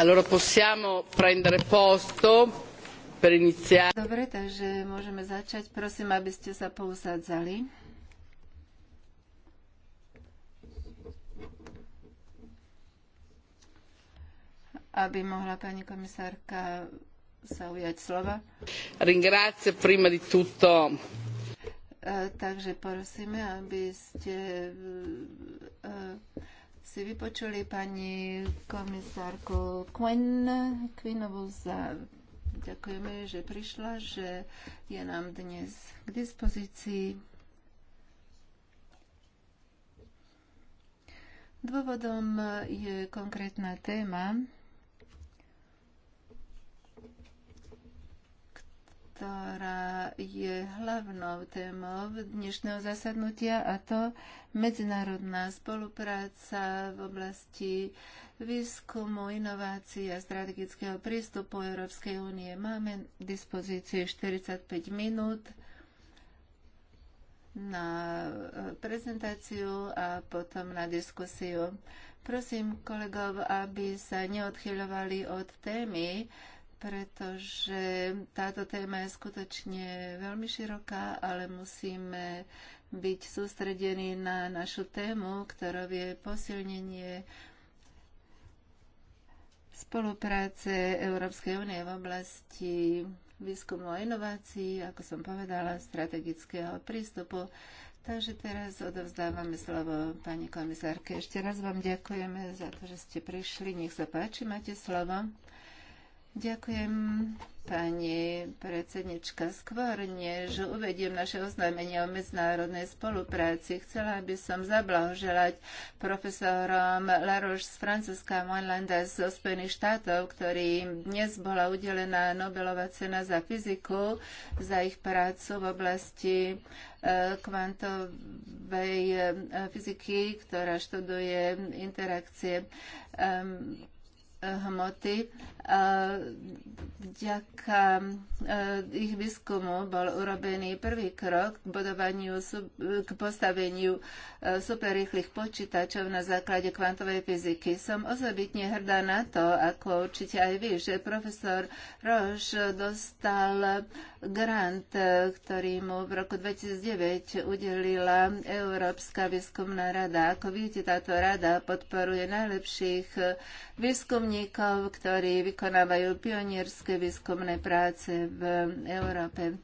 Allora possiamo prendere posto per iniziare. Dobre, takže môžeme začať. Prosím, aby ste sa pousadzali. Aby mohla pani komisárka sa ujať slova. Ringrazio prima di tutto e, takže prosíme, aby ste e, si vypočuli pani komisárku Quinn, Quinnovú za ďakujeme, že prišla, že je nám dnes k dispozícii. Dôvodom je konkrétna téma, ktorá je hlavnou témou dnešného zasadnutia a to medzinárodná spolupráca v oblasti výskumu, inovácií a strategického prístupu Európskej únie. Máme v dispozícii 45 minút na e, prezentáciu a potom na diskusiu. Prosím kolegov, aby sa neodchyľovali od témy, pretože táto téma je skutočne veľmi široká, ale musíme byť sústredení na našu tému, ktorou je posilnenie spolupráce Európskej únie v oblasti výskumu a inovácií, ako som povedala, strategického prístupu. Takže teraz odovzdávame slovo pani komisárke. Ešte raz vám ďakujeme za to, že ste prišli. Nech sa páči, máte slovo. Ďakujem, pani predsednička. Skôr než uvediem naše oznámenie o medzinárodnej spolupráci, chcela by som zablahoželať profesorom Laroš z Francúzska a Moinlanda zo Spojených štátov, ktorým dnes bola udelená Nobelová cena za fyziku, za ich prácu v oblasti e, kvantovej e, fyziky, ktorá študuje interakcie hmoty. A vďaka e, ich výskumu bol urobený prvý krok k, budovaniu, k postaveniu e, superrýchlych počítačov na základe kvantovej fyziky. Som osobitne hrdá na to, ako určite aj vy, že profesor Roš dostal grant, e, ktorý mu v roku 2009 udelila Európska výskumná rada. Ako viete, táto rada podporuje najlepších výskumníkov, ktorí vykonávajú pionierské výskumné práce v Európe.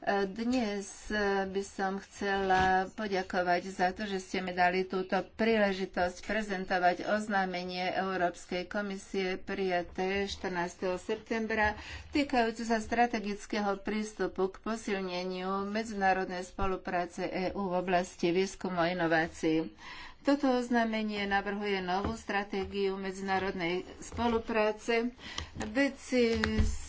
E, dnes e, by som chcela poďakovať za to, že ste mi dali túto príležitosť prezentovať oznámenie Európskej komisie prijaté 14. septembra týkajúce sa strategického prístupu k posilneniu medzinárodnej spolupráce EÚ v oblasti výskumu a inovácií. Toto oznámenie navrhuje novú stratégiu medzinárodnej spolupráce. Vedci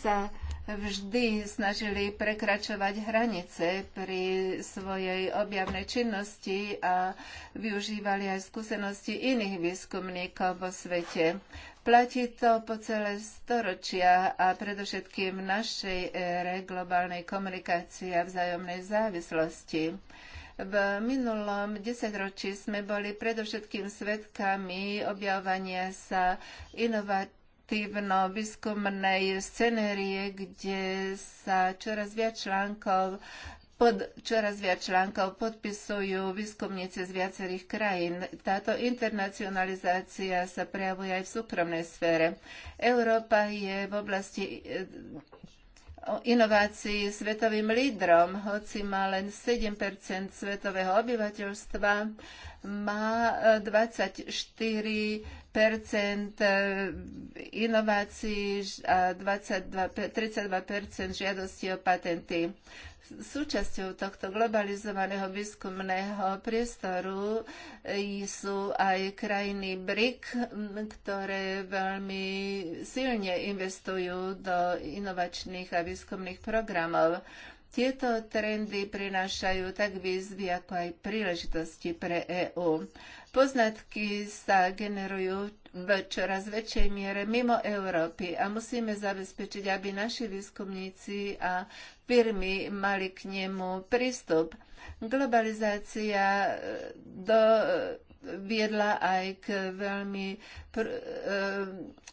sa vždy snažili prekračovať hranice pri svojej objavnej činnosti a využívali aj skúsenosti iných výskumníkov vo svete. Platí to po celé storočia a predovšetkým v našej ére globálnej komunikácie a vzájomnej závislosti. V minulom desaťročí sme boli predovšetkým svedkami objavovania sa inovatívnych výskumnej scenérie, kde sa čoraz viac článkov pod čoraz viac článkov podpisujú výskumníci z viacerých krajín. Táto internacionalizácia sa prejavuje aj v súkromnej sfére. Európa je v oblasti inovácií svetovým lídrom, hoci má len 7 svetového obyvateľstva, má 24 percent e, inovácií a 32 32 žiadostí o patenty. Súčasťou tohto globalizovaného výskumného priestoru e, sú aj krajiny BRIC, ktoré veľmi silne investujú do inovačných a výskumných programov. Tieto trendy prinášajú tak výzvy, ako aj príležitosti pre EÚ. Poznatky sa generujú v čoraz väčšej miere mimo Európy a musíme zabezpečiť, aby naši výskumníci a firmy mali k nemu prístup. Globalizácia eh, do, eh, viedla aj k veľmi pr- e,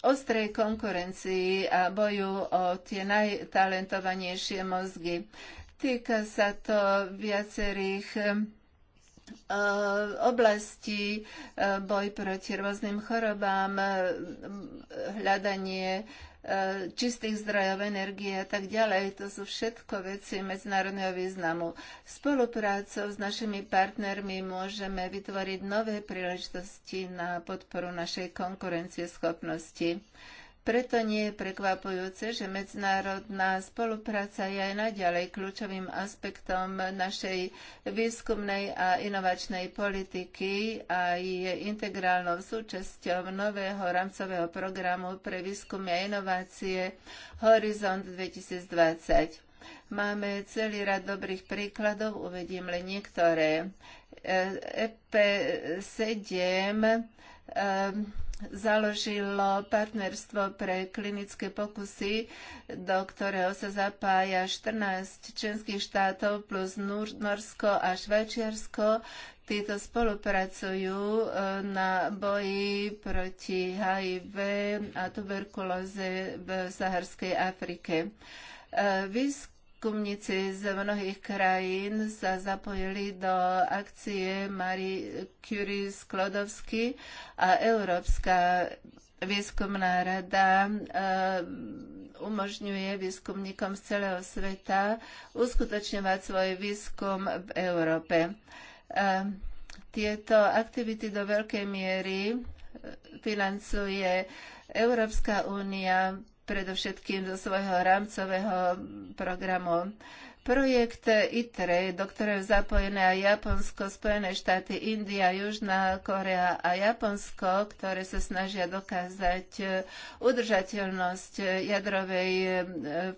ostrej konkurencii a boju o tie najtalentovanejšie mozgy. Týka sa to viacerých Eh, oblasti eh, boj proti rôznym chorobám, eh, hľadanie čistých zdrojov energie a tak ďalej. To sú všetko veci medzinárodného významu. Spoluprácou s našimi partnermi môžeme vytvoriť nové príležitosti na podporu našej konkurencieschopnosti. schopnosti. Preto nie je prekvapujúce, že medzinárodná spolupráca je aj naďalej kľúčovým aspektom našej výskumnej a inovačnej politiky a je integrálnou súčasťou nového rámcového programu pre výskum a inovácie Horizont 2020. Máme celý rad dobrých príkladov, uvedím len niektoré. EP7 e založilo partnerstvo pre klinické pokusy, do ktorého sa zapája 14 členských štátov plus Norsko a Švajčiarsko. Títo spolupracujú e, na boji proti HIV a tuberkulóze v Saharskej Afrike. E, výskum Kumníci z mnohých krajín sa zapojili do akcie Marie Curie Sklodovsky a Európska výskumná rada eh, umožňuje výskumníkom z celého sveta uskutočňovať svoj výskum v Európe. Eh, tieto aktivity do veľkej miery eh, financuje Európska únia predovšetkým zo svojho rámcového programu. Projekt ITRE, do ktorého zapojené aj Japonsko, Spojené štáty, India, Južná Korea a Japonsko, ktoré sa snažia dokázať udržateľnosť jadrovej e,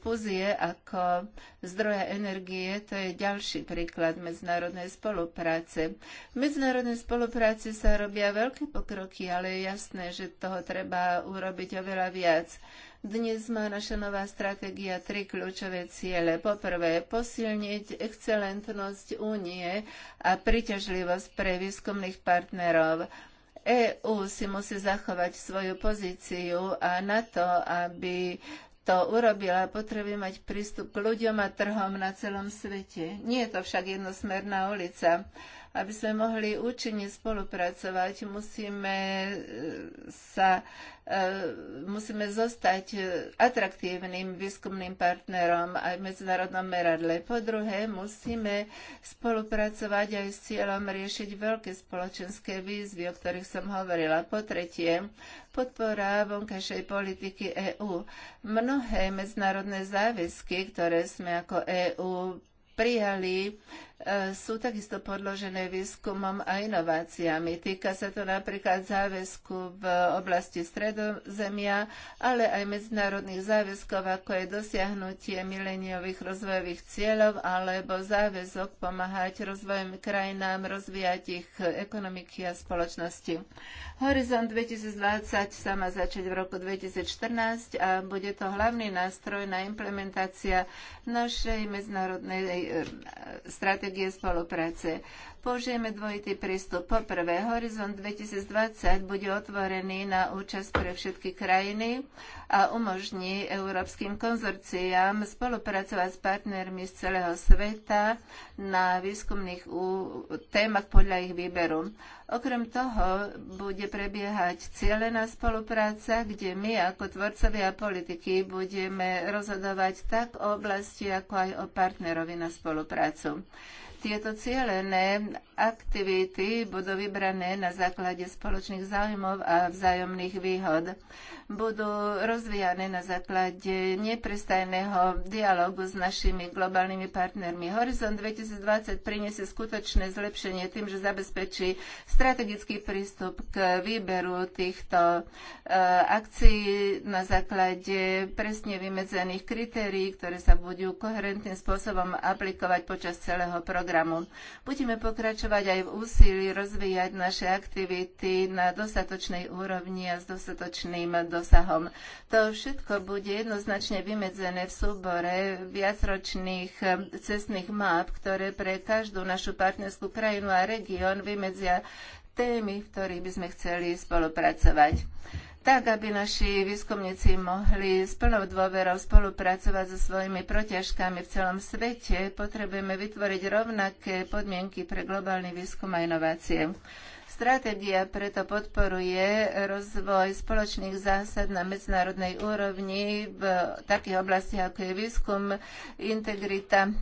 fúzie ako zdroja energie, to je ďalší príklad medzinárodnej spolupráce. V medzinárodnej spolupráci sa robia veľké pokroky, ale je jasné, že toho treba urobiť oveľa viac. Dnes má naša nová stratégia tri kľúčové ciele. Poprvé, posilniť excelentnosť únie a priťažlivosť pre výskumných partnerov. EÚ si musí zachovať svoju pozíciu a na to, aby to urobila, potrebuje mať prístup k ľuďom a trhom na celom svete. Nie je to však jednosmerná ulica. Aby sme mohli účinne spolupracovať, musíme e, sa e, musíme zostať atraktívnym výskumným partnerom aj v medzinárodnom meradle. Po druhé, musíme spolupracovať aj s cieľom riešiť veľké spoločenské výzvy, o ktorých som hovorila. Po tretie, podpora vonkajšej politiky EÚ. Mnohé medzinárodné záväzky, ktoré sme ako EÚ prijali, E, sú takisto podložené výskumom a inováciami. Týka sa to napríklad záväzku v oblasti stredozemia, ale aj medzinárodných záväzkov, ako je dosiahnutie mileniových rozvojových cieľov alebo záväzok pomáhať rozvojovým krajinám rozvíjať ich ekonomiky a spoločnosti. Horizont 2020 sa má začať v roku 2014 a bude to hlavný nástroj na implementácia našej medzinárodnej e, strategie stratégie spolupráce. Použijeme dvojitý prístup. Po prvé, Horizont 2020 bude otvorený na účasť pre všetky krajiny a umožní európskym konzorciám spolupracovať s partnermi z celého sveta na výskumných témach podľa ich výberu. Okrem toho bude prebiehať cieľená spolupráca, kde my ako tvorcovia politiky budeme rozhodovať tak o oblasti, ako aj o partnerovi na spoluprácu tieto cieľené aktivity budú vybrané na základe spoločných záujmov a vzájomných výhod. Budú rozvíjane na základe neprestajného dialogu s našimi globálnymi partnermi. Horizont 2020 priniesie skutočné zlepšenie tým, že zabezpečí strategický prístup k výberu týchto e, akcií na základe presne vymedzených kritérií, ktoré sa budú koherentným spôsobom aplikovať počas celého programu. Budeme pokračovať pokračovať aj v úsilí rozvíjať naše aktivity na dostatočnej úrovni a s dostatočným dosahom. To všetko bude jednoznačne vymedzené v súbore viacročných eh, cestných map, ktoré pre každú našu partnerskú krajinu a región vymedzia témy, v ktorých by sme chceli spolupracovať tak aby naši výskumníci mohli s plnou dôverou spolupracovať so svojimi protiažkami v celom svete, potrebujeme vytvoriť rovnaké podmienky pre globálny výskum a inovácie. Stratégia preto podporuje rozvoj spoločných zásad na medzinárodnej úrovni v takých oblastiach, ako je výskum, integrita, eh,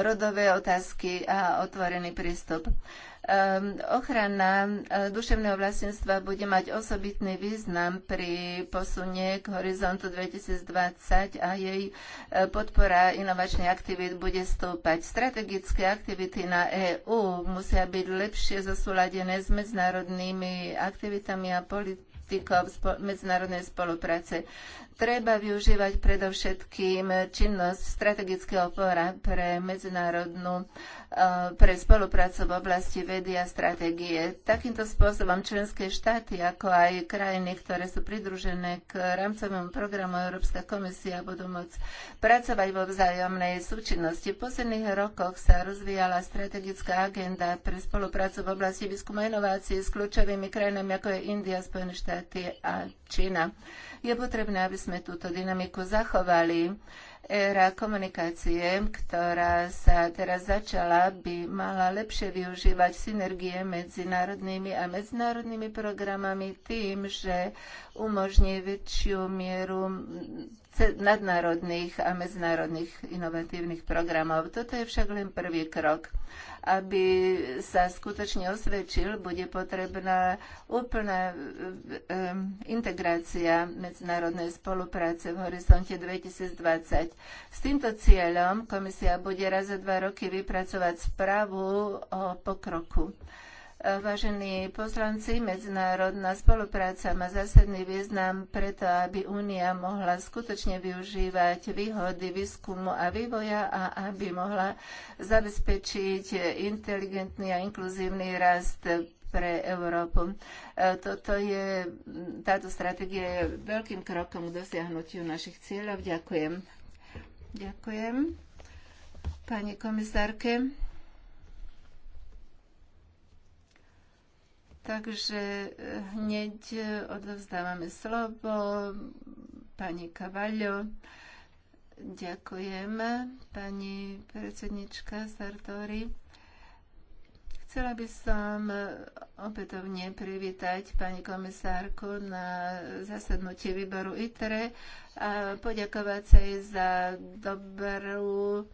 rodové otázky a otvorený prístup. Ehm, ochrana eh, duševného vlastníctva bude mať osobitný význam pri posune k horizontu 2020 a jej eh, podpora inovačných aktivít bude stúpať. Strategické aktivity na EÚ musia byť lepšie zosúladené s medzinárodnými aktivitami a politikou medzinárodnej spolupráce. Treba využívať predovšetkým činnosť strategického fóra pre medzinárodnú e, pre spoluprácu v oblasti vedy a stratégie. Takýmto spôsobom členské štáty, ako aj krajiny, ktoré sú pridružené k rámcovému programu Európska komisia, budú môcť pracovať vo vzájomnej súčinnosti. V posledných rokoch sa rozvíjala strategická agenda pre spoluprácu v oblasti výskumu a inovácií s kľúčovými krajinami, ako je India, Spojené štáty a Čína. Je potrebné, aby sme túto dynamiku zachovali. Éra komunikácie, ktorá sa teraz začala, by mala lepšie využívať synergie medzi národnými a medzinárodnými programami tým, že umožní väčšiu mieru nadnárodných a medzinárodných inovatívnych programov. Toto je však len prvý krok. Aby sa skutočne osvedčil, bude potrebná úplná e, e, integrácia medzinárodnej spolupráce v horizonte 2020. S týmto cieľom komisia bude raz za dva roky vypracovať správu o pokroku. Vážení poslanci, medzinárodná spolupráca má zásadný význam preto, aby Únia mohla skutočne využívať výhody výskumu a vývoja a aby mohla zabezpečiť inteligentný a inkluzívny rast pre Európu. E, toto je, táto stratégia je veľkým krokom k dosiahnutiu našich cieľov. Ďakujem. Ďakujem. Pani komisárke. Takže eh, hneď eh, odovzdávame slovo pani Kavaľo. Ďakujem, pani predsednička Sartori. Chcela by som eh, opätovne privítať pani komisárku na zasadnutie výboru ITRE a poďakovať sa jej za dobrú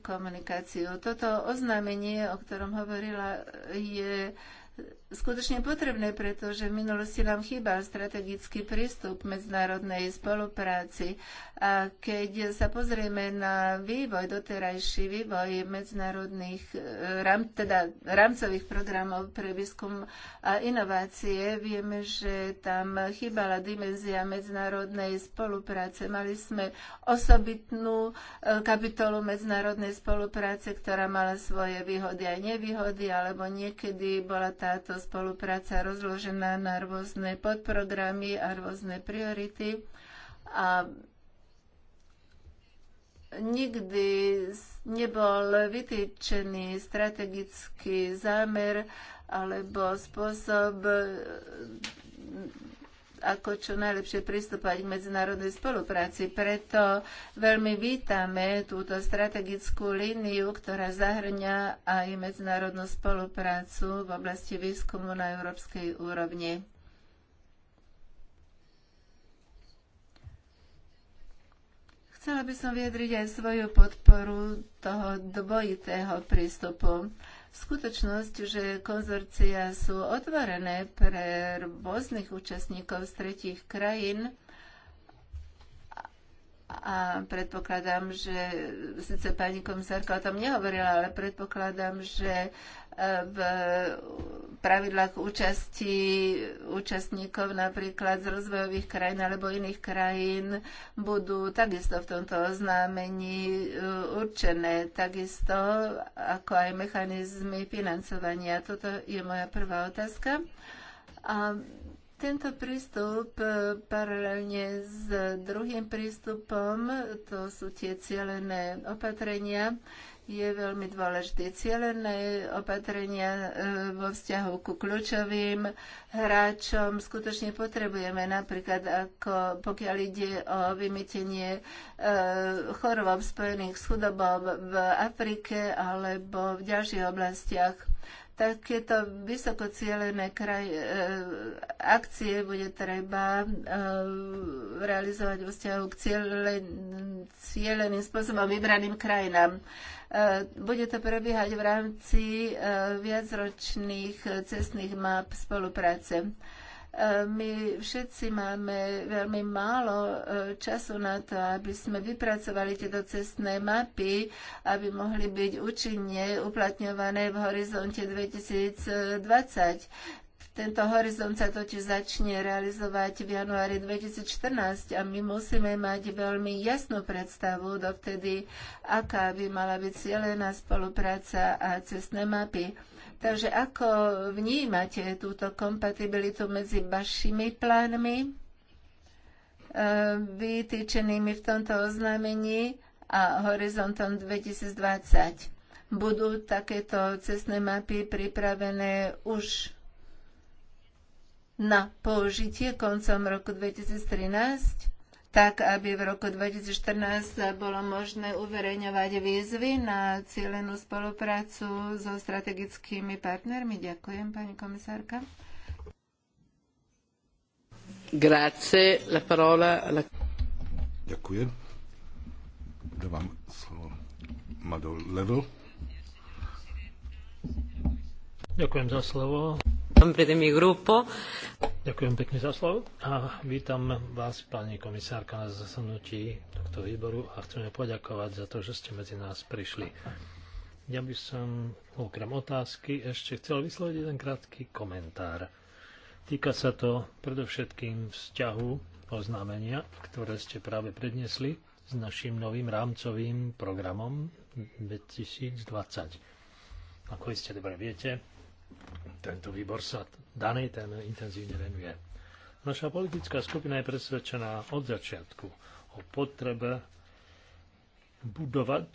komunikáciu. Toto oznámenie, o ktorom hovorila, je skutočne potrebné, pretože v minulosti nám chýbal strategický prístup k medzinárodnej spolupráci. A keď sa pozrieme na vývoj, doterajší vývoj medzinárodných e, ram, teda rámcových programov pre výskum a inovácie, vieme, že tam chýbala dimenzia medzinárodnej spolupráce. Mali sme osobitnú e, kapitolu medzinárodnej spolupráce, ktorá mala svoje výhody a nevýhody, alebo niekedy bola tá táto spolupráca rozložená na rôzne podprogramy a rôzne priority a nikdy nebol vytýčený strategický zámer alebo spôsob ako čo najlepšie pristúpať k medzinárodnej spolupráci. Preto veľmi vítame túto strategickú líniu, ktorá zahrňa aj medzinárodnú spoluprácu v oblasti výskumu na európskej úrovni. Chcela by som vyjadriť aj svoju podporu toho dvojitého prístupu. Skutočnosť, že konzorcia sú otvorené pre rôznych účastníkov z tretích krajín, a predpokladám, že, sice pani komisárka o tom nehovorila, ale predpokladám, že v pravidlách účasti účastníkov napríklad z rozvojových krajín alebo iných krajín budú takisto v tomto oznámení e, určené, takisto ako aj mechanizmy financovania. Toto je moja prvá otázka. A tento prístup e, paralelne s druhým prístupom, to sú tie cielené opatrenia, je veľmi dôležitý. Cielené opatrenia e, vo vzťahu ku kľúčovým hráčom skutočne potrebujeme, napríklad ako pokiaľ ide o vymytenie e, chorôb spojených s chudobou v Afrike alebo v ďalších oblastiach takéto vysoko cieľené kraj, e, akcie bude treba e, realizovať vo vzťahu k cieľen, cieľeným spôsobom vybraným krajinám. E, E, bude to prebiehať v rámci e, viacročných cestných map spolupráce e, my všetci máme veľmi málo času na to, aby sme vypracovali tieto cestné mapy, aby mohli byť účinne uplatňované v horizonte 2020. Tento horizont sa totiž začne realizovať v januári 2014 a my musíme mať veľmi jasnú predstavu dovtedy, aká by mala byť cieľená spolupráca a cestné mapy. Takže ako vnímate túto kompatibilitu medzi vašimi plánmi e, vytýčenými v tomto oznámení a horizontom 2020? Budú takéto cestné mapy pripravené už na použitie koncom roku 2013 tak, aby v roku 2014 bolo možné uverejňovať výzvy na cielenú spoluprácu so strategickými partnermi. Ďakujem, pani komisárka. Grazie, la parola... La... Ďakujem. Dávam slovo Madol Level. Ďakujem za slovo. Ďakujem pekne za slovo a vítam vás, pani komisárka, na zasadnutí tohto výboru a chcem poďakovať za to, že ste medzi nás prišli. Ja by som okrem otázky ešte chcel vysloviť jeden krátky komentár. Týka sa to predovšetkým vzťahu oznámenia, ktoré ste práve prednesli s našim novým rámcovým programom 2020. Ako iste dobre viete, tento výbor sa danej téme intenzívne venuje. Naša politická skupina je presvedčená od začiatku o potrebe budovať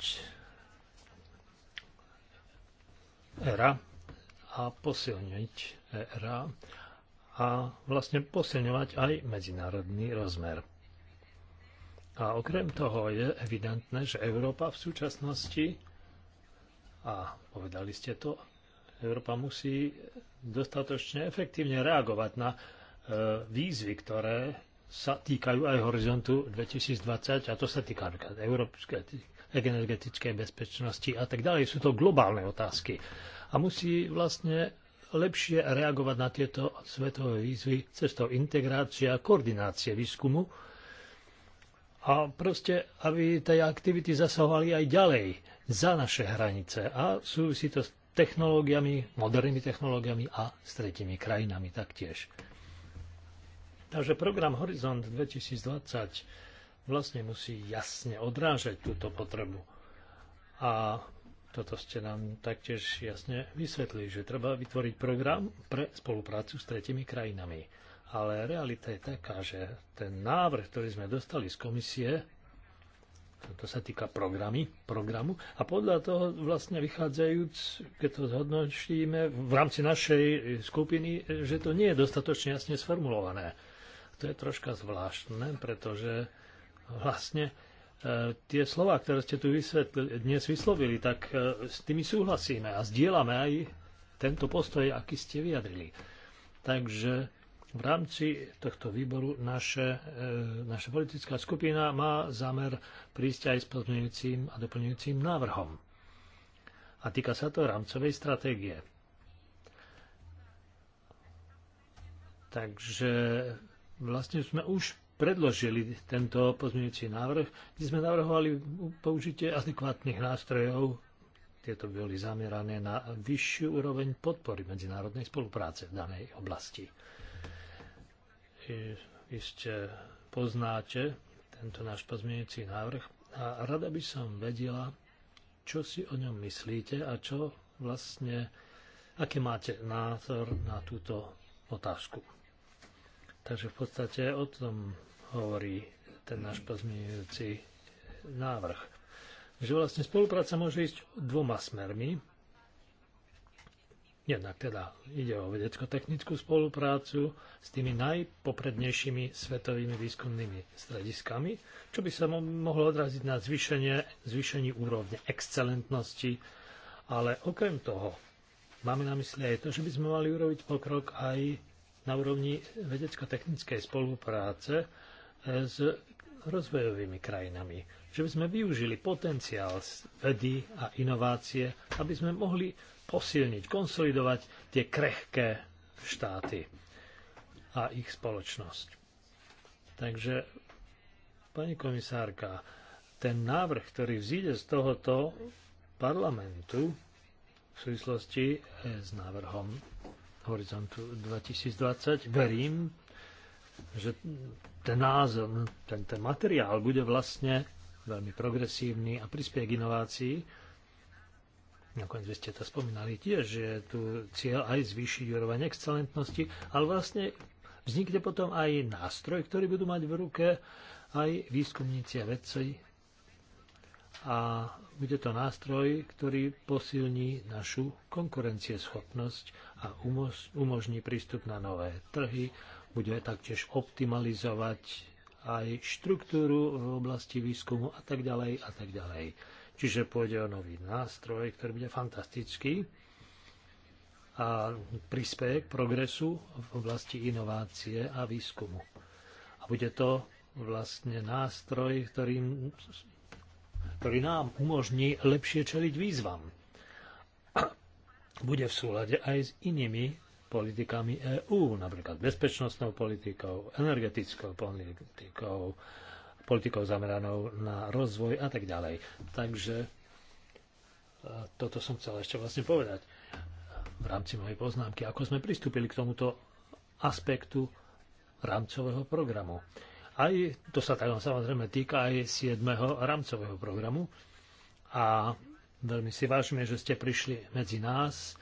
ERA a posilniť ERA a vlastne posilňovať aj medzinárodný rozmer. A okrem toho je evidentné, že Európa v súčasnosti, a povedali ste to Európa musí dostatočne efektívne reagovať na e, výzvy, ktoré sa týkajú aj horizontu 2020 a to sa týka európskej energetickej bezpečnosti a tak ďalej. Sú to globálne otázky a musí vlastne lepšie reagovať na tieto svetové výzvy cestou integrácie a koordinácie výskumu a proste, aby tie aktivity zasahovali aj ďalej za naše hranice. A súvisí to s technológiami, modernými technológiami a s tretimi krajinami taktiež. Takže program Horizont 2020 vlastne musí jasne odrážať túto potrebu. A toto ste nám taktiež jasne vysvetli, že treba vytvoriť program pre spoluprácu s tretimi krajinami. Ale realita je taká, že ten návrh, ktorý sme dostali z komisie, to sa týka programy, programu a podľa toho vlastne vychádzajúc, keď to zhodnotíme, v rámci našej skupiny, že to nie je dostatočne jasne sformulované. To je troška zvláštne, pretože vlastne e, tie slova, ktoré ste tu vysvetli, dnes vyslovili, tak e, s tými súhlasíme a zdieľame aj tento postoj, aký ste vyjadrili. Takže v rámci tohto výboru naše, e, naša politická skupina má zámer prísť aj s pozmeňujúcim a doplňujúcim návrhom. A týka sa to rámcovej stratégie. Takže vlastne sme už predložili tento pozmeňujúci návrh, kde sme navrhovali použitie adekvátnych nástrojov. Tieto boli zamerané na vyššiu úroveň podpory medzinárodnej spolupráce v danej oblasti iste poznáte tento náš pozmienujúci návrh a rada by som vedela, čo si o ňom myslíte a čo vlastne, aký máte názor na túto otázku. Takže v podstate o tom hovorí ten náš pozmienujúci návrh. Že vlastne spolupráca môže ísť dvoma smermi Jednak teda ide o vedecko-technickú spoluprácu s tými najpoprednejšími svetovými výskumnými strediskami, čo by sa mohlo odraziť na zvýšenie, zvýšení úrovne excelentnosti. Ale okrem toho, máme na mysli aj to, že by sme mali urobiť pokrok aj na úrovni vedecko-technickej spolupráce e, s rozvojovými krajinami. Že by sme využili potenciál vedy a inovácie, aby sme mohli posilniť, konsolidovať tie krehké štáty a ich spoločnosť. Takže, pani komisárka, ten návrh, ktorý vzíde z tohoto parlamentu v súvislosti eh, s návrhom Horizontu 2020, verím, že ten názor, ten, ten materiál bude vlastne veľmi progresívny a prispie k inovácii, Nakoniec vy ste to spomínali tiež, že je tu cieľ aj zvýšiť úroveň excelentnosti, ale vlastne vznikne potom aj nástroj, ktorý budú mať v ruke aj výskumníci a vedci. A bude to nástroj, ktorý posilní našu konkurencieschopnosť a umožní prístup na nové trhy, bude taktiež optimalizovať aj štruktúru v oblasti výskumu a tak ďalej a tak ďalej. Čiže pôjde o nový nástroj, ktorý bude fantastický a prispieje k progresu v oblasti inovácie a výskumu. A bude to vlastne nástroj, ktorý, ktorý nám umožní lepšie čeliť výzvam. Bude v súlade aj s inými politikami EÚ, napríklad bezpečnostnou politikou, energetickou politikou, politikou zameranou na rozvoj a tak ďalej. Takže e, toto som chcel ešte vlastne povedať v rámci mojej poznámky, ako sme pristúpili k tomuto aspektu rámcového programu. Aj to sa tak samozrejme týka aj 7. rámcového programu a veľmi si vážime, že ste prišli medzi nás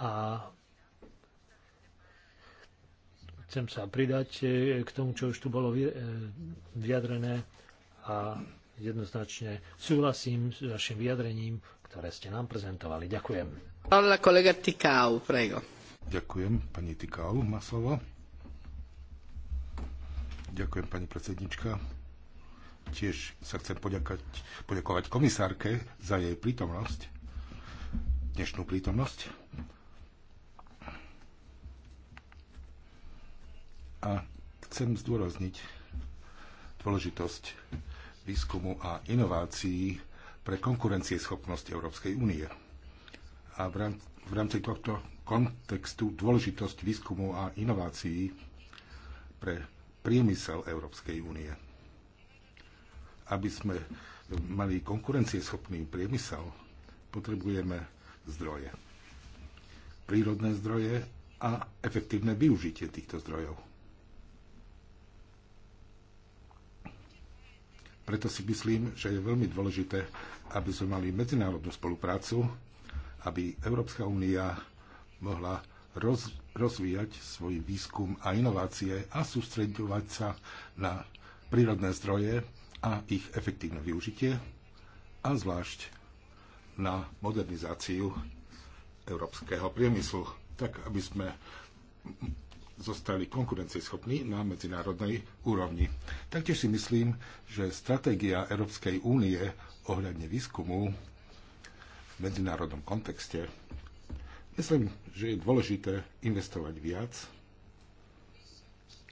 a Chcem sa pridať e, k tomu, čo už tu bolo e, vyjadrené a jednoznačne súhlasím s vašim vyjadrením, ktoré ste nám prezentovali. Ďakujem. Hola, kolega Tikau, prego. Ďakujem, pani Tikau má slovo. Ďakujem, pani predsednička. Tiež sa chcem poďakať, poďakovať komisárke za jej prítomnosť, dnešnú prítomnosť. A chcem zdôrazniť dôležitosť výskumu a inovácií pre konkurencieschopnosť Európskej únie. A v rámci tohto kontextu dôležitosť výskumu a inovácií pre priemysel Európskej únie. Aby sme mali konkurencieschopný priemysel, potrebujeme zdroje. Prírodné zdroje a efektívne využitie týchto zdrojov Preto si myslím, že je veľmi dôležité, aby sme mali medzinárodnú spoluprácu, aby Európska únia mohla roz, rozvíjať svoj výskum a inovácie a sústredovať sa na prírodné zdroje a ich efektívne využitie a zvlášť na modernizáciu európskeho priemyslu, tak aby sme zostali konkurencieschopní na medzinárodnej úrovni. Taktiež si myslím, že stratégia Európskej únie ohľadne výskumu v medzinárodnom kontexte, myslím, že je dôležité investovať viac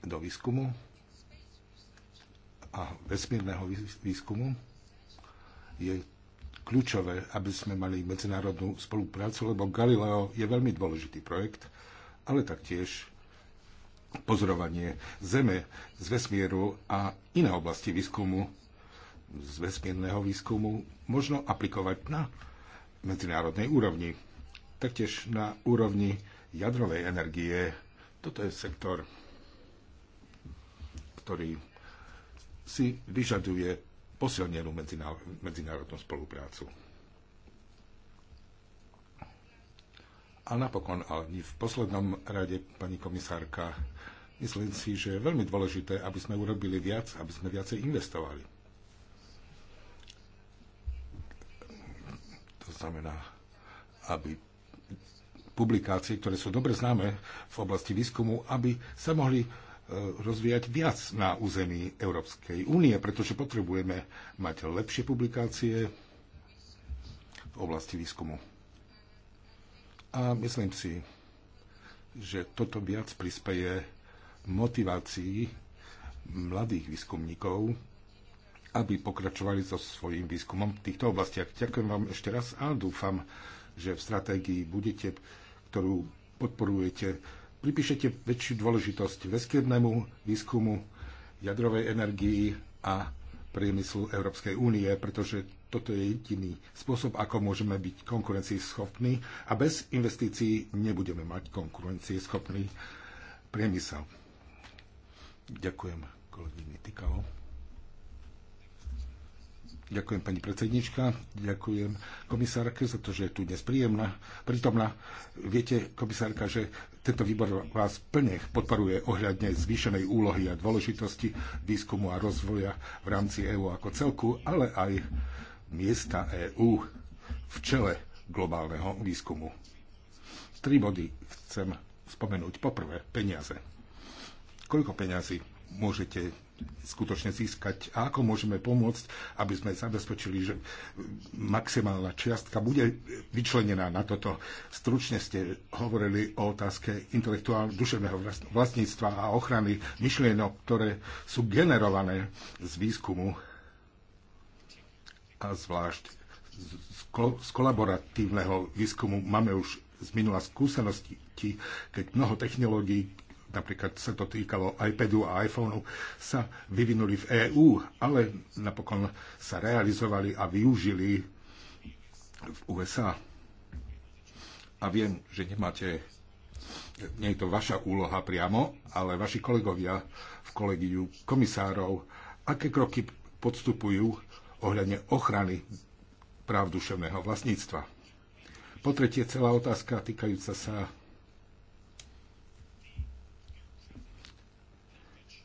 do výskumu a vesmírneho výskumu. Je kľúčové, aby sme mali medzinárodnú spoluprácu, lebo Galileo je veľmi dôležitý projekt, ale taktiež pozorovanie Zeme z vesmíru a iné oblasti výskumu z vesmírneho výskumu možno aplikovať na medzinárodnej úrovni. Taktiež na úrovni jadrovej energie. Toto je sektor, ktorý si vyžaduje posilnenú medzinárodnú spoluprácu. A napokon, ale v poslednom rade, pani komisárka, myslím si, že je veľmi dôležité, aby sme urobili viac, aby sme viacej investovali. To znamená, aby publikácie, ktoré sú dobre známe v oblasti výskumu, aby sa mohli e, rozvíjať viac na území Európskej únie, pretože potrebujeme mať lepšie publikácie v oblasti výskumu. A myslím si, že toto viac prispeje motivácii mladých výskumníkov, aby pokračovali so svojím výskumom v týchto oblastiach. Ďakujem vám ešte raz a dúfam, že v stratégii budete, ktorú podporujete, pripíšete väčšiu dôležitosť vesmírnemu výskumu, jadrovej energii a priemyslu Európskej únie, pretože toto je jediný spôsob, ako môžeme byť konkurencieschopní a bez investícií nebudeme mať konkurencieschopný priemysel. Ďakujem kolegyni Tykalo. Ďakujem pani predsednička, ďakujem komisárke za to, že je tu dnes príjemná, prítomná. Viete, komisárka, že tento výbor vás plne podporuje ohľadne zvýšenej úlohy a dôležitosti výskumu a rozvoja v rámci EÚ ako celku, ale aj miesta EÚ v čele globálneho výskumu. Tri body chcem spomenúť. Poprvé, peniaze. Koľko peňazí môžete skutočne získať a ako môžeme pomôcť, aby sme zabezpečili, že maximálna čiastka bude vyčlenená na toto. Stručne ste hovorili o otázke intelektuálneho duševného vlastníctva a ochrany myšlienok, ktoré sú generované z výskumu a zvlášť z kolaboratívneho výskumu máme už z minula skúsenosti, keď mnoho technológií, napríklad sa to týkalo iPadu a iPhoneu, sa vyvinuli v EÚ, ale napokon sa realizovali a využili v USA. A viem, že nemáte, nie je to vaša úloha priamo, ale vaši kolegovia v kolegiu komisárov, aké kroky podstupujú ohľadne ochrany práv duševného vlastníctva. Po tretie, celá otázka týkajúca sa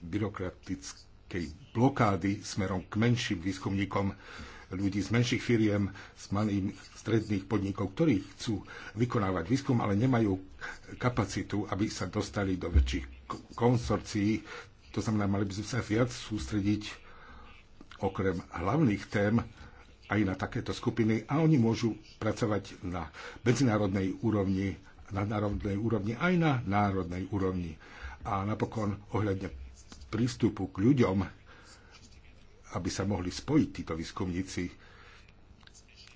byrokratickej blokády smerom k menším výskumníkom, ľudí z menších firiem, z malých stredných podnikov, ktorí chcú vykonávať výskum, ale nemajú kapacitu, aby sa dostali do väčších konsorcií. To znamená, mali by sme sa viac sústrediť okrem hlavných tém aj na takéto skupiny a oni môžu pracovať na medzinárodnej úrovni, na národnej úrovni, aj na národnej úrovni. A napokon ohľadne prístupu k ľuďom, aby sa mohli spojiť títo výskumníci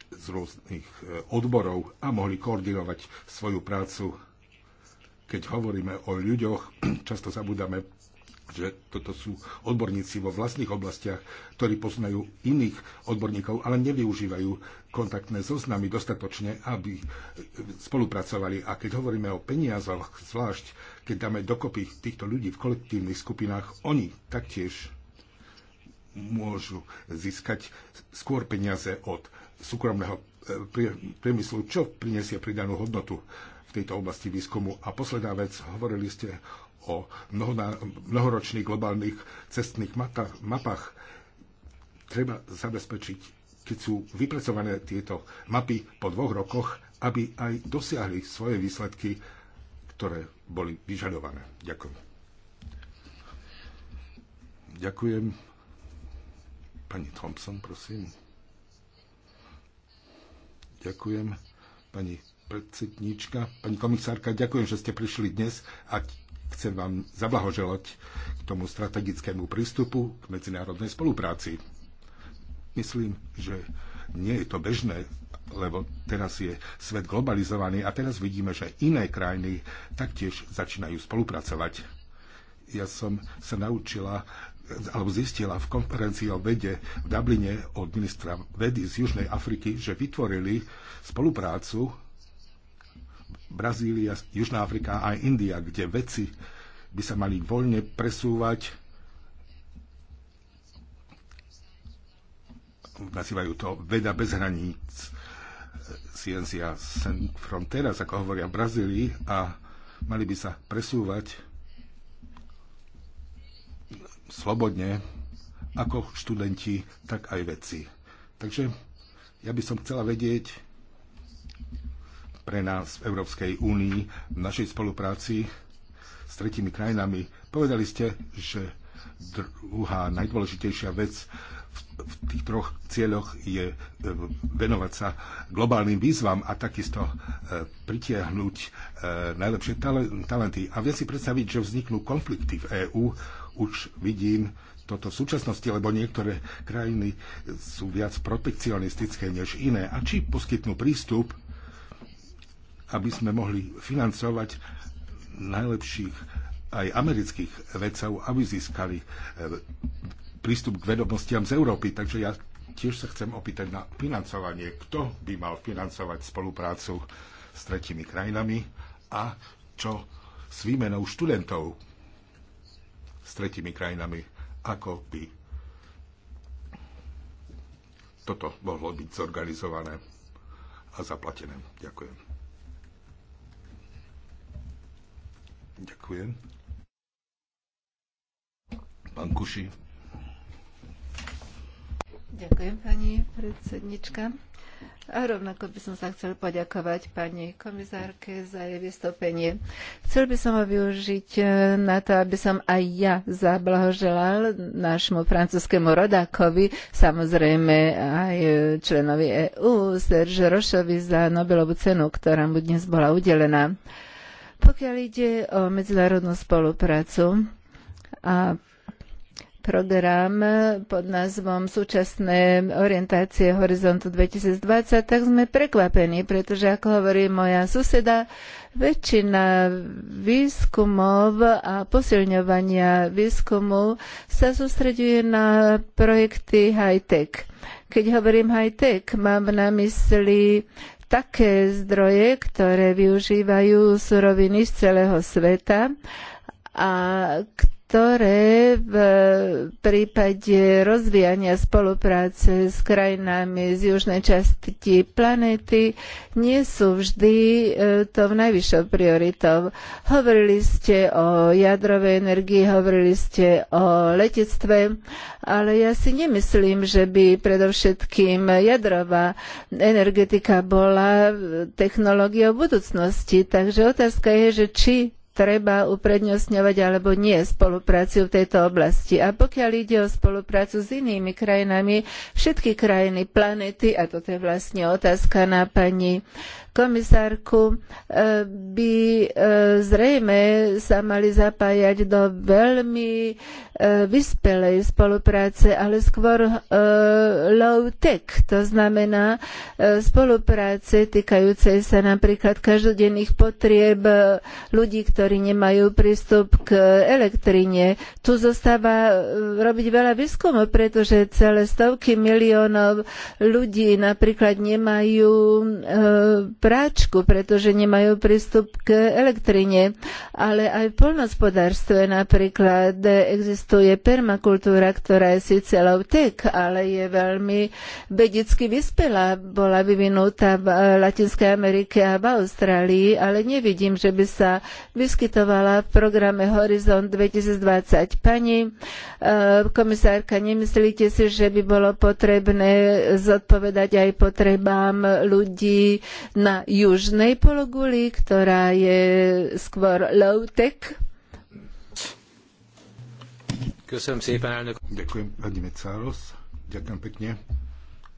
z rôznych e, odborov a mohli koordinovať svoju prácu. Keď hovoríme o ľuďoch, často zabudáme že toto sú odborníci vo vlastných oblastiach, ktorí poznajú iných odborníkov, ale nevyužívajú kontaktné zoznamy dostatočne, aby spolupracovali. A keď hovoríme o peniazoch, zvlášť keď dáme dokopy týchto ľudí v kolektívnych skupinách, oni taktiež môžu získať skôr peniaze od súkromného e, priemyslu, čo prinesie pridanú hodnotu v tejto oblasti výskumu. A posledná vec, hovorili ste o mnohoročných globálnych cestných mapách. Treba zabezpečiť, keď sú vypracované tieto mapy po dvoch rokoch, aby aj dosiahli svoje výsledky, ktoré boli vyžadované. Ďakujem. Ďakujem. Pani Thompson, prosím. Ďakujem. Pani predsedníčka, pani komisárka, ďakujem, že ste prišli dnes a chcem vám zablahoželať k tomu strategickému prístupu k medzinárodnej spolupráci. Myslím, že nie je to bežné, lebo teraz je svet globalizovaný a teraz vidíme, že iné krajiny taktiež začínajú spolupracovať. Ja som sa naučila alebo zistila v konferencii o vede v Dubline od ministra vedy z Južnej Afriky, že vytvorili spoluprácu Brazília, Južná Afrika a aj India, kde veci by sa mali voľne presúvať. Nazývajú to veda bez hraníc. Ciencia sem fronteras, ako hovoria v Brazílii, a mali by sa presúvať slobodne, ako študenti, tak aj vedci. Takže ja by som chcela vedieť, pre nás v Európskej únii, v našej spolupráci s tretimi krajinami. Povedali ste, že druhá najdôležitejšia vec v, v tých troch cieľoch je e, venovať sa globálnym výzvam a takisto e, pritiahnuť e, najlepšie talenty. A viem si predstaviť, že vzniknú konflikty v EÚ. Už vidím toto v súčasnosti, lebo niektoré krajiny sú viac protekcionistické než iné. A či poskytnú prístup aby sme mohli financovať najlepších aj amerických vedcov, aby získali e, prístup k vedomostiam z Európy. Takže ja tiež sa chcem opýtať na financovanie. Kto by mal financovať spoluprácu s tretimi krajinami a čo s výmenou študentov s tretimi krajinami, ako by toto mohlo byť zorganizované a zaplatené. Ďakujem. Ďakujem. Pán Kuši. Ďakujem, pani predsednička. A rovnako by som sa chcel poďakovať pani komisárke za jej vystúpenie. Chcel by som ho využiť e, na to, aby som aj ja zablahoželal nášmu francúzskému rodákovi, samozrejme aj členovi EÚ, Serge Rošovi za Nobelovú cenu, ktorá mu dnes bola udelená. Pokiaľ ide o medzinárodnú spoluprácu a program pod názvom Súčasné orientácie Horizontu 2020, tak sme prekvapení, pretože, ako hovorí moja suseda, väčšina výskumov a posilňovania výskumu sa sústreďuje na projekty high-tech. Keď hovorím high-tech, mám na mysli také zdroje, ktoré využívajú suroviny z celého sveta a ktoré ktoré v prípade rozvíjania spolupráce s krajinami z južnej časti planéty nie sú vždy e, tou najvyššou prioritou. Hovorili ste o jadrovej energii, hovorili ste o letectve, ale ja si nemyslím, že by predovšetkým jadrová energetika bola technológiou budúcnosti. Takže otázka je, že či treba uprednostňovať alebo nie spoluprácu v tejto oblasti. A pokiaľ ide o spoluprácu s inými krajinami, všetky krajiny planéty, a toto je vlastne otázka na pani komisárku, e, by e, zrejme sa mali zapájať do veľmi e, vyspelej spolupráce, ale skôr low-tech, to znamená spolupráce týkajúcej sa napríklad každodenných potrieb ľudí, ktorí nemajú prístup k elektrine. Tu zostáva robiť veľa výskumov, pretože celé stovky miliónov ľudí napríklad nemajú práčku, pretože nemajú prístup k elektrine. Ale aj v poľnohospodárstve napríklad existuje permakultúra, ktorá je síce lautek, ale je veľmi vedecky vyspelá. Bola vyvinutá v Latinskej Amerike a v Austrálii, ale nevidím, že by sa vyskytovala v programe Horizont 2020. Pani e, komisárka, nemyslíte si, že by bolo potrebné zodpovedať aj potrebám ľudí na na južnej pologuli, ktorá je skôr low-tech. Ďakujem, pani Mecáros. Ďakujem pekne.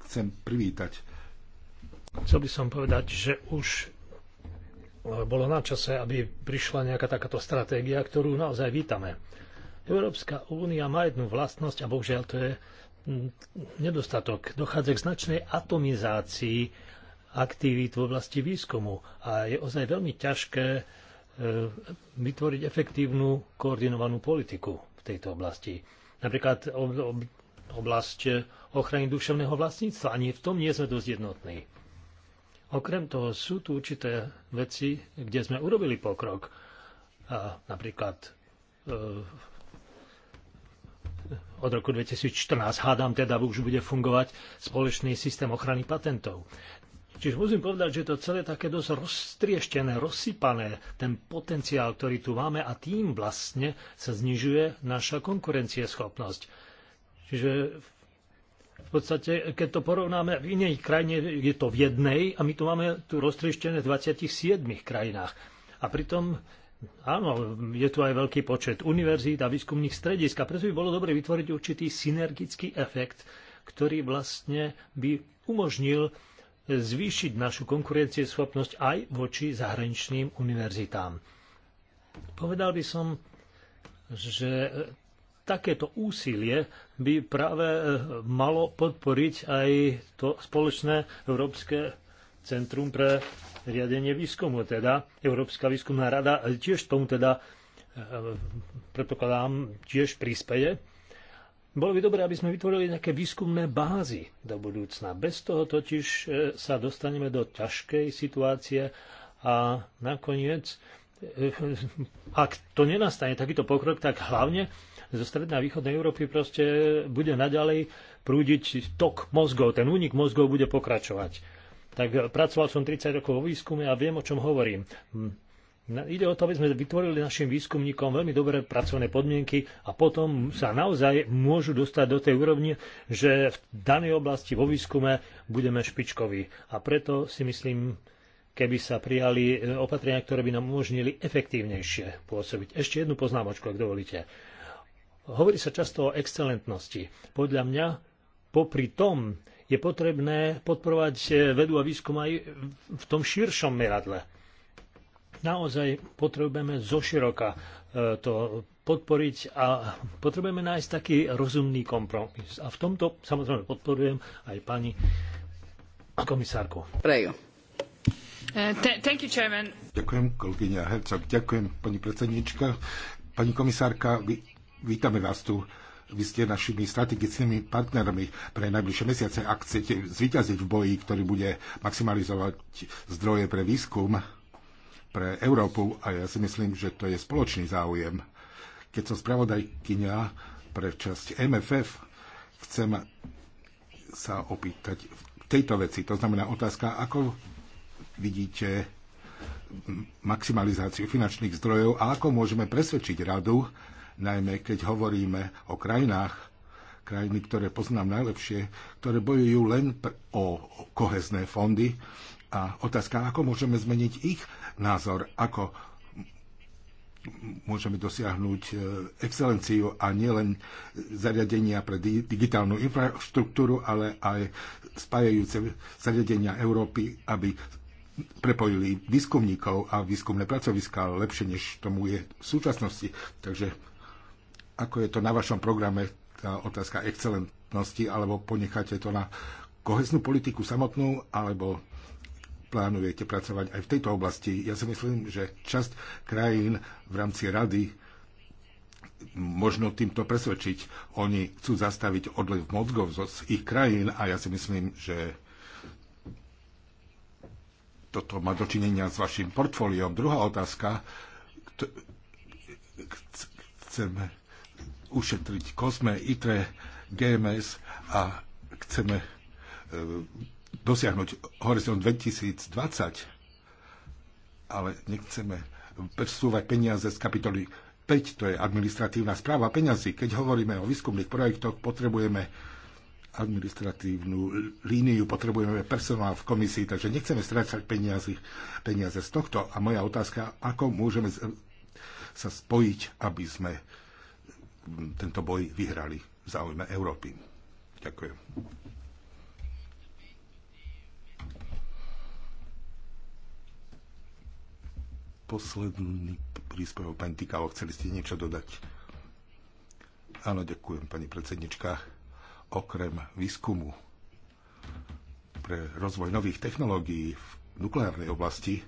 Chcem privítať. Chcel by som povedať, že už bolo na čase, aby prišla nejaká takáto stratégia, ktorú naozaj vítame. Európska únia má jednu vlastnosť a bohužiaľ to je nedostatok. Dochádza k značnej atomizácii aktivít v oblasti výskumu a je ozaj veľmi ťažké e, vytvoriť efektívnu koordinovanú politiku v tejto oblasti. Napríklad oblasť ochrany duševného vlastníctva. Ani v tom nie sme dosť jednotní. Okrem toho sú tu určité veci, kde sme urobili pokrok. A napríklad e, od roku 2014, hádam teda, už bude fungovať spoločný systém ochrany patentov. Čiže musím povedať, že to celé také dosť roztrieštené, rozsypané, ten potenciál, ktorý tu máme a tým vlastne sa znižuje naša konkurencieschopnosť. Čiže v podstate, keď to porovnáme v inej krajine, je to v jednej a my tu máme tu roztrieštené v 27 krajinách. A pritom Áno, je tu aj veľký počet univerzít a výskumných stredisk a preto by bolo dobre vytvoriť určitý synergický efekt, ktorý vlastne by umožnil zvýšiť našu konkurencieschopnosť aj voči zahraničným univerzitám. Povedal by som, že e, takéto úsilie by práve e, malo podporiť aj to spoločné Európske centrum pre riadenie výskumu, teda Európska výskumná rada e, tiež tomu teda predpokladám tiež prispieje bolo by dobré, aby sme vytvorili nejaké výskumné bázy do budúcna. Bez toho totiž e, sa dostaneme do ťažkej situácie a nakoniec, e, ak to nenastane takýto pokrok, tak hlavne zo strednej a východnej Európy proste bude naďalej prúdiť tok mozgov, ten únik mozgov bude pokračovať. Tak pracoval som 30 rokov vo výskume a viem, o čom hovorím. Ide o to, aby sme vytvorili našim výskumníkom veľmi dobré pracovné podmienky a potom sa naozaj môžu dostať do tej úrovni, že v danej oblasti vo výskume budeme špičkoví. A preto si myslím, keby sa prijali e, opatrenia, ktoré by nám umožnili efektívnejšie pôsobiť. Ešte jednu poznámočku, ak dovolíte. Hovorí sa často o excelentnosti. Podľa mňa popri tom je potrebné podporovať e, vedu a výskum aj v tom širšom meradle naozaj potrebujeme zoširoka e, to podporiť a potrebujeme nájsť taký rozumný kompromis. A v tomto samozrejme podporujem aj pani komisárku. Prejo. E, ďakujem, kolegyňa Hercog, ďakujem, pani predsednička. Pani komisárka, vítame vás tu. Vy ste našimi strategickými partnermi pre najbližšie mesiace. Ak chcete zvíťaziť v boji, ktorý bude maximalizovať zdroje pre výskum, pre Európu a ja si myslím, že to je spoločný záujem. Keď som spravodajkyňa pre časť MFF, chcem sa opýtať v tejto veci. To znamená otázka, ako vidíte maximalizáciu finančných zdrojov a ako môžeme presvedčiť radu, najmä keď hovoríme o krajinách, krajiny, ktoré poznám najlepšie, ktoré bojujú len o kohezné fondy a otázka, ako môžeme zmeniť ich názor, ako môžeme dosiahnuť e, excelenciu a nielen zariadenia pre digitálnu infraštruktúru, ale aj spájajúce zariadenia Európy, aby prepojili výskumníkov a výskumné pracoviská lepšie, než tomu je v súčasnosti. Takže ako je to na vašom programe tá otázka excelentnosti, alebo ponecháte to na kohesnú politiku samotnú, alebo plánujete pracovať aj v tejto oblasti? Ja si myslím, že časť krajín v rámci rady možno týmto presvedčiť. Oni chcú zastaviť odlev mozgov z ich krajín a ja si myslím, že toto má dočinenia s vašim portfóliom. Druhá otázka. Chceme ušetriť Kosme, ITRE, GMS a chceme e, dosiahnuť horizont 2020, ale nechceme presúvať peniaze z kapitoly 5, to je administratívna správa peňazí. Keď hovoríme o výskumných projektoch, potrebujeme administratívnu líniu, potrebujeme personál v komisii, takže nechceme strácať peniaze, peniaze z tohto. A moja otázka, ako môžeme sa spojiť, aby sme tento boj vyhrali v záujme Európy. Ďakujem. posledný príspevok. Pani Tikalo, chceli ste niečo dodať? Áno, ďakujem, pani predsednička. Okrem výskumu pre rozvoj nových technológií v nukleárnej oblasti,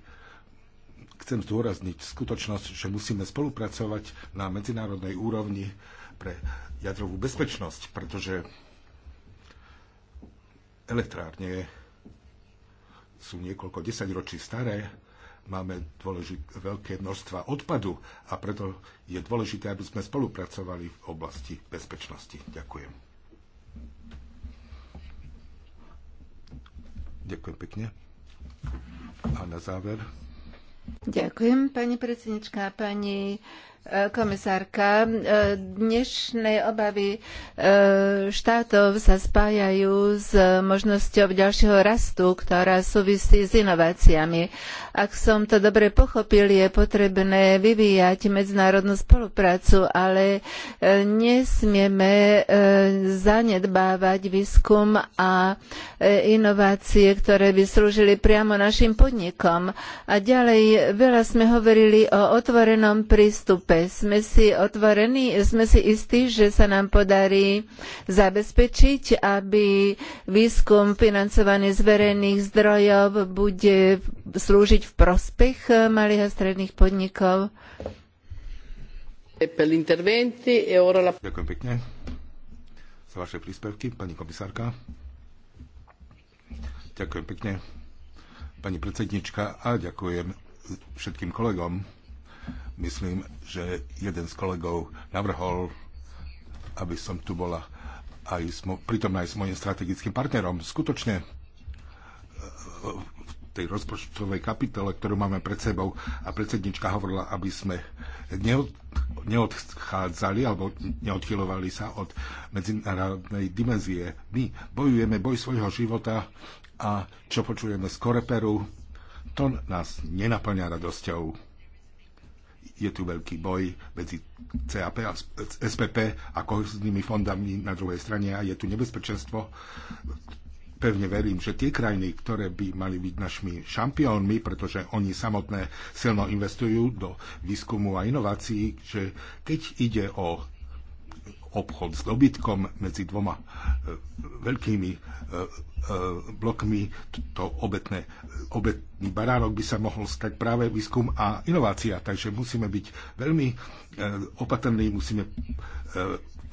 chcem zdôrazniť skutočnosť, že musíme spolupracovať na medzinárodnej úrovni pre jadrovú bezpečnosť, pretože elektrárne sú niekoľko desaťročí staré Máme dôležit, veľké množstva odpadu a preto je dôležité, aby sme spolupracovali v oblasti bezpečnosti. Ďakujem. Ďakujem pekne. A na záver. Ďakujem, pani predsednička, pani komisárka. Dnešné obavy e, štátov sa spájajú s možnosťou ďalšieho rastu, ktorá súvisí s inováciami. Ak som to dobre pochopil, je potrebné vyvíjať medzinárodnú spoluprácu, ale e, nesmieme e, zanedbávať výskum a inovácie, ktoré by slúžili priamo našim podnikom. A ďalej veľa sme hovorili o otvorenom prístupe Európe. Sme si otvorení, sme si istí, že sa nám podarí zabezpečiť, aby výskum financovaný z verejných zdrojov bude slúžiť v prospech malých a stredných podnikov. E e ďakujem pekne za vaše príspevky, pani komisárka. Ďakujem pekne, pani predsednička, a ďakujem všetkým kolegom Myslím, že jeden z kolegov navrhol, aby som tu bola aj s, pritom aj s mojim strategickým partnerom. Skutočne e, v tej rozpočtovej kapitole, ktorú máme pred sebou a predsednička hovorila, aby sme neod, neodchádzali alebo neodchylovali sa od medzinárodnej dimenzie. My bojujeme boj svojho života a čo počujeme z Koreperu, to nás nenaplňa radosťou je tu veľký boj medzi CAP a SPP a koheznými fondami na druhej strane a je tu nebezpečenstvo. Pevne verím, že tie krajiny, ktoré by mali byť našimi šampiónmi, pretože oni samotné silno investujú do výskumu a inovácií, že keď ide o obchod s dobytkom medzi dvoma e, veľkými e, e, blokmi, to obetné, obetný baránok by sa mohol stať práve výskum a inovácia. Takže musíme byť veľmi opatrní, musíme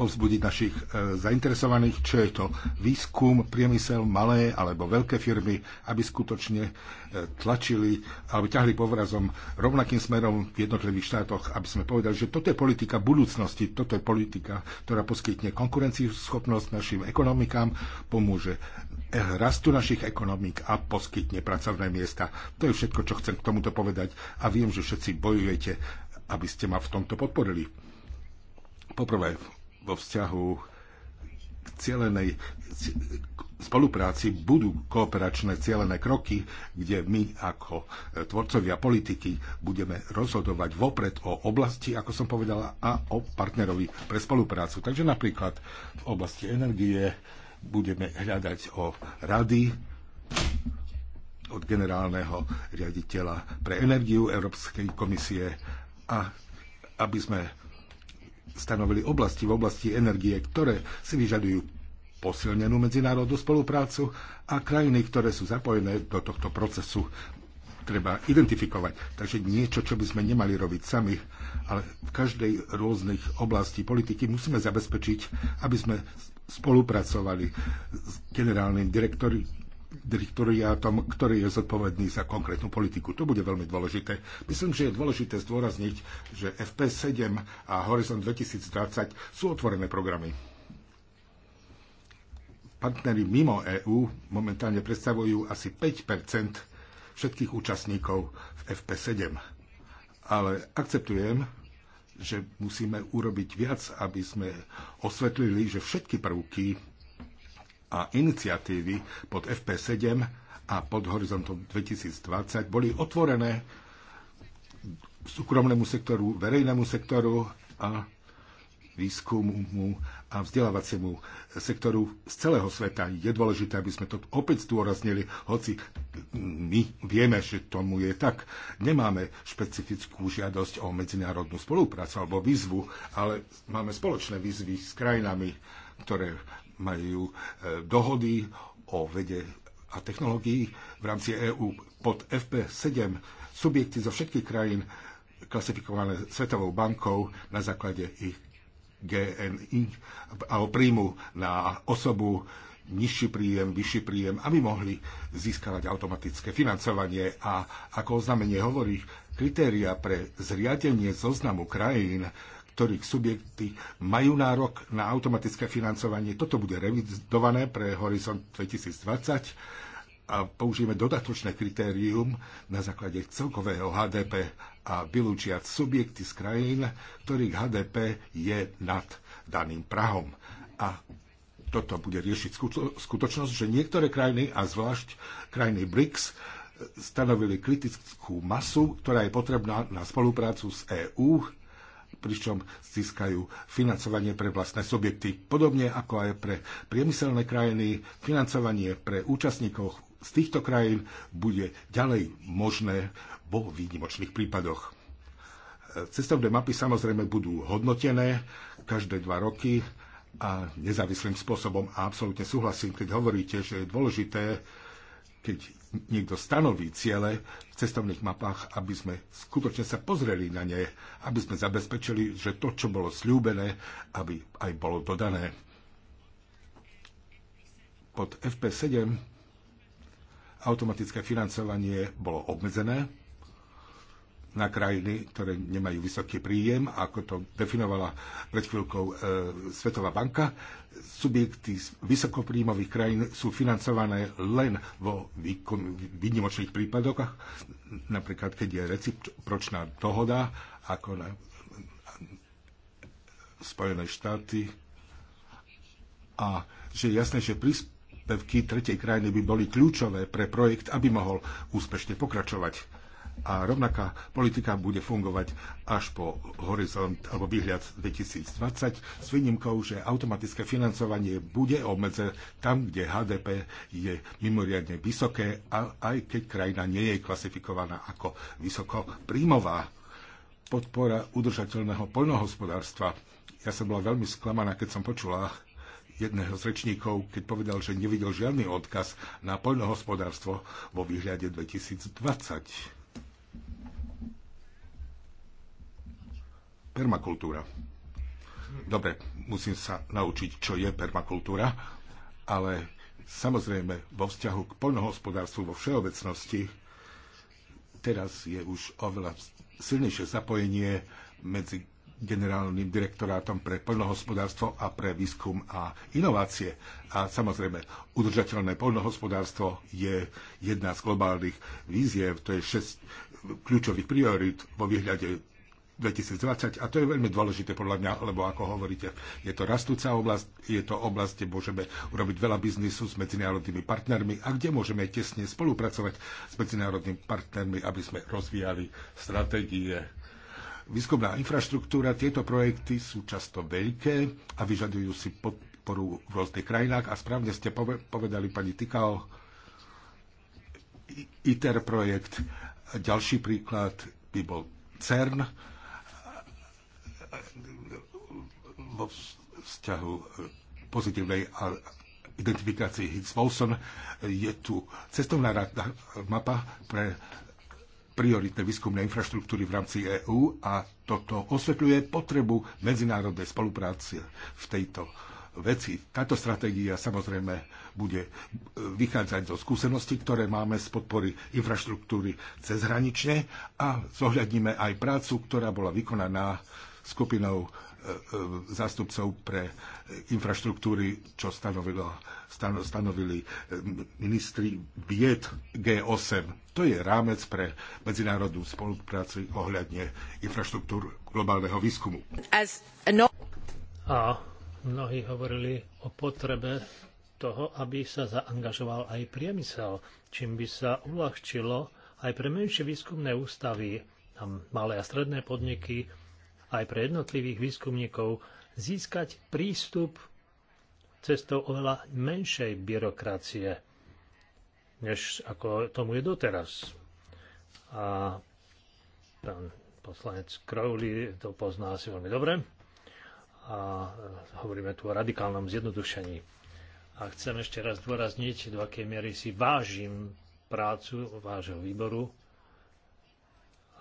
povzbudiť našich e, zainteresovaných, čo je to výskum, priemysel, malé alebo veľké firmy, aby skutočne e, tlačili alebo ťahli povrazom rovnakým smerom v jednotlivých štátoch, aby sme povedali, že toto je politika budúcnosti, toto je politika, ktorá poskytne konkurencieschopnosť našim ekonomikám, pomôže rastu našich ekonomík a poskytne pracovné miesta. To je všetko, čo chcem k tomuto povedať a viem, že všetci bojujete, aby ste ma v tomto podporili. Poprvé, vo vzťahu k cielenej spolupráci budú kooperačné cielené kroky, kde my ako e, tvorcovia politiky budeme rozhodovať vopred o oblasti, ako som povedala, a o partnerovi pre spoluprácu. Takže napríklad v oblasti energie budeme hľadať o rady od generálneho riaditeľa pre energiu Európskej komisie a aby sme stanovili oblasti v oblasti energie, ktoré si vyžadujú posilnenú medzinárodnú spoluprácu a krajiny, ktoré sú zapojené do tohto procesu, treba identifikovať. Takže niečo, čo by sme nemali robiť sami, ale v každej rôznych oblastí politiky musíme zabezpečiť, aby sme spolupracovali s generálnym direktori, tom, ktorý je zodpovedný za konkrétnu politiku. To bude veľmi dôležité. Myslím, že je dôležité zdôrazniť, že FP7 a Horizon 2020 sú otvorené programy. Partnery mimo EÚ momentálne predstavujú asi 5 všetkých účastníkov v FP7. Ale akceptujem, že musíme urobiť viac, aby sme osvetlili, že všetky prvky a iniciatívy pod FP7 a pod horizontom 2020 boli otvorené súkromnému sektoru, verejnému sektoru a výskumu a vzdelávaciemu sektoru z celého sveta. Je dôležité, aby sme to opäť zdôraznili, hoci my vieme, že tomu je tak. Nemáme špecifickú žiadosť o medzinárodnú spoluprácu alebo výzvu, ale máme spoločné výzvy s krajinami, ktoré majú e, dohody o vede a technológií v rámci EÚ pod FP7 subjekty zo všetkých krajín klasifikované Svetovou bankou na základe ich GNI alebo príjmu na osobu nižší príjem, vyšší príjem, aby mohli získavať automatické financovanie a ako oznámenie hovorí, kritéria pre zriadenie zoznamu krajín, ktorých subjekty majú nárok na automatické financovanie. Toto bude revidované pre Horizont 2020 a použijeme dodatočné kritérium na základe celkového HDP a vylúčiať subjekty z krajín, ktorých HDP je nad daným prahom. A toto bude riešiť skutočnosť, že niektoré krajiny, a zvlášť krajiny BRICS, stanovili kritickú masu, ktorá je potrebná na spoluprácu s EÚ pričom získajú financovanie pre vlastné subjekty. Podobne ako aj pre priemyselné krajiny, financovanie pre účastníkov z týchto krajín bude ďalej možné vo výnimočných prípadoch. Cestovné mapy samozrejme budú hodnotené každé dva roky a nezávislým spôsobom a absolútne súhlasím, keď hovoríte, že je dôležité keď niekto stanoví ciele v cestovných mapách, aby sme skutočne sa pozreli na ne, aby sme zabezpečili, že to, čo bolo slúbené, aby aj bolo dodané. Pod FP7 automatické financovanie bolo obmedzené na krajiny, ktoré nemajú vysoký príjem, ako to definovala pred chvíľkou e, Svetová banka. Subjekty z vysokopríjmových krajín sú financované len vo výkon, výnimočných prípadoch, napríklad keď je recipročná dohoda, ako na Spojené štáty. A že je jasné, že príspevky tretej krajiny by boli kľúčové pre projekt, aby mohol úspešne pokračovať a rovnaká politika bude fungovať až po horizont alebo výhľad 2020 s výnimkou, že automatické financovanie bude obmedze tam, kde HDP je mimoriadne vysoké, a aj keď krajina nie je klasifikovaná ako vysoko príjmová podpora udržateľného poľnohospodárstva. Ja som bola veľmi sklamaná, keď som počula jedného z rečníkov, keď povedal, že nevidel žiadny odkaz na poľnohospodárstvo vo výhľade 2020 Permakultúra. Dobre, musím sa naučiť, čo je permakultúra, ale samozrejme vo vzťahu k poľnohospodárstvu vo všeobecnosti teraz je už oveľa silnejšie zapojenie medzi generálnym direktorátom pre poľnohospodárstvo a pre výskum a inovácie. A samozrejme, udržateľné poľnohospodárstvo je jedna z globálnych víziev, to je šesť kľúčových priorít vo výhľade 2020 a to je veľmi dôležité podľa mňa, lebo ako hovoríte, je to rastúca oblasť, je to oblasť, kde môžeme urobiť veľa biznisu s medzinárodnými partnermi a kde môžeme tesne spolupracovať s medzinárodnými partnermi, aby sme rozvíjali stratégie. Výskumná infraštruktúra, tieto projekty sú často veľké a vyžadujú si podporu v rôznych krajinách a správne ste povedali pani Tikao, ITER projekt. Ďalší príklad by bol CERN, vo vzťahu pozitívnej identifikácii Higgs-Boson je tu cestovná rada, mapa pre prioritné výskumné infraštruktúry v rámci EÚ a toto osvetľuje potrebu medzinárodnej spolupráce v tejto veci. Táto stratégia samozrejme bude vychádzať zo skúseností, ktoré máme z podpory infraštruktúry cezhranične a zohľadníme aj prácu, ktorá bola vykonaná skupinou e, e, zástupcov pre infraštruktúry, čo stanovilo, stano, stanovili e, ministri Biet G8. To je rámec pre medzinárodnú spoluprácu ohľadne infraštruktúr globálneho výskumu. No- a mnohí hovorili o potrebe toho, aby sa zaangažoval aj priemysel, čím by sa uľahčilo aj pre menšie výskumné ústavy, malé a stredné podniky, aj pre jednotlivých výskumníkov získať prístup cestou oveľa menšej byrokracie, než ako tomu je doteraz. A pán poslanec Crowley to pozná asi veľmi dobre. A hovoríme tu o radikálnom zjednodušení. A chcem ešte raz dôrazniť, do akej miery si vážim prácu vášho výboru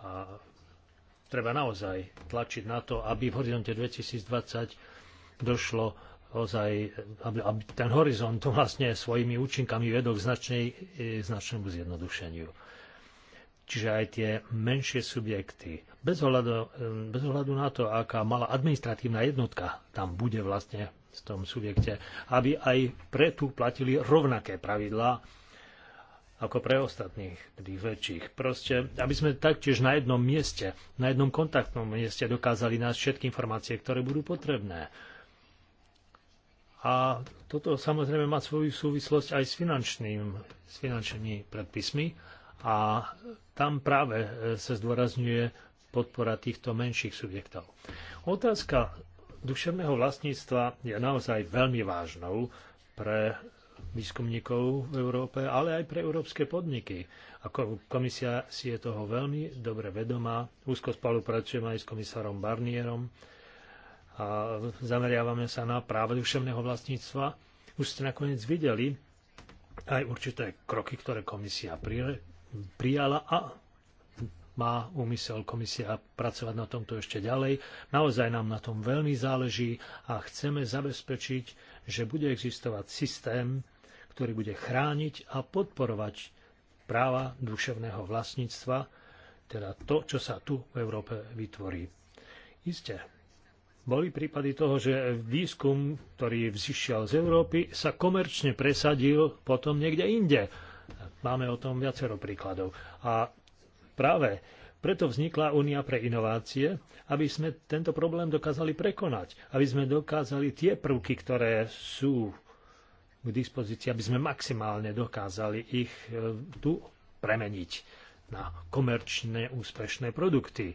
a treba naozaj tlačiť na to, aby v horizonte 2020 došlo ozaj, aby, aby ten horizont vlastne svojimi účinkami vedol k značnej, e, značnému zjednodušeniu. Čiže aj tie menšie subjekty, bez ohľadu, e, bez ohľadu na to, aká malá administratívna jednotka tam bude vlastne v tom subjekte, aby aj pre tu platili rovnaké pravidlá ako pre ostatných, tých väčších. Proste, aby sme taktiež na jednom mieste, na jednom kontaktnom mieste dokázali nás všetky informácie, ktoré budú potrebné. A toto samozrejme má svoju súvislosť aj s, finančným, s finančnými predpismi a tam práve e, sa zdôrazňuje podpora týchto menších subjektov. Otázka duševného vlastníctva je naozaj veľmi vážnou pre výskumníkov v Európe, ale aj pre európske podniky. Ako komisia si je toho veľmi dobre vedomá. Úzko spolupracujem aj s komisárom Barnierom a zameriavame sa na práve duševného vlastníctva. Už ste nakoniec videli aj určité kroky, ktoré komisia prijala a má úmysel komisia pracovať na tomto ešte ďalej. Naozaj nám na tom veľmi záleží a chceme zabezpečiť, že bude existovať systém, ktorý bude chrániť a podporovať práva duševného vlastníctva, teda to, čo sa tu v Európe vytvorí. Isté, boli prípady toho, že výskum, ktorý vzýšiel z Európy, sa komerčne presadil potom niekde inde. Máme o tom viacero príkladov. A Práve preto vznikla Únia pre inovácie, aby sme tento problém dokázali prekonať, aby sme dokázali tie prvky, ktoré sú k dispozícii, aby sme maximálne dokázali ich e, tu premeniť na komerčné úspešné produkty.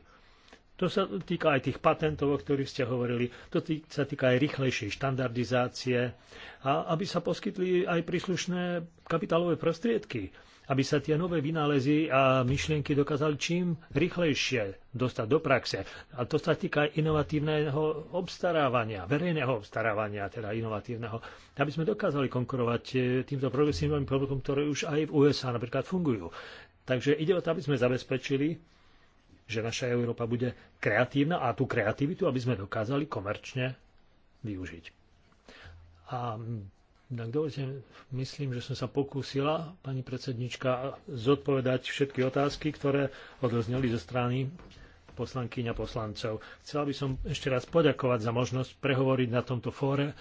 To sa týka aj tých patentov, o ktorých ste hovorili, to tý, sa týka aj rýchlejšej štandardizácie a aby sa poskytli aj príslušné kapitálové prostriedky aby sa tie nové vynálezy a myšlienky dokázali čím rýchlejšie dostať do praxe. A to sa týka inovatívneho obstarávania, verejného obstarávania, teda inovatívneho, aby sme dokázali konkurovať e, týmto progresívnym problémom, ktoré už aj v USA napríklad fungujú. Takže ide o to, aby sme zabezpečili, že naša Európa bude kreatívna a tú kreativitu, aby sme dokázali komerčne využiť. A tak dovolte, myslím, že som sa pokúsila, pani predsednička, zodpovedať všetky otázky, ktoré odozneli zo strany poslankyňa poslancov. Chcela by som ešte raz poďakovať za možnosť prehovoriť na tomto fóre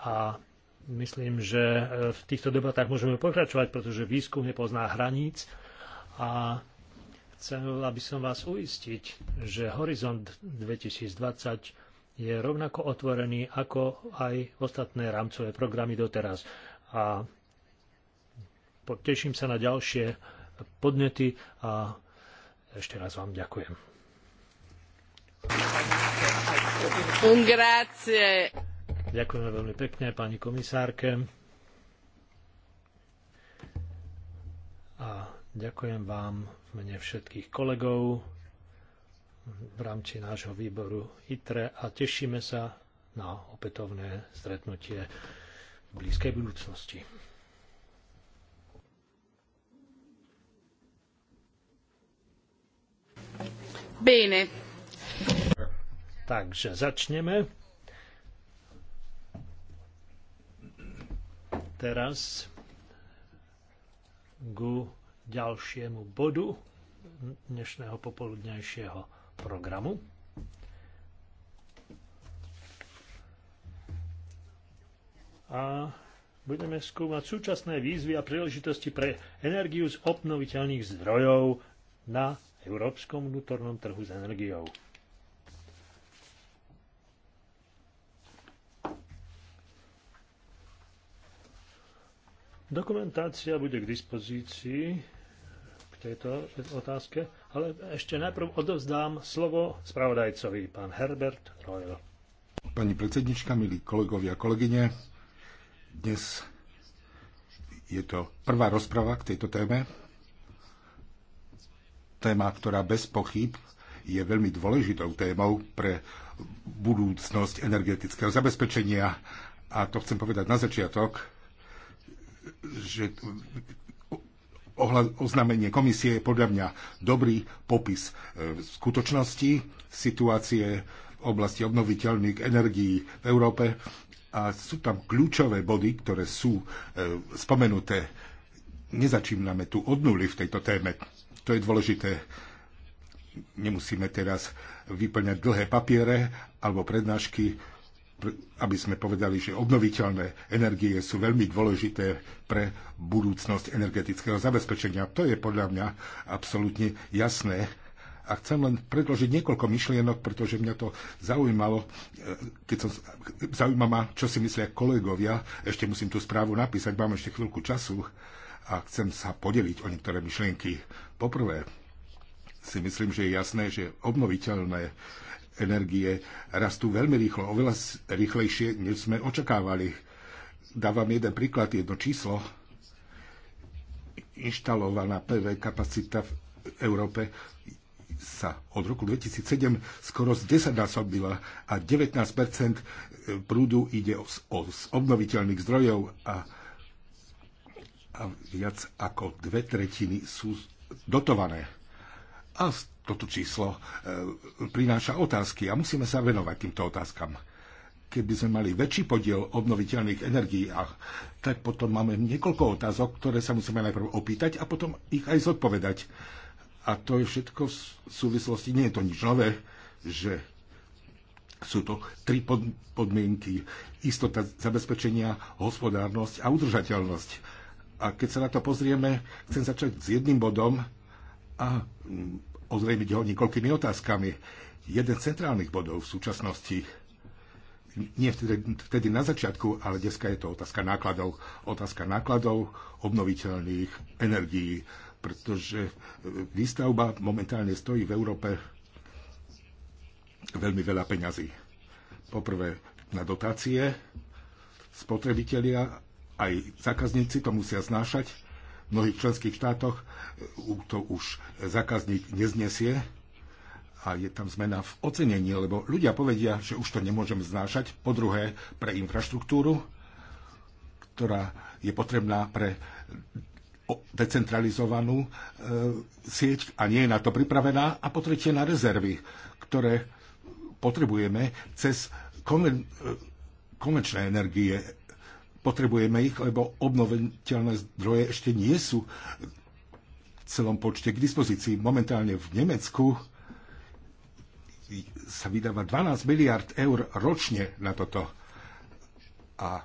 a myslím, že e, v týchto debatách môžeme pokračovať, pretože výskum nepozná hraníc a chcela by som vás uistiť, že Horizont 2020 je rovnako otvorený ako aj ostatné rámcové programy doteraz. A teším sa na ďalšie podnety a ešte raz vám ďakujem. Grazie. Ďakujeme veľmi pekne pani komisárke. A ďakujem vám v mene všetkých kolegov v rámci nášho výboru ITRE a tešíme sa na opätovné stretnutie v blízkej budúcnosti. Bene. Takže začneme. Teraz ku ďalšiemu bodu dnešného popoludnejšieho programu. A budeme skúmať súčasné výzvy a príležitosti pre energiu z obnoviteľných zdrojov na európskom vnútornom trhu s energiou. Dokumentácia bude k dispozícii tejto otázke, ale ešte najprv odovzdám slovo spravodajcovi, pán Herbert Royal. Pani predsednička, milí kolegovia a kolegyne, dnes je to prvá rozprava k tejto téme. Téma, ktorá bez pochyb je veľmi dôležitou témou pre budúcnosť energetického zabezpečenia. A to chcem povedať na začiatok, že oznámenie komisie je podľa mňa dobrý popis e, skutočnosti situácie v oblasti obnoviteľných energií v Európe a sú tam kľúčové body, ktoré sú e, spomenuté. Nezačíname tu od nuly v tejto téme. To je dôležité. Nemusíme teraz vyplňať dlhé papiere alebo prednášky aby sme povedali, že obnoviteľné energie sú veľmi dôležité pre budúcnosť energetického zabezpečenia. To je podľa mňa absolútne jasné. A chcem len predložiť niekoľko myšlienok, pretože mňa to zaujímalo, e, keď som, zaujímavá, čo si myslia kolegovia. Ešte musím tú správu napísať, mám ešte chvíľku času a chcem sa podeliť o niektoré myšlienky. Poprvé si myslím, že je jasné, že obnoviteľné energie rastú veľmi rýchlo, oveľa rýchlejšie, než sme očakávali. Dávam jeden príklad, jedno číslo. Inštalovaná PV kapacita v Európe sa od roku 2007 skoro z 10 násobila a 19 e, prúdu ide z, obnoviteľných zdrojov a, a viac ako dve tretiny sú dotované. A z toto číslo e, prináša otázky a musíme sa venovať týmto otázkam. Keby sme mali väčší podiel obnoviteľných energií, tak potom máme niekoľko otázok, ktoré sa musíme najprv opýtať a potom ich aj zodpovedať. A to je všetko v súvislosti, nie je to nič nové, že sú to tri podmienky. Istota zabezpečenia, hospodárnosť a udržateľnosť. A keď sa na to pozrieme, chcem začať s jedným bodom a ozrejmiť ho niekoľkými otázkami. Jeden z centrálnych bodov v súčasnosti, nie vtedy, vtedy na začiatku, ale dneska je to otázka nákladov. Otázka nákladov obnoviteľných energií, pretože e, výstavba momentálne stojí v Európe veľmi veľa peňazí. Poprvé na dotácie, spotrebitelia aj zákazníci to musia znášať mnohých členských štátoch to už zákazník neznesie a je tam zmena v ocenení, lebo ľudia povedia, že už to nemôžem znášať. Po druhé, pre infraštruktúru, ktorá je potrebná pre decentralizovanú e, sieť a nie je na to pripravená. A po tretie, na rezervy, ktoré potrebujeme cez konven, e, konvenčné energie Potrebujeme ich, lebo obnoviteľné zdroje ešte nie sú v celom počte k dispozícii. Momentálne v Nemecku sa vydáva 12 miliard eur ročne na toto. A e,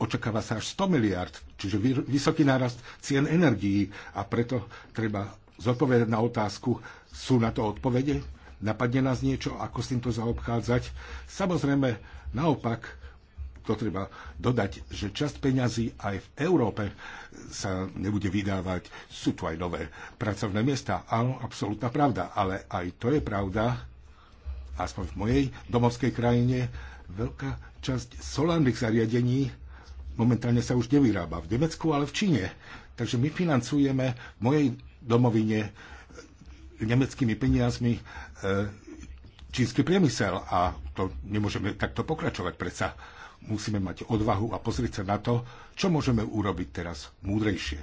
očakáva sa až 100 miliard, čiže vysoký nárast cien energií a preto treba zodpovedať na otázku, sú na to odpovede? Napadne nás niečo, ako s týmto zaobchádzať? Samozrejme, naopak, to treba dodať, že časť peňazí aj v Európe sa nebude vydávať. Sú tu aj nové pracovné miesta. Áno, absolútna pravda. Ale aj to je pravda, aspoň v mojej domovskej krajine, veľká časť solárnych zariadení momentálne sa už nevyrába v Nemecku, ale v Číne. Takže my financujeme v mojej domovine eh, nemeckými peniazmi eh, čínsky priemysel a to nemôžeme takto pokračovať predsa musíme mať odvahu a pozrieť sa na to, čo môžeme urobiť teraz múdrejšie.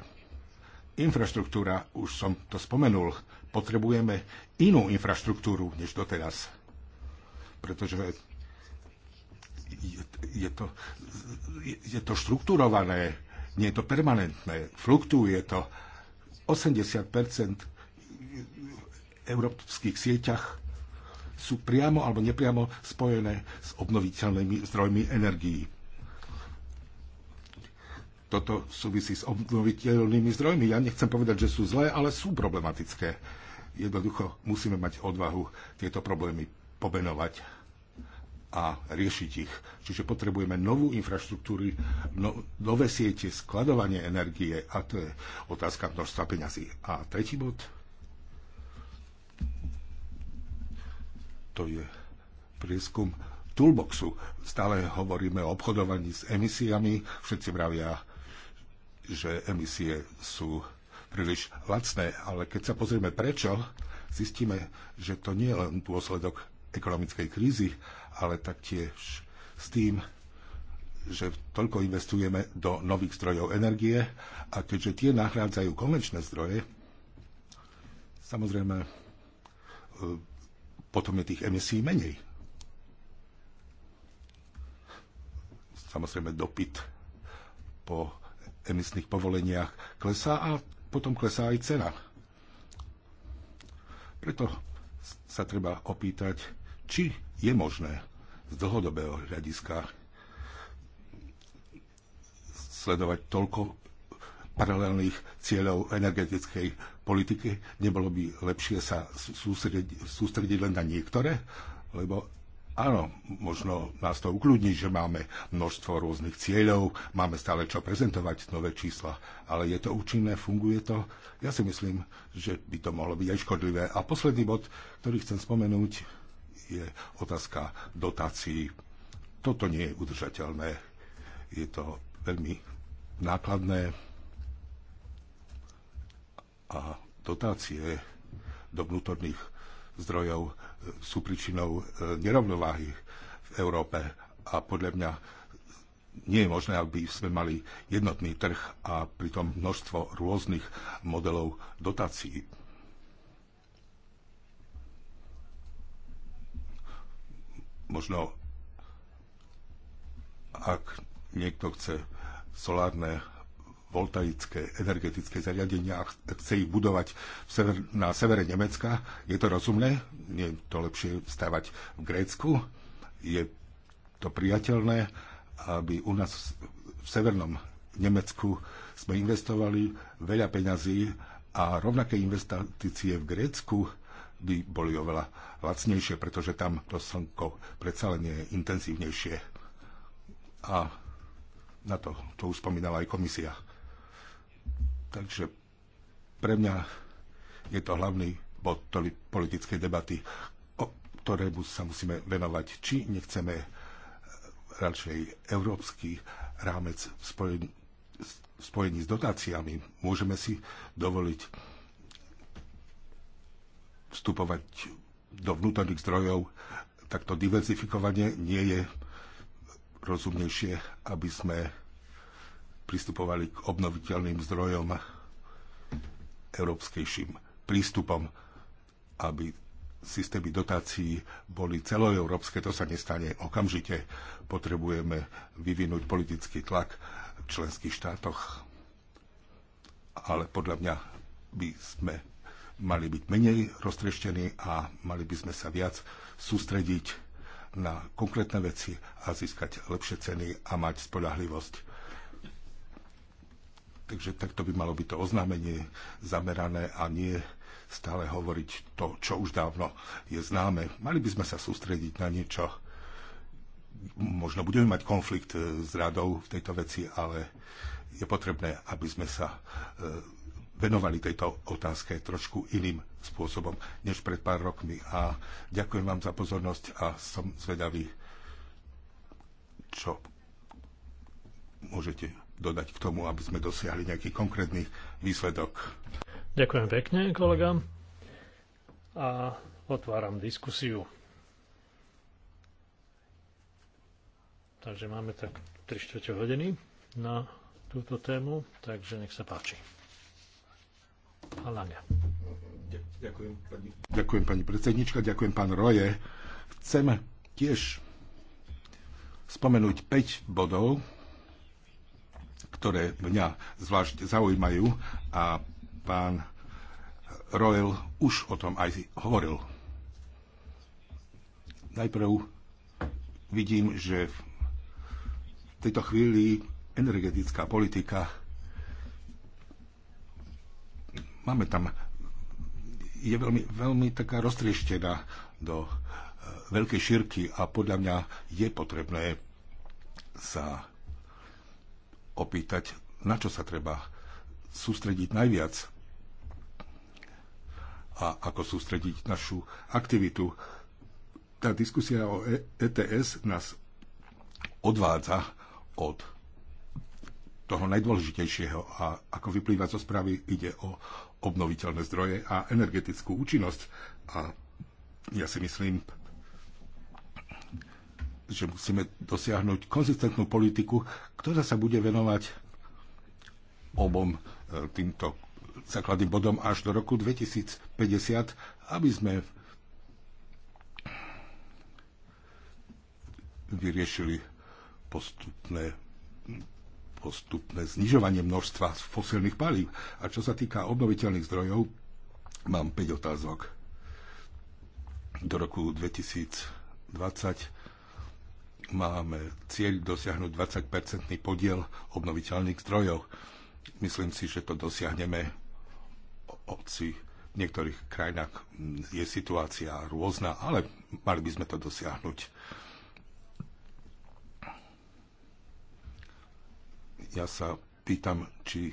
Infraštruktúra, už som to spomenul, potrebujeme inú infraštruktúru než doteraz. Pretože je to, je to štrukturované, nie je to permanentné, fluktuje to. 80 európskych sieťach sú priamo alebo nepriamo spojené s obnoviteľnými zdrojmi energií. Toto súvisí s obnoviteľnými zdrojmi. Ja nechcem povedať, že sú zlé, ale sú problematické. Jednoducho musíme mať odvahu tieto problémy pomenovať a riešiť ich. Čiže potrebujeme novú infraštruktúru, no, nové siete, skladovanie energie a to je otázka množstva peňazí. A tretí bod to je prieskum toolboxu. Stále hovoríme o obchodovaní s emisiami. Všetci vravia, že emisie sú príliš lacné, ale keď sa pozrieme prečo, zistíme, že to nie je len dôsledok ekonomickej krízy, ale taktiež s tým, že toľko investujeme do nových zdrojov energie a keďže tie nahrádzajú konvenčné zdroje, samozrejme potom je tých emisí menej. Samozrejme, dopyt po emisných povoleniach klesá a potom klesá aj cena. Preto sa treba opýtať, či je možné z dlhodobého hľadiska sledovať toľko paralelných cieľov energetickej politike, nebolo by lepšie sa sústrediť, sústrediť len na niektoré? Lebo Áno, možno nás to ukľudní, že máme množstvo rôznych cieľov, máme stále čo prezentovať, nové čísla, ale je to účinné, funguje to. Ja si myslím, že by to mohlo byť aj škodlivé. A posledný bod, ktorý chcem spomenúť, je otázka dotácií. Toto nie je udržateľné. Je to veľmi nákladné, a dotácie do vnútorných zdrojov e, sú príčinou e, nerovnováhy v Európe a podľa mňa nie je možné, aby sme mali jednotný trh a pritom množstvo rôznych modelov dotácií. Možno, ak niekto chce solárne voltaické energetické zariadenia a chce ich budovať sever, na severe Nemecka. Je to rozumné? Nie je to lepšie stavať v Grécku? Je to priateľné, aby u nás v severnom Nemecku sme investovali veľa peňazí a rovnaké investície v Grécku by boli oveľa lacnejšie, pretože tam to slnko predsa len je intenzívnejšie. A na to, to už spomínala aj komisia. Takže pre mňa je to hlavný bod politickej debaty, o ktorému sa musíme venovať, či nechceme e, radšej európsky rámec v spojení, v spojení s dotáciami. Môžeme si dovoliť vstupovať do vnútorných zdrojov tak to diverzifikovanie nie je rozumnejšie, aby sme pristupovali k obnoviteľným zdrojom európskejším prístupom, aby systémy dotácií boli celoeurópske, to sa nestane okamžite. Potrebujeme vyvinúť politický tlak v členských štátoch. Ale podľa mňa by sme mali byť menej roztreštení a mali by sme sa viac sústrediť na konkrétne veci a získať lepšie ceny a mať spolahlivosť Takže takto by malo byť to oznámenie zamerané a nie stále hovoriť to, čo už dávno je známe. Mali by sme sa sústrediť na niečo. Možno budeme mať konflikt e, s radou v tejto veci, ale je potrebné, aby sme sa e, venovali tejto otázke trošku iným spôsobom než pred pár rokmi. A ďakujem vám za pozornosť a som zvedavý, čo môžete dodať k tomu, aby sme dosiahli nejaký konkrétny výsledok. Ďakujem pekne, kolega. A otváram diskusiu. Takže máme tak 3 čtvrte hodiny na túto tému, takže nech sa páči. Halania. Ďakujem pani. ďakujem pani predsednička, ďakujem pán Roje. Chcem tiež spomenúť 5 bodov, ktoré mňa zvlášť zaujímajú a pán Royal už o tom aj hovoril. Najprv vidím, že v tejto chvíli energetická politika máme tam je veľmi, veľmi taká roztrieštená do e, veľkej šírky a podľa mňa je potrebné sa opýtať, na čo sa treba sústrediť najviac a ako sústrediť našu aktivitu. Tá diskusia o ETS e nás odvádza od toho najdôležitejšieho a ako vyplýva zo správy, ide o obnoviteľné zdroje a energetickú účinnosť. A ja si myslím, že musíme dosiahnuť konzistentnú politiku, ktorá sa bude venovať obom e, týmto základným bodom až do roku 2050, aby sme vyriešili postupné, postupné znižovanie množstva fosilných palív. A čo sa týka obnoviteľných zdrojov, mám 5 otázok. Do roku 2020 máme cieľ dosiahnuť 20-percentný podiel obnoviteľných zdrojov. Myslím si, že to dosiahneme obci. V niektorých krajinách je situácia rôzna, ale mali by sme to dosiahnuť. Ja sa pýtam, či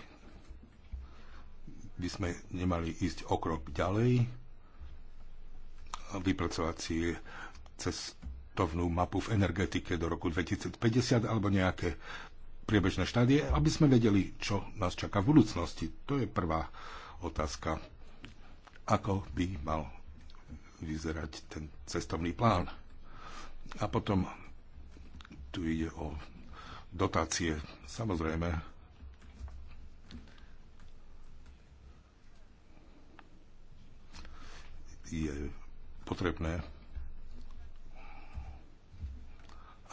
by sme nemali ísť o krok ďalej, vypracovať si cez cestovnú mapu v energetike do roku 2050 alebo nejaké priebežné štádie, aby sme vedeli, čo nás čaká v budúcnosti. To je prvá otázka. Ako by mal vyzerať ten cestovný plán? A potom tu ide o dotácie. Samozrejme, je potrebné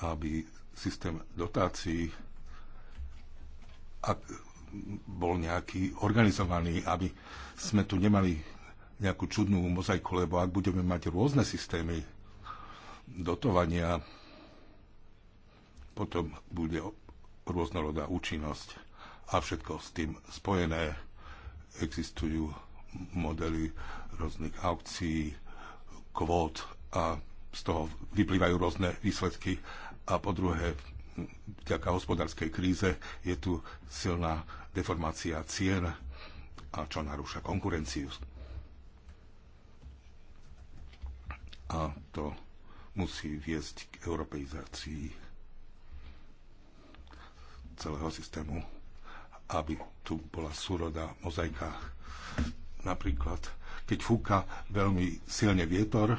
aby systém dotácií ak bol nejaký organizovaný, aby sme tu nemali nejakú čudnú mozaiku, lebo ak budeme mať rôzne systémy dotovania, potom bude rôznorodá účinnosť a všetko s tým spojené. Existujú modely rôznych aukcií, kvót a z toho vyplývajú rôzne výsledky a po druhé, vďaka hospodárskej kríze je tu silná deformácia cien a čo narúša konkurenciu. A to musí viesť k europeizácii celého systému, aby tu bola súroda mozaika. Napríklad, keď fúka veľmi silne vietor,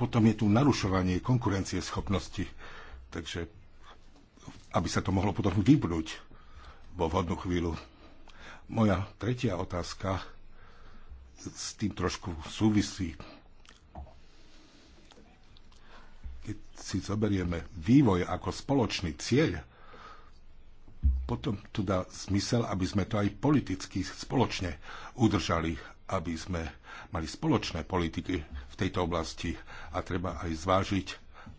potom je tu narušovanie konkurencie schopnosti. Takže aby sa to mohlo potom vybrnúť vo vhodnú chvíľu. Moja tretia otázka s tým trošku súvisí. Keď si zoberieme vývoj ako spoločný cieľ, potom tu dá zmysel, aby sme to aj politicky spoločne udržali, aby sme mali spoločné politiky v tejto oblasti a treba aj zvážiť,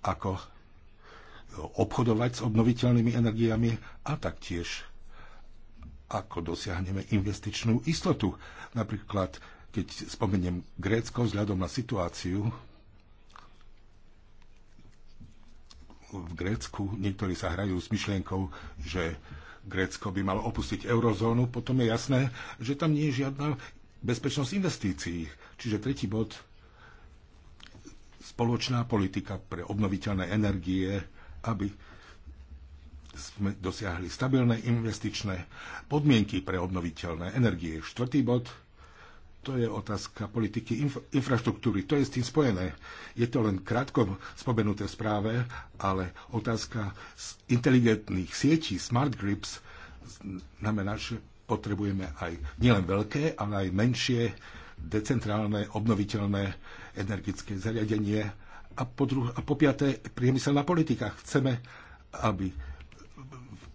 ako obchodovať s obnoviteľnými energiami a taktiež ako dosiahneme investičnú istotu. Napríklad, keď spomeniem Grécko vzhľadom na situáciu, v Grécku niektorí sa hrajú s myšlienkou, že Grécko by malo opustiť eurozónu, potom je jasné, že tam nie je žiadna bezpečnosť investícií. Čiže tretí bod spoločná politika pre obnoviteľné energie, aby sme dosiahli stabilné investičné podmienky pre obnoviteľné energie. Štvrtý bod, to je otázka politiky inf- infraštruktúry. To je s tým spojené. Je to len krátko spomenuté v správe, ale otázka z inteligentných sietí, smart grips, znamená, že potrebujeme aj nielen veľké, ale aj menšie decentrálne obnoviteľné energetické zariadenie. A po, druh- a po piaté, priemyselná politika. Chceme, aby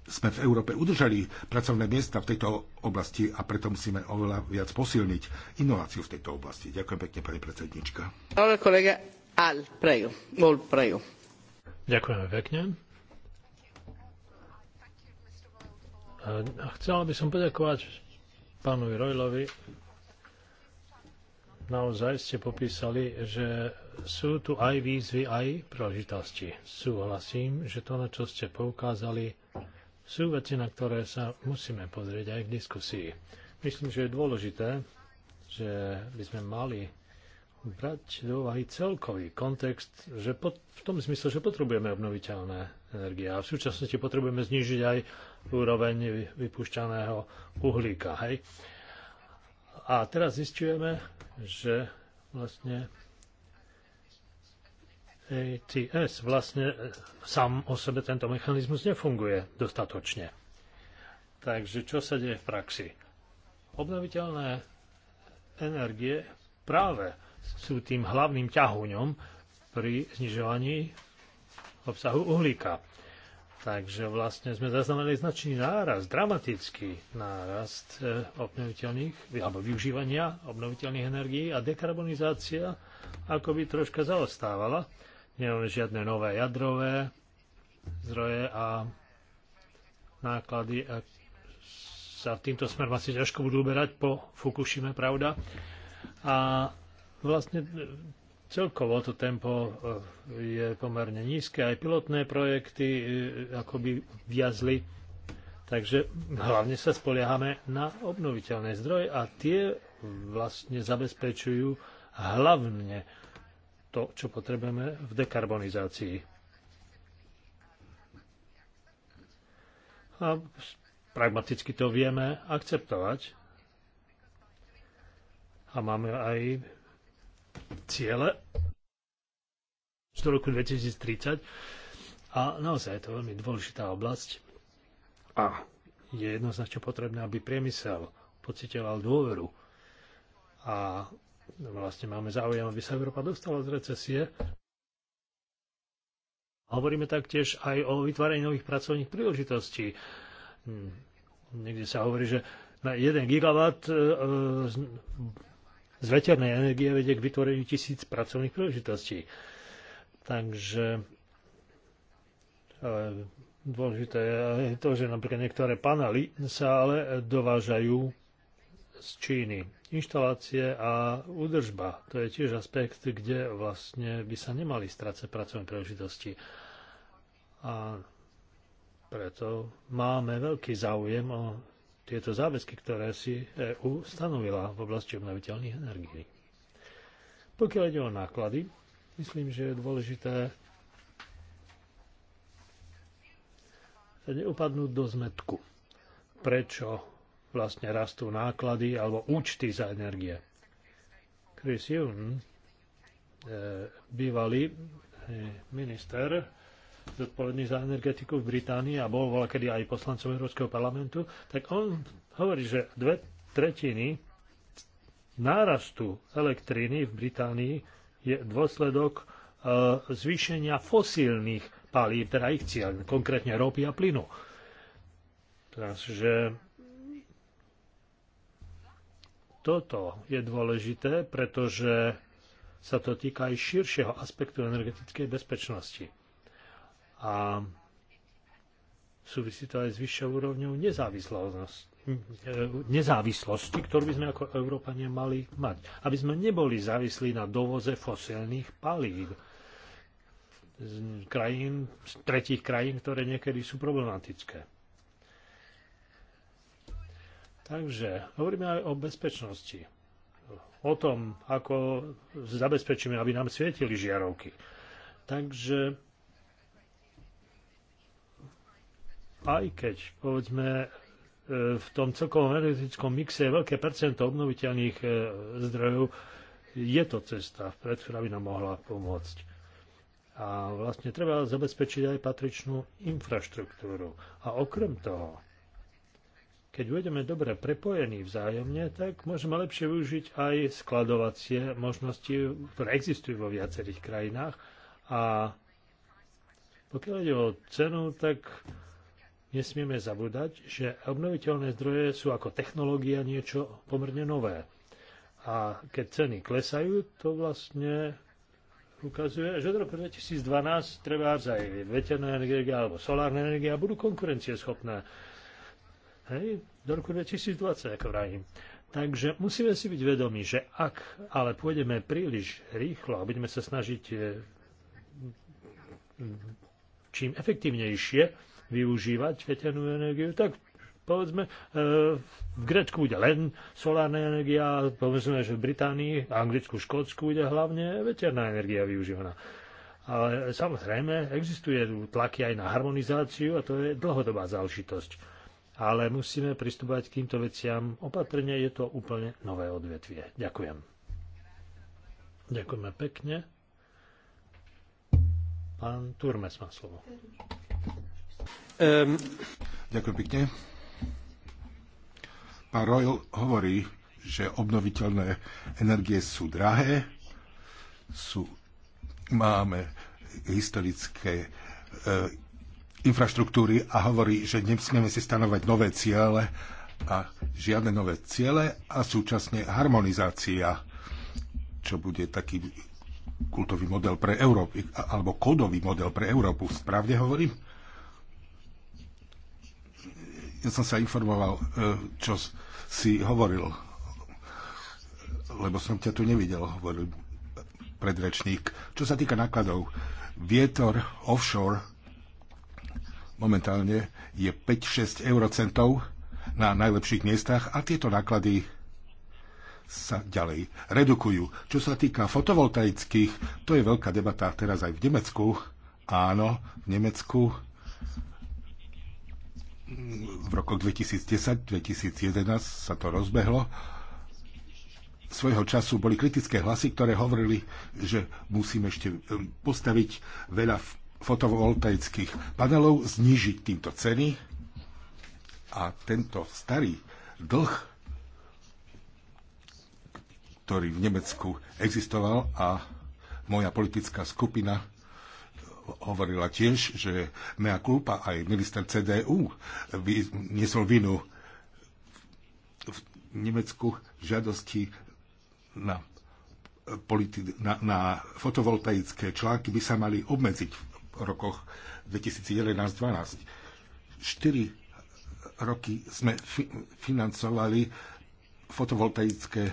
sme v Európe udržali pracovné miesta v tejto oblasti a preto musíme oveľa viac posilniť inováciu v tejto oblasti. Ďakujem pekne, pani predsednička. Ďakujeme pekne. A chcel by som poďakovať pánovi Rojlovi naozaj ste popísali, že sú tu aj výzvy, aj príležitosti. Súhlasím, že to, na čo ste poukázali, sú veci, na ktoré sa musíme pozrieť aj v diskusii. Myslím, že je dôležité, že by sme mali brať do úvahy celkový kontext, že pod, v tom zmysle, že potrebujeme obnoviteľné energie a v súčasnosti potrebujeme znižiť aj úroveň vypúšťaného uhlíka. Hej? A teraz zistujeme, že vlastne ATS vlastne sám o sebe tento mechanizmus nefunguje dostatočne. Takže čo sa deje v praxi? Obnoviteľné energie práve sú tým hlavným ťahuňom pri znižovaní obsahu uhlíka. Takže vlastne sme zaznamenali značný nárast, dramatický nárast e, obnoviteľných, alebo využívania obnoviteľných energií a dekarbonizácia ako by troška zaostávala. Nemáme žiadne nové jadrové zdroje a náklady a sa týmto smerom asi ťažko budú uberať po Fukushime, pravda. A vlastne Celkovo to tempo eh, je pomerne nízke, aj pilotné projekty eh, akoby viazli, takže hlavne sa spoliehame na obnoviteľné zdroje a tie vlastne zabezpečujú hlavne to, čo potrebujeme v dekarbonizácii. A pragmaticky to vieme akceptovať. A máme aj ciele do roku 2030. A naozaj je to veľmi dôležitá oblasť. A je jednoznačne potrebné, aby priemysel pocitoval dôveru. A vlastne máme záujem, aby sa Európa dostala z recesie. Hovoríme taktiež aj o vytváraní nových pracovných príležitostí. Hm. Niekde sa hovorí, že na 1 gigawatt e, e, z veternej energie vedie k vytvoreniu tisíc pracovných príležitostí. Takže dôležité je to, že napríklad niektoré panely sa ale dovážajú z Číny. Inštalácie a údržba, to je tiež aspekt, kde vlastne by sa nemali strácať pracovné príležitosti. A preto máme veľký záujem o tieto záväzky, ktoré si EU stanovila v oblasti obnoviteľných energií. Pokiaľ ide o náklady, myslím, že je dôležité neupadnúť do zmetku. Prečo vlastne rastú náklady alebo účty za energie? Chris Youn, e, bývalý e, minister zodpovedný za energetiku v Británii a bol voľa kedy aj poslancom Európskeho parlamentu, tak on hovorí, že dve tretiny nárastu elektriny v Británii je dôsledok e, zvýšenia fosílnych palív, teda ich cieľ, konkrétne ropy a plynu. Takže toto je dôležité, pretože sa to týka aj širšieho aspektu energetickej bezpečnosti a súvisí to aj s vyššou úrovňou e, nezávislosti, ktorú by sme ako Európania mali mať. Aby sme neboli závislí na dovoze fosilných palív z krajín, z tretích krajín, ktoré niekedy sú problematické. Takže hovoríme aj o bezpečnosti. O tom, ako zabezpečíme, aby nám svietili žiarovky. Takže aj keď, povedzme, e, v tom celkovom energetickom mixe je veľké percento obnoviteľných e, zdrojov, je to cesta pred ktorá by nám mohla pomôcť. A vlastne treba zabezpečiť aj patričnú infraštruktúru. A okrem toho, keď budeme dobre prepojení vzájomne, tak môžeme lepšie využiť aj skladovacie možnosti, ktoré existujú vo viacerých krajinách. A pokiaľ ide o cenu, tak nesmieme zabúdať, že obnoviteľné zdroje sú ako technológia niečo pomerne nové. A keď ceny klesajú, to vlastne ukazuje, že do roku 2012 treba aj veterná energia alebo solárna energia budú konkurencieschopné. Hej, do roku 2020, ako vravím. Takže musíme si byť vedomi, že ak ale pôjdeme príliš rýchlo a budeme sa snažiť e, čím efektívnejšie, využívať veternú energiu, tak povedzme, e, v Grécku bude len solárna energia, povedzme, že v Británii, Anglicku, Škótsku bude hlavne veterná energia využívaná. Ale samozrejme, existuje tlaky aj na harmonizáciu a to je dlhodobá záležitosť. Ale musíme pristúpať k týmto veciam opatrne, je to úplne nové odvetvie. Ďakujem. Ďakujeme pekne. Pán Turmes má slovo. Ehm, Pán Reul hovorí, že obnoviteľné energie sú drahé, sú, máme historické e, infraštruktúry a hovorí, že nesmieme si stanovať nové ciele a žiadne nové ciele a súčasne harmonizácia, čo bude taký kultový model pre Európu, alebo kódový model pre Európu. Správne hovorím? Ja som sa informoval, e, čo si hovoril, lebo som ťa tu nevidel, hovoril predrečník. Čo sa týka nákladov, vietor offshore momentálne je 5-6 eurocentov na najlepších miestach a tieto náklady sa ďalej redukujú. Čo sa týka fotovoltaických, to je veľká debata teraz aj v Nemecku. Áno, v Nemecku v rokoch 2010-2011 sa to rozbehlo. Svojho času boli kritické hlasy, ktoré hovorili, že musíme ešte postaviť veľa fotovoltaických panelov, znižiť týmto ceny a tento starý dlh, ktorý v Nemecku existoval a moja politická skupina hovorila tiež, že mea culpa aj minister CDU nesol vinu v Nemecku žiadosti na, politi- na, na fotovoltaické články by sa mali obmedziť v rokoch 2011-2012. 4 roky sme fi- financovali fotovoltaické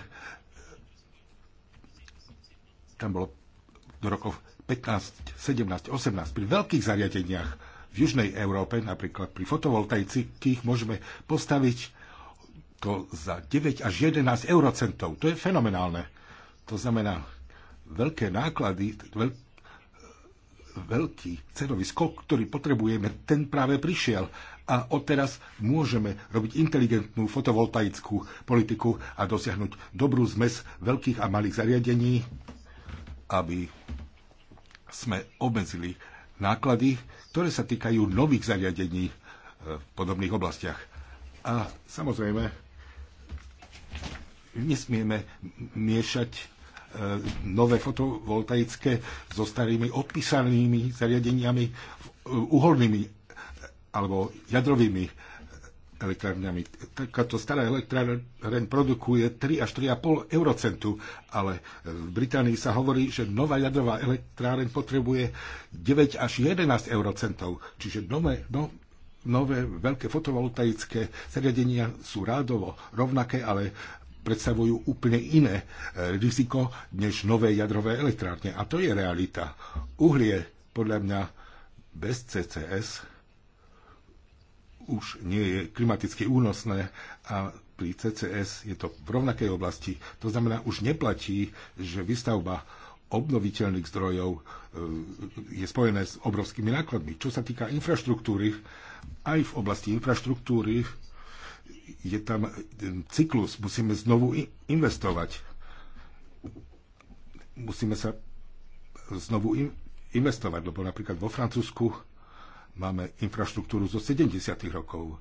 tam bolo do rokov 15, 17, 18, pri veľkých zariadeniach v Južnej Európe, napríklad pri fotovoltaicích, môžeme postaviť to za 9 až 11 eurocentov. To je fenomenálne. To znamená, veľké náklady, veľ, veľký cenový skok, ktorý potrebujeme, ten práve prišiel. A odteraz môžeme robiť inteligentnú fotovoltaickú politiku a dosiahnuť dobrú zmes veľkých a malých zariadení, aby sme obmedzili náklady, ktoré sa týkajú nových zariadení e, v podobných oblastiach. A samozrejme, nesmieme miešať e, nové fotovoltaické so starými odpísanými zariadeniami e, uholnými alebo jadrovými elektrárňami. Takáto stará elektráreň produkuje 3 až 3,5 eurocentu, ale v Británii sa hovorí, že nová jadrová elektráreň potrebuje 9 až 11 eurocentov. Čiže nové, no, nové veľké fotovoltaické zariadenia sú rádovo rovnaké, ale predstavujú úplne iné e, riziko než nové jadrové elektrárne. A to je realita. Uhlie, podľa mňa, bez CCS už nie je klimaticky únosné a pri CCS je to v rovnakej oblasti. To znamená, už neplatí, že výstavba obnoviteľných zdrojov e, je spojené s obrovskými nákladmi. Čo sa týka infraštruktúry, aj v oblasti infraštruktúry je tam cyklus, musíme znovu investovať. Musíme sa znovu investovať, lebo napríklad vo Francúzsku Máme infraštruktúru zo 70. rokov.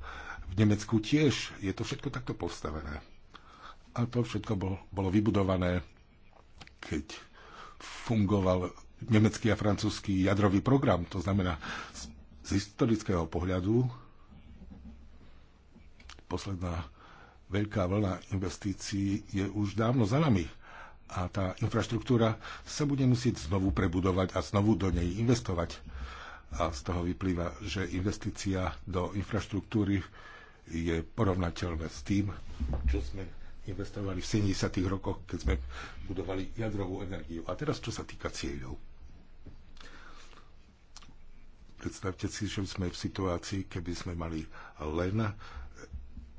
V Nemecku tiež je to všetko takto postavené. A to všetko bol, bolo vybudované, keď fungoval nemecký a francúzsky jadrový program. To znamená, z, z historického pohľadu posledná veľká vlna investícií je už dávno za nami. A tá infraštruktúra sa bude musieť znovu prebudovať a znovu do nej investovať a z toho vyplýva, že investícia do infraštruktúry je porovnateľná s tým, čo sme investovali v 70. rokoch, keď sme budovali jadrovú energiu. A teraz, čo sa týka cieľov. Predstavte si, že sme v situácii, keby sme mali len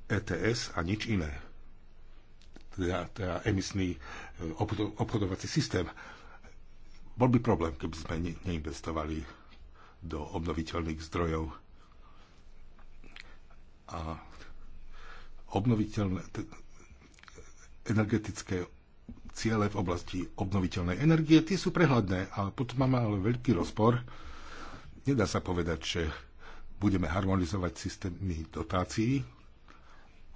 ETS a nič iné. Teda, teda emisný e, obchodovací systém. Bol by problém, keby sme neinvestovali do obnoviteľných zdrojov. A obnoviteľné energetické ciele v oblasti obnoviteľnej energie, tie sú prehľadné a potom máme ale veľký rozpor. Nedá sa povedať, že budeme harmonizovať systémy dotácií,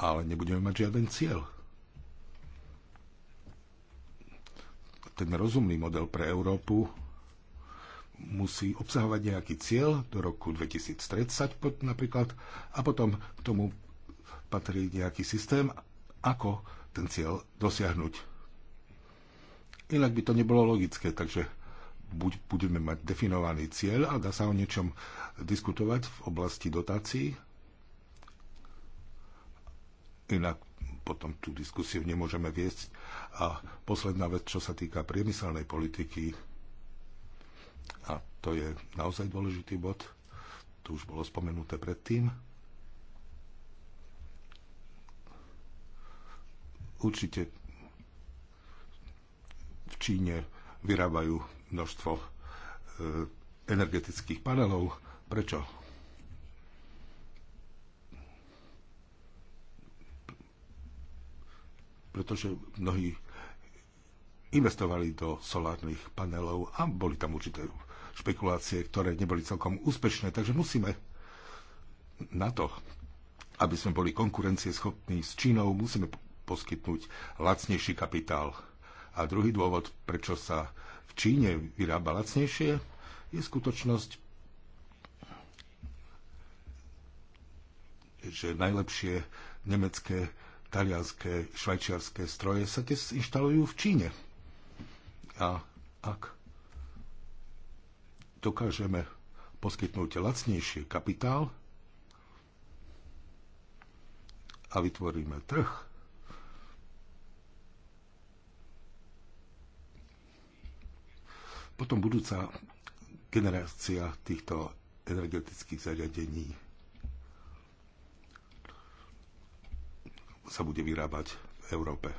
ale nebudeme mať žiaden cieľ. Ten rozumný model pre Európu musí obsahovať nejaký cieľ do roku 2030 napríklad a potom k tomu patrí nejaký systém, ako ten cieľ dosiahnuť. Inak by to nebolo logické, takže buď budeme mať definovaný cieľ a dá sa o niečom diskutovať v oblasti dotácií. Inak potom tú diskusiu nemôžeme viesť. A posledná vec, čo sa týka priemyselnej politiky, a to je naozaj dôležitý bod, tu už bolo spomenuté predtým, určite v Číne vyrábajú množstvo e, energetických panelov. Prečo? Pretože mnohí investovali do solárnych panelov a boli tam určité špekulácie, ktoré neboli celkom úspešné, takže musíme na to, aby sme boli konkurencieschopní s Čínou, musíme poskytnúť lacnejší kapitál. A druhý dôvod, prečo sa v Číne vyrába lacnejšie, je skutočnosť, že najlepšie nemecké, talianské, švajčiarské stroje sa tiež inštalujú v Číne. A ak dokážeme poskytnúť lacnejší kapitál a vytvoríme trh, potom budúca generácia týchto energetických zariadení sa bude vyrábať v Európe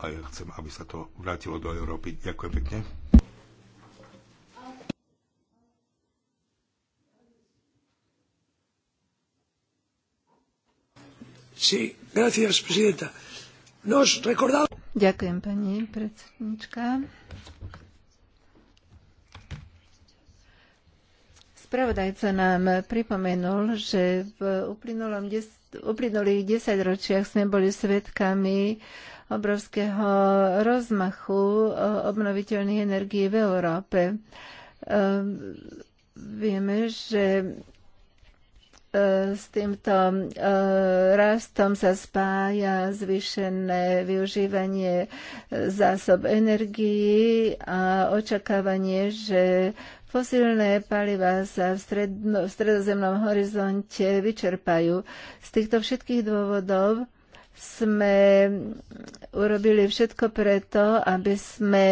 a ja chcem, aby sa to vrátilo do Európy. Ďakujem pekne. Sí, gracias, presidenta. Nos recordamos... Ďakujem, pani predsednička. Spravodajca nám pripomenul, že v uplynulých desaťročiach sme boli svedkami uh, obrovského rozmachu e, obnoviteľných energií v Európe. E, vieme, že e, s týmto rastom sa spája zvýšené využívanie zásob energií a očakávanie, že Fosílne paliva sa v, stredno, v stredozemnom horizonte vyčerpajú. Z týchto všetkých dôvodov sme urobili všetko preto, aby sme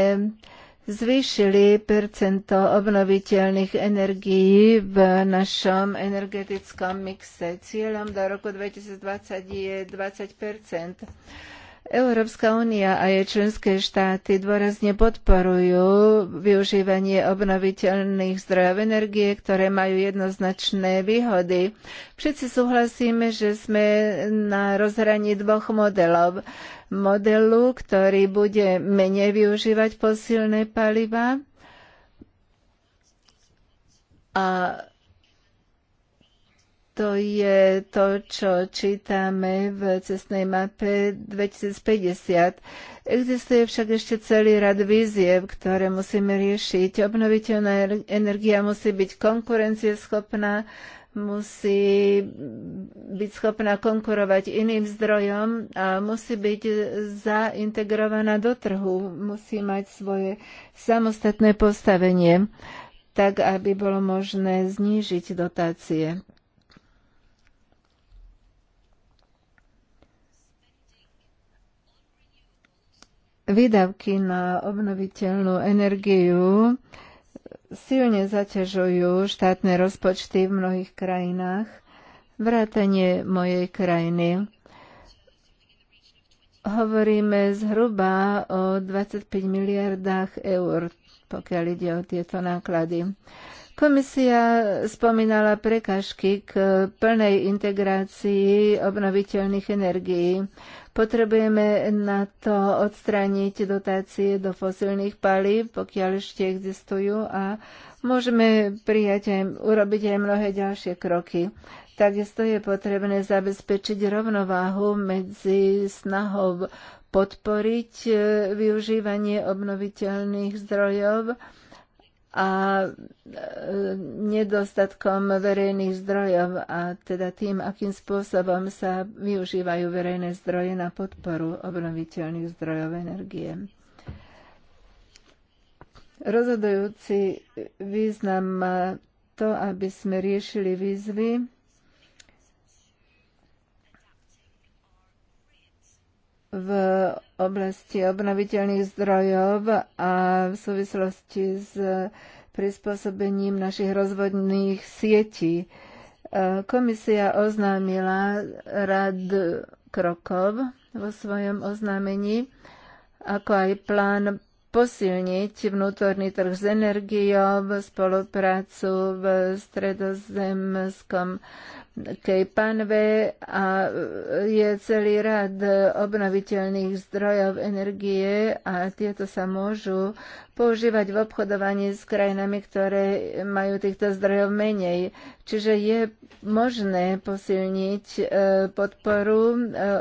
zvýšili percento obnoviteľných energií v našom energetickom mixe. Cieľom do roku 2020 je 20 Európska únia a jej členské štáty dôrazne podporujú využívanie obnoviteľných zdrojov energie, ktoré majú jednoznačné výhody. Všetci súhlasíme, že sme na rozhraní dvoch modelov. Modelu, ktorý bude menej využívať posilné paliva a to je to, čo čítame v cestnej mape 2050. Existuje však ešte celý rad víziev, ktoré musíme riešiť. Obnoviteľná energia musí byť konkurencieschopná, musí byť schopná konkurovať iným zdrojom a musí byť zaintegrovaná do trhu, musí mať svoje samostatné postavenie tak aby bolo možné znížiť dotácie. výdavky na obnoviteľnú energiu silne zaťažujú štátne rozpočty v mnohých krajinách, vrátanie mojej krajiny. Hovoríme zhruba o 25 miliardách eur, pokiaľ ide o tieto náklady. Komisia spomínala prekažky k plnej integrácii obnoviteľných energií. Potrebujeme na to odstrániť dotácie do fosilných palív, pokiaľ ešte existujú a môžeme prijať aj, urobiť aj mnohé ďalšie kroky. Takisto je potrebné zabezpečiť rovnováhu medzi snahou podporiť e, využívanie obnoviteľných zdrojov a e, nedostatkom verejných zdrojov a teda tým, akým spôsobom sa využívajú verejné zdroje na podporu obnoviteľných zdrojov energie. Rozhodujúci význam má to, aby sme riešili výzvy, v oblasti obnoviteľných zdrojov a v súvislosti s prispôsobením našich rozvodných sietí. Komisia oznámila rad krokov vo svojom oznámení, ako aj plán posilniť vnútorný trh s energiou, spoluprácu v stredozemskom tej panve a je celý rad obnoviteľných zdrojov energie a tieto sa môžu používať v obchodovaní s krajinami, ktoré majú týchto zdrojov menej. Čiže je možné posilniť e, podporu e,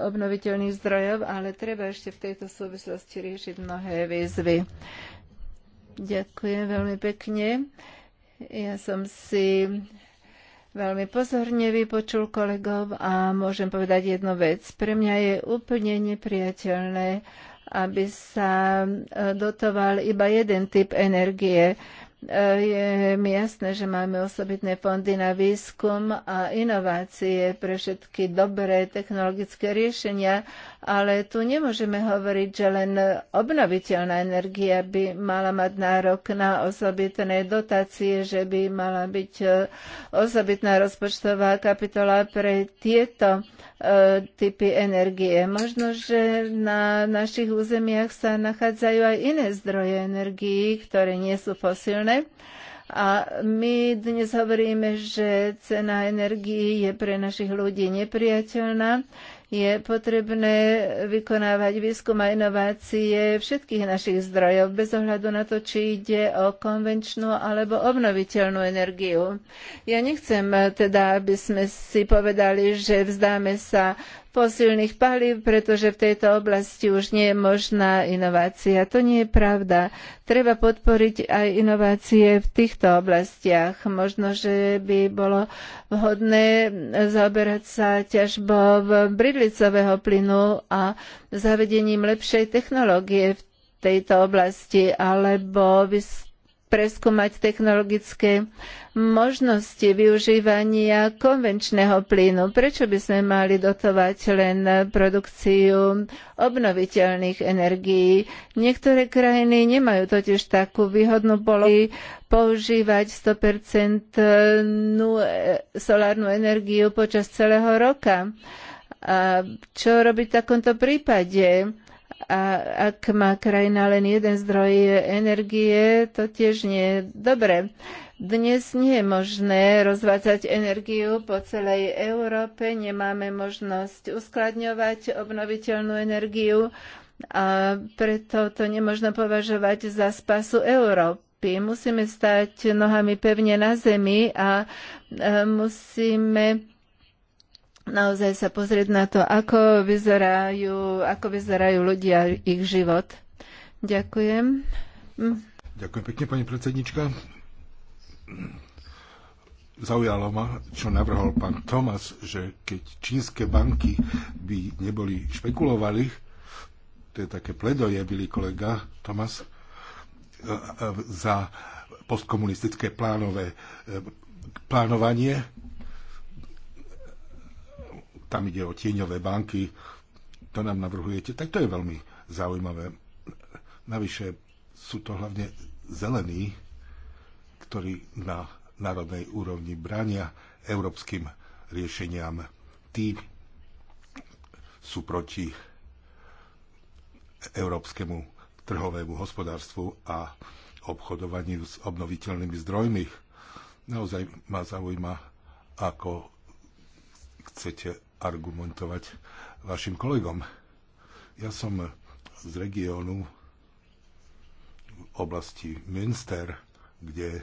obnoviteľných zdrojov, ale treba ešte v tejto súvislosti riešiť mnohé výzvy. Ďakujem veľmi pekne. Ja som si veľmi pozorne vypočul kolegov a môžem povedať jednu vec. Pre mňa je úplne nepriateľné, aby sa e, dotoval iba jeden typ energie. E, je mi jasné, že máme osobitné fondy na výskum a inovácie pre všetky dobré technologické riešenia, ale tu nemôžeme hovoriť, že len obnoviteľná energia by mala mať nárok na osobitné dotácie, že by mala byť e, osobitná rozpočtová kapitola pre tieto e, typy energie. Možno, že na našich územiach sa nachádzajú aj iné zdroje energií, ktoré nie sú fosilné. A my dnes hovoríme, že cena energií je pre našich ľudí nepriateľná. Je potrebné vykonávať výskum a inovácie všetkých našich zdrojov, bez ohľadu na to, či ide o konvenčnú alebo obnoviteľnú energiu. Ja nechcem teda, aby sme si povedali, že vzdáme sa fosílnych palív, pretože v tejto oblasti už nie je možná inovácia. To nie je pravda. Treba podporiť aj inovácie v týchto oblastiach. Možno, že by bolo vhodné zaoberať sa ťažbou bridlicového plynu a zavedením lepšej technológie v tejto oblasti alebo preskúmať technologické uh, možnosti využívania konvenčného plynu. Prečo by sme mali dotovať len produkciu obnoviteľných energií? Niektoré krajiny nemajú totiž takú výhodnú polohu používať 100% solárnu energiu počas celého roka. A čo robiť v takomto prípade? A ak má krajina len jeden zdroj energie, to tiež nie je dobré. Dnes nie je možné rozvádzať energiu po celej Európe, nemáme možnosť uskladňovať obnoviteľnú energiu a preto to nemôžno považovať za spasu Európy. Musíme stať nohami pevne na zemi a e, musíme naozaj sa pozrieť na to, ako vyzerajú, ako vyzerajú ľudia ich život. Ďakujem. Hm. Ďakujem pekne, pani predsednička zaujalo ma, čo navrhol pán Tomas, že keď čínske banky by neboli špekulovali, to je také pledoje, byli kolega Tomas, e, e, za postkomunistické plánové e, plánovanie. Tam ide o tieňové banky, to nám navrhujete, tak to je veľmi zaujímavé. Navyše sú to hlavne zelení, ktorí na národnej úrovni bránia európskym riešeniam. Tí sú proti európskemu trhovému hospodárstvu a obchodovaniu s obnoviteľnými zdrojmi. Naozaj ma zaujíma, ako chcete argumentovať vašim kolegom. Ja som z regiónu v oblasti Münster, kde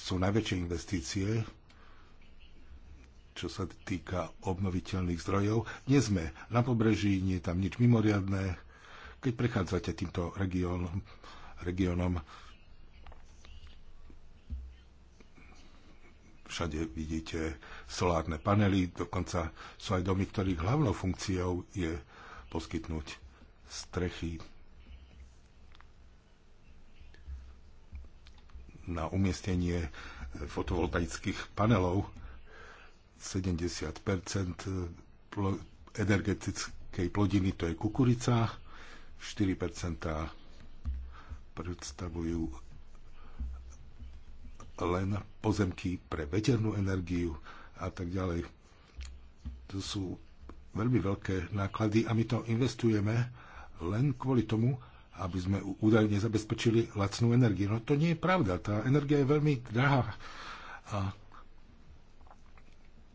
sú najväčšie investície, čo sa týka obnoviteľných zdrojov. Nie sme na pobreží, nie je tam nič mimoriadné. Keď prechádzate týmto regiónom, regiónom všade vidíte solárne panely, dokonca sú aj domy, ktorých hlavnou funkciou je poskytnúť strechy na umiestnenie fotovoltaických panelov. 70 energetickej plodiny to je kukurica, 4 predstavujú len pozemky pre veternú energiu a tak ďalej. To sú veľmi veľké náklady a my to investujeme len kvôli tomu, aby sme údajne zabezpečili lacnú energiu. No to nie je pravda. Tá energia je veľmi drahá. A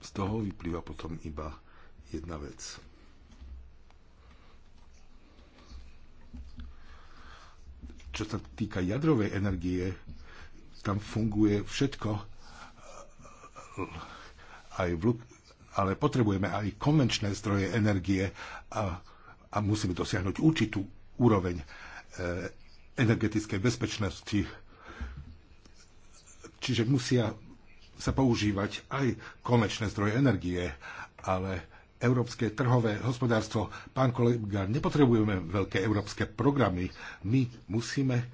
z toho vyplýva potom iba jedna vec. Čo sa týka jadrovej energie, tam funguje všetko, aj v, ale potrebujeme aj konvenčné zdroje energie a, a musíme dosiahnuť určitú úroveň Eh, energetickej bezpečnosti. Čiže musia sa používať aj konečné zdroje energie, ale európske trhové hospodárstvo, pán kolega, nepotrebujeme veľké európske programy. My musíme eh,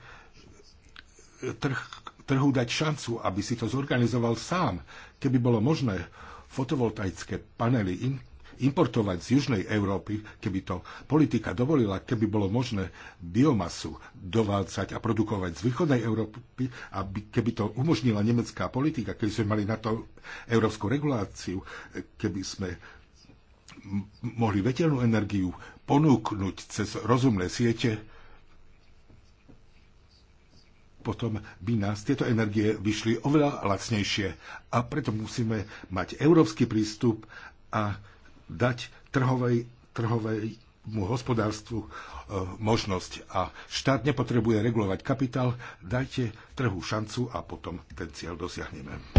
trh, trhu dať šancu, aby si to zorganizoval sám. Keby bolo možné, fotovoltaické panely, in, importovať z južnej Európy, keby to politika dovolila, keby bolo možné biomasu dovácať a produkovať z východnej Európy, aby, keby to umožnila nemecká politika, keby sme mali na to európsku reguláciu, keby sme mohli vetelnú energiu ponúknuť cez rozumné siete, potom by nás tieto energie vyšli oveľa lacnejšie. A preto musíme mať európsky prístup a dať trhovej, trhovej mu hospodárstvu e, možnosť a štát nepotrebuje regulovať kapitál, dajte trhu šancu a potom ten cieľ dosiahneme.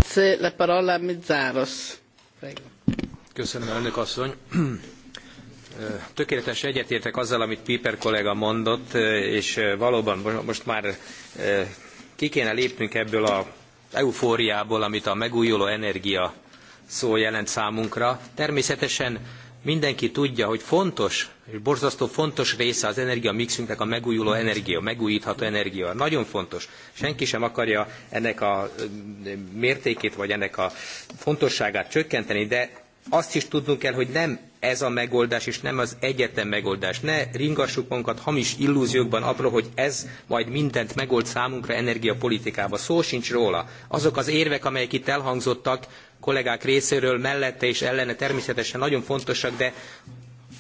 Köszönöm, elnök asszony. Tökéletesen egyetértek azzal, amit Piper kollega mondott, és valóban most már ki kéne lépnünk ebből a eufóriából, amit a megújuló energia szó jelent számunkra. Természetesen mindenki tudja, hogy fontos és borzasztó fontos része az energiamixünknek a megújuló energia, megújítható energia. Nagyon fontos. Senki sem akarja ennek a mértékét vagy ennek a fontosságát csökkenteni, de azt is tudnunk kell, hogy nem ez a megoldás, és nem az egyetlen megoldás. Ne ringassuk magunkat hamis illúziókban arról, hogy ez majd mindent megold számunkra energiapolitikában. Szó sincs róla. Azok az érvek, amelyek itt elhangzottak, kollégák részéről mellette és ellene természetesen nagyon fontosak, de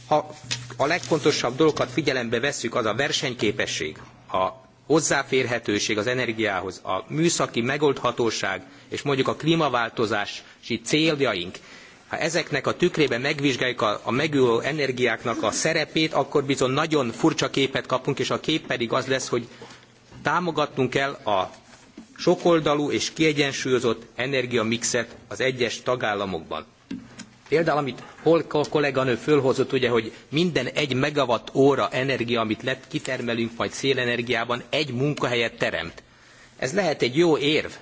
ha a legfontosabb dolgokat figyelembe vesszük, az a versenyképesség, a hozzáférhetőség az energiához, a műszaki megoldhatóság és mondjuk a klímaváltozási céljaink, ha ezeknek a tükrében megvizsgáljuk a, a megújuló energiáknak a szerepét, akkor bizony nagyon furcsa képet kapunk, és a kép pedig az lesz, hogy támogatnunk kell a sokoldalú és kiegyensúlyozott energiamixet az egyes tagállamokban. Például, amit Holka kolléganő fölhozott, ugye, hogy minden egy megawatt óra energia, amit lett, kitermelünk majd szélenergiában, egy munkahelyet teremt. Ez lehet egy jó érv,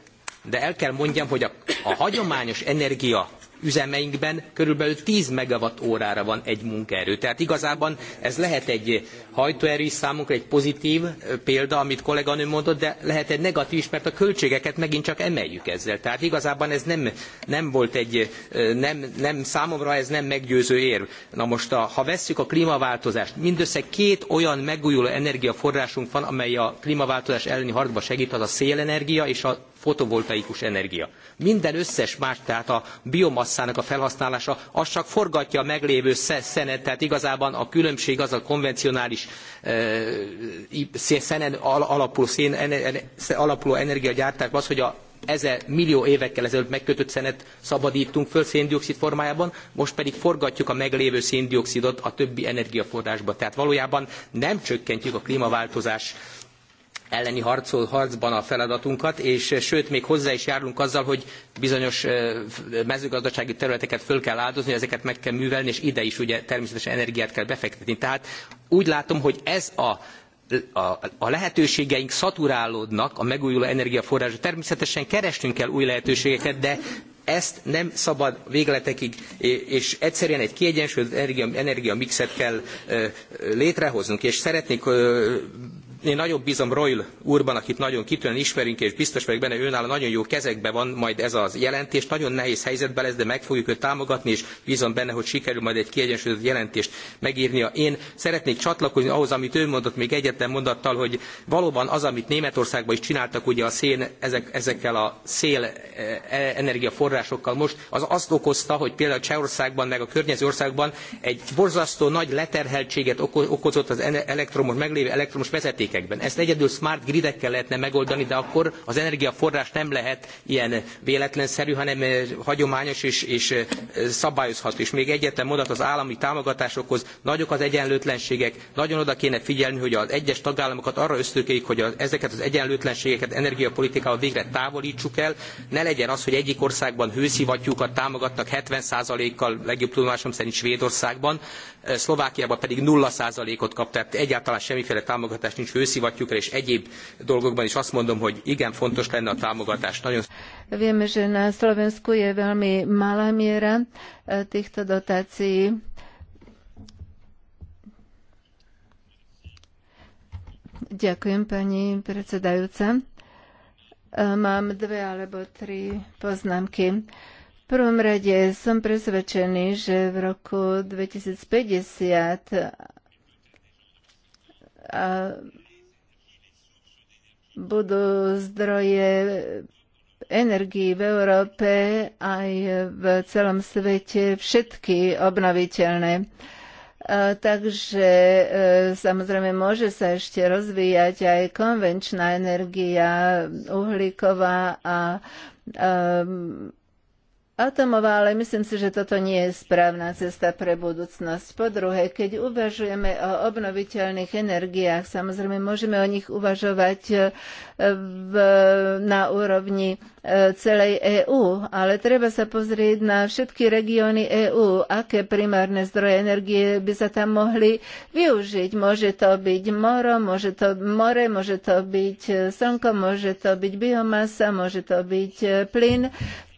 de el kell mondjam, hogy a, a hagyományos energia üzemeinkben körülbelül 10 megawatt órára van egy munkaerő. Tehát igazában ez lehet egy hajtóerő is számunkra, egy pozitív példa, amit kolléganő mondott, de lehet egy negatív is, mert a költségeket megint csak emeljük ezzel. Tehát igazában ez nem, nem volt egy, nem, nem, számomra ez nem meggyőző érv. Na most, a, ha vesszük a klímaváltozást, mindössze két olyan megújuló energiaforrásunk van, amely a klímaváltozás elleni harcba segít, az a szélenergia és a fotovoltaikus energia. Minden összes más, tehát a biomasszának a felhasználása, az csak forgatja a meglévő szenet, tehát igazában a különbség az a konvencionális e, szenen alapuló, szén, alapuló energiagyártásban az, hogy a ezer millió évekkel ezelőtt megkötött szenet szabadítunk föl széndiokszid formájában, most pedig forgatjuk a meglévő széndiokszidot a többi energiaforrásba. Tehát valójában nem csökkentjük a klímaváltozás elleni harcol, harcban a feladatunkat, és eh, sőt, még hozzá is járulunk azzal, hogy bizonyos eh, eh, mezőgazdasági területeket föl kell áldozni, ezeket meg kell művelni, és ide is ugye természetesen energiát kell befektetni. Tehát úgy látom, hogy ez a a, a lehetőségeink szaturálódnak a megújuló energiaforrások. Természetesen keresnünk kell új lehetőségeket, de ezt nem szabad végletekig, és egyszerűen egy kiegyensúlyozott energia, energiamixet kell létrehoznunk, és szeretnék én nagyon bízom Royl úrban, akit nagyon kitűnően ismerünk, és biztos vagyok benne, önálló nagyon jó kezekben van majd ez az jelentés. Nagyon nehéz helyzetben lesz, de meg fogjuk őt támogatni, és bízom benne, hogy sikerül majd egy kiegyensúlyozott jelentést megírnia. Én szeretnék csatlakozni ahhoz, amit ő mondott még egyetlen mondattal, hogy valóban az, amit Németországban is csináltak, ugye a szén, ezek, ezekkel a szél e, e, energiaforrásokkal most, az azt okozta, hogy például Csehországban, meg a környező országban egy borzasztó nagy leterheltséget okozott az elektromos, meglévő elektromos vezeték termékekben. Ezt egyedül smart gridekkel lehetne megoldani, de akkor az energiaforrás nem lehet ilyen véletlenszerű, hanem eh, hagyományos és, és eh, szabályozható. És még egyetlen mondat az állami támogatásokhoz. Nagyok az egyenlőtlenségek, nagyon oda kéne figyelni, hogy az egyes tagállamokat arra ösztökéljük, hogy az, ezeket az egyenlőtlenségeket energiapolitikával végre távolítsuk el. Ne legyen az, hogy egyik országban hőszivattyúkat támogatnak 70%-kal, legjobb tudomásom szerint Svédországban, Eh, Szlovákiában pedig 0%-ot kap, tehát egyáltalán semmiféle támogatás nincs hőszivattyúkra, és egyéb dolgokban is azt mondom, hogy igen fontos lenne a támogatás. Nagyon... Vieme, že na Slovensku je veľmi malá miera eh, týchto dotácií. Ďakujem, pani predsedajúca. Eh, mám dve alebo tri poznámky prvom rade som presvedčený, že v roku 2050 budú zdroje energii v Európe aj v celom svete všetky obnoviteľné. Takže e, samozrejme môže sa ešte rozvíjať aj konvenčná energia, uhlíková a atomová, ale myslím si, že toto nie je správna cesta pre budúcnosť. Po druhé, keď uvažujeme o obnoviteľných energiách, samozrejme môžeme o nich uvažovať eh, v, na úrovni E, celej EÚ, ale treba sa pozrieť na všetky regióny EÚ, aké primárne zdroje energie by sa tam mohli využiť. Môže to byť moro, môže to more, môže to byť e, slnko, môže to byť biomasa, môže to byť e, plyn.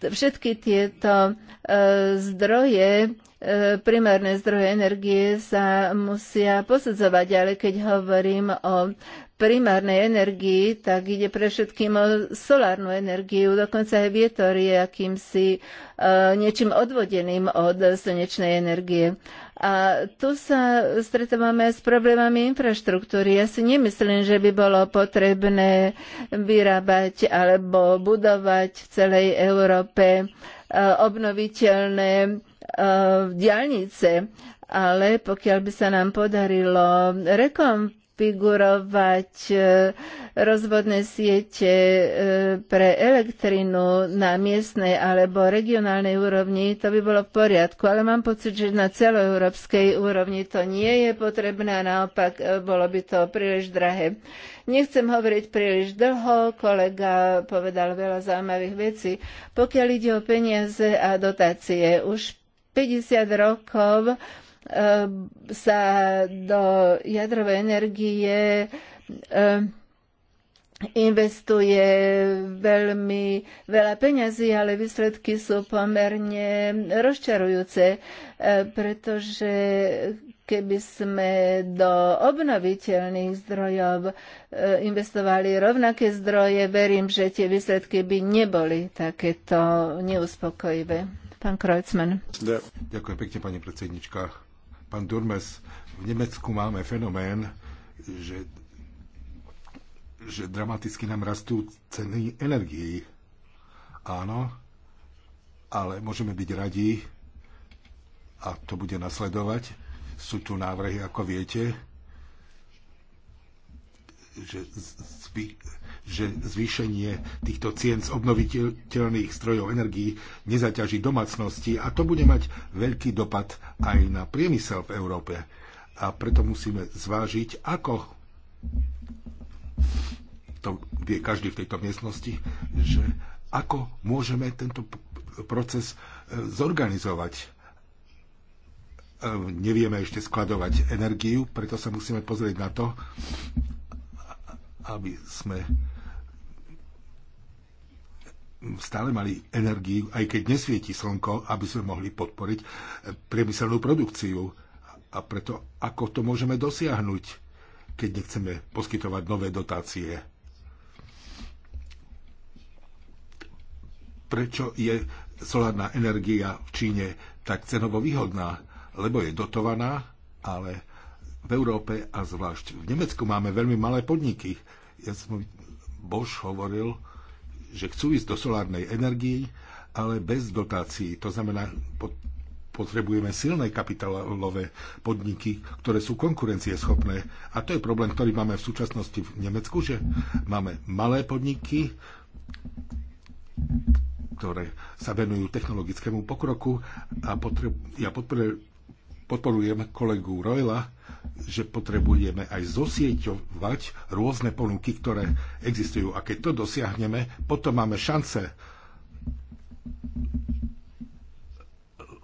Všetky tieto zdroje primárne zdroje energie sa musia posudzovať, ale keď hovorím o primárnej energii, tak ide pre všetkým o solárnu energiu. Dokonca aj vietor je akýmsi e, niečím odvodeným od slnečnej energie. A tu sa stretávame s problémami infraštruktúry. Ja si nemyslím, že by bolo potrebné vyrábať alebo budovať v celej Európe e, obnoviteľné e, diálnice ale pokiaľ by sa nám podarilo rekomp konfigurovať e, rozvodné siete e, pre elektrinu na miestnej alebo regionálnej úrovni, to by bolo v poriadku, ale mám pocit, že na celoeurópskej úrovni to nie je potrebné a naopak e, bolo by to príliš drahé. Nechcem hovoriť príliš dlho, kolega povedal veľa zaujímavých vecí. Pokiaľ ide o peniaze a dotácie, už 50 rokov Ehm, sa do jadrovej energie ehm, investuje veľmi veľa peňazí, ale výsledky sú pomerne rozčarujúce, ehm, pretože keby sme do obnoviteľných zdrojov investovali rovnaké zdroje, verím, že tie výsledky by neboli takéto neuspokojivé. Pán Kreuzmann. Ďakujem pekne, pani predsednička Pán Durmes, v Nemecku máme fenomén, že, že dramaticky nám rastú ceny energií. Áno, ale môžeme byť radi, a to bude nasledovať. Sú tu návrhy, ako viete, že zvy, že zvýšenie týchto cien z obnoviteľných strojov energií nezaťaží domácnosti a to bude mať veľký dopad aj na priemysel v Európe. A preto musíme zvážiť, ako to vie každý v tejto miestnosti, že ako môžeme tento proces e, zorganizovať. E, nevieme ešte skladovať energiu, preto sa musíme pozrieť na to, aby sme stále mali energiu, aj keď nesvieti slnko, aby sme mohli podporiť eh, priemyselnú produkciu. A preto, ako to môžeme dosiahnuť, keď nechceme poskytovať nové dotácie? Prečo je solárna energia v Číne tak cenovo výhodná? Lebo je dotovaná, ale v Európe a zvlášť v Nemecku máme veľmi malé podniky. Ja som Bož hovoril, že chcú ísť do solárnej energii, ale bez dotácií. To znamená, potrebujeme silné kapitálové podniky, ktoré sú konkurencieschopné. A to je problém, ktorý máme v súčasnosti v Nemecku, že máme malé podniky, ktoré sa venujú technologickému pokroku a potrebu- ja podporujem podporujem kolegu Royla, že potrebujeme aj zosieťovať rôzne ponuky, ktoré existujú. A keď to dosiahneme, potom máme šance.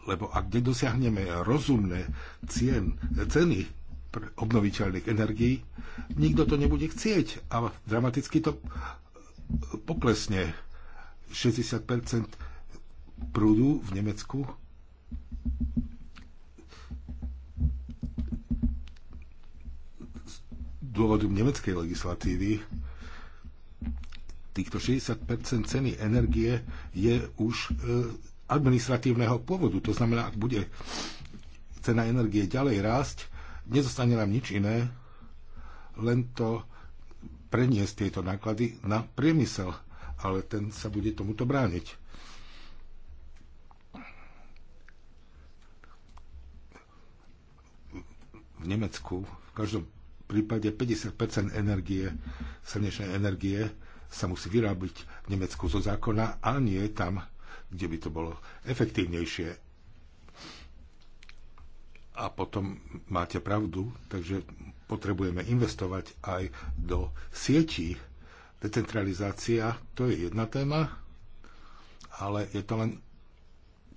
Lebo ak nedosiahneme rozumné cien, ceny pre obnoviteľných energií, nikto to nebude chcieť a dramaticky to poklesne. 60 prúdu v Nemecku dôvodu nemeckej legislatívy týchto 60 ceny energie je už e, administratívneho pôvodu. To znamená, ak bude cena energie ďalej rásť, nezostane nám nič iné, len to preniesť tieto náklady na priemysel, ale ten sa bude tomuto brániť. V Nemecku v každom prípade 50 energie, slnečnej energie sa musí vyrábiť v Nemecku zo zákona a nie tam, kde by to bolo efektívnejšie. A potom máte pravdu, takže potrebujeme investovať aj do sietí. Decentralizácia to je jedna téma, ale je to len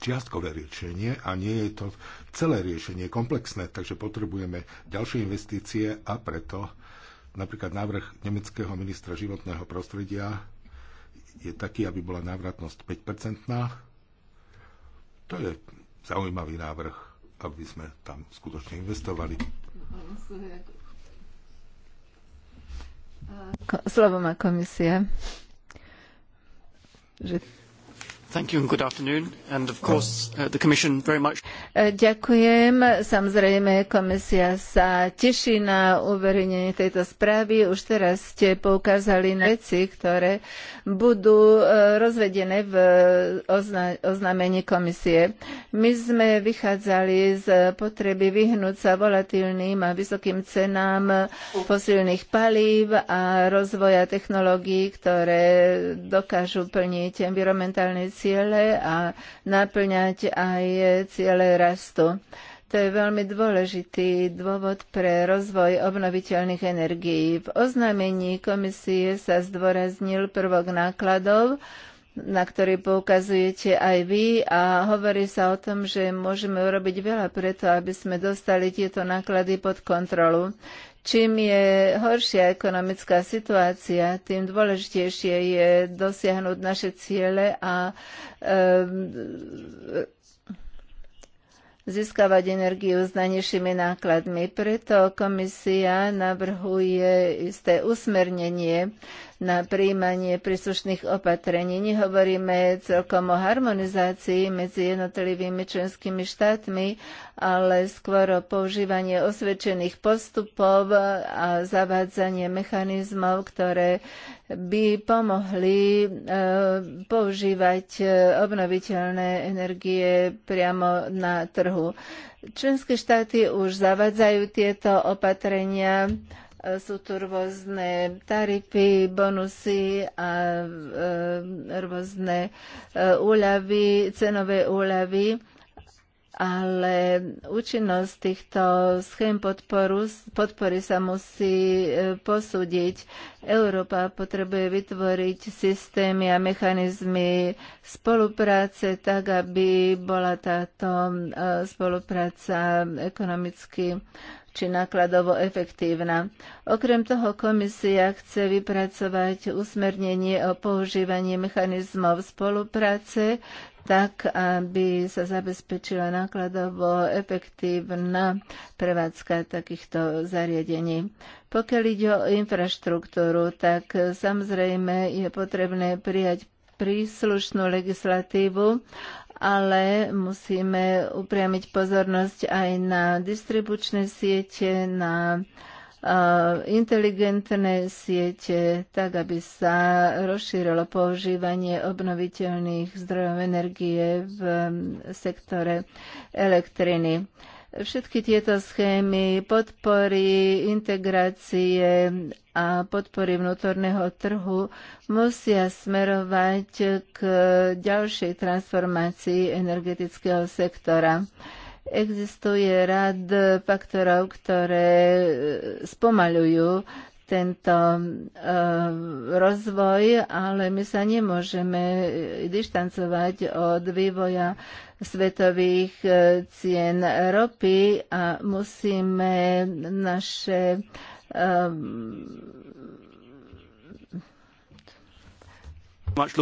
čiastkové riešenie a nie je to celé riešenie komplexné, takže potrebujeme ďalšie investície a preto napríklad návrh nemeckého ministra životného prostredia je taký, aby bola návratnosť 5-percentná. To je zaujímavý návrh, aby sme tam skutočne investovali. Slovo má komisia. Že... Ďakujem. Samozrejme, komisia sa teší na uverejnenie tejto správy. Už teraz ste poukázali na veci, ktoré budú e, rozvedené v e, oznámení komisie. My sme vychádzali z potreby vyhnúť sa volatilným a vysokým cenám fosílnych palív a rozvoja technológií, ktoré dokážu plniť environmentálne ciele a naplňať aj ciele rastu. To je veľmi dôležitý dôvod pre rozvoj obnoviteľných energií. V oznámení komisie sa zdôraznil prvok nákladov, na ktorý poukazujete aj vy a hovorí sa o tom, že môžeme urobiť veľa preto, aby sme dostali tieto náklady pod kontrolu. Čím je horšia ekonomická situácia, tým dôležitejšie je dosiahnuť naše ciele a e, získavať energiu s najnižšími nákladmi. Preto komisia navrhuje isté usmernenie na príjmanie príslušných opatrení. Nehovoríme celkom o harmonizácii medzi jednotlivými členskými štátmi, ale skôr o používanie osvedčených postupov a zavádzanie mechanizmov, ktoré by pomohli e, používať obnoviteľné energie priamo na trhu. Členské štáty už zavádzajú tieto opatrenia E, sú tu rôzne tarify, bonusy a e, rôzne e, úľavy, cenové úľavy ale účinnosť týchto schém podporu, podpory sa musí posúdiť. Európa potrebuje vytvoriť systémy a mechanizmy spolupráce tak, aby bola táto spolupráca ekonomicky či nákladovo efektívna. Okrem toho komisia chce vypracovať usmernenie o používaní mechanizmov spolupráce, tak aby sa zabezpečila nákladovo efektívna prevádzka takýchto zariadení. Pokiaľ ide o infraštruktúru, tak samozrejme je potrebné prijať príslušnú legislatívu, ale musíme upriamiť pozornosť aj na distribučné siete, na inteligentné siete, tak aby sa rozšírilo používanie obnoviteľných zdrojov energie v sektore elektriny. Všetky tieto schémy podpory integrácie a podpory vnútorného trhu musia smerovať k ďalšej transformácii energetického sektora existuje rad faktorov, ktoré e, spomaľujú tento e, rozvoj, ale my sa nemôžeme dištancovať od vývoja svetových e, cien ropy a musíme naše e, much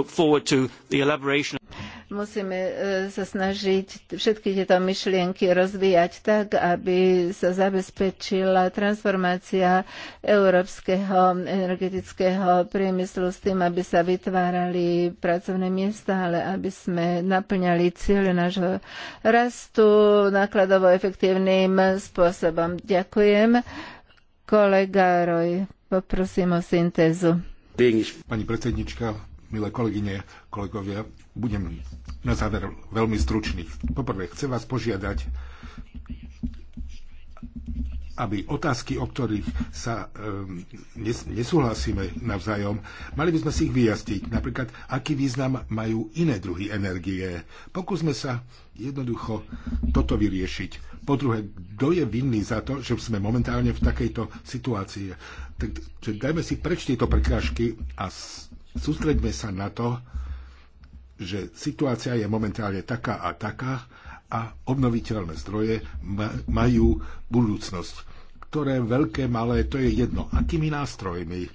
Musíme e, sa snažiť všetky tieto myšlienky rozvíjať tak, aby sa zabezpečila transformácia európskeho energetického priemyslu s tým, aby sa vytvárali pracovné miesta, ale aby sme naplňali cieľe nášho rastu nákladovo efektívnym spôsobom. Ďakujem. Kolega Roj, poprosím o syntézu. Pani predsednička, milé kolegyne, kolegovia, budem na záver veľmi stručný. Poprvé, chcem vás požiadať, aby otázky, o ktorých sa um, nes- nesúhlasíme navzájom, mali by sme si ich vyjasniť. Napríklad, aký význam majú iné druhy energie. Pokúsme sa jednoducho toto vyriešiť. Po druhé, kto je vinný za to, že sme momentálne v takejto situácii. tak dajme si preč tieto prekážky a Sústreďme sa na to, že situácia je momentálne taká a taká a obnoviteľné zdroje majú budúcnosť. Ktoré veľké, malé, to je jedno. Akými nástrojmi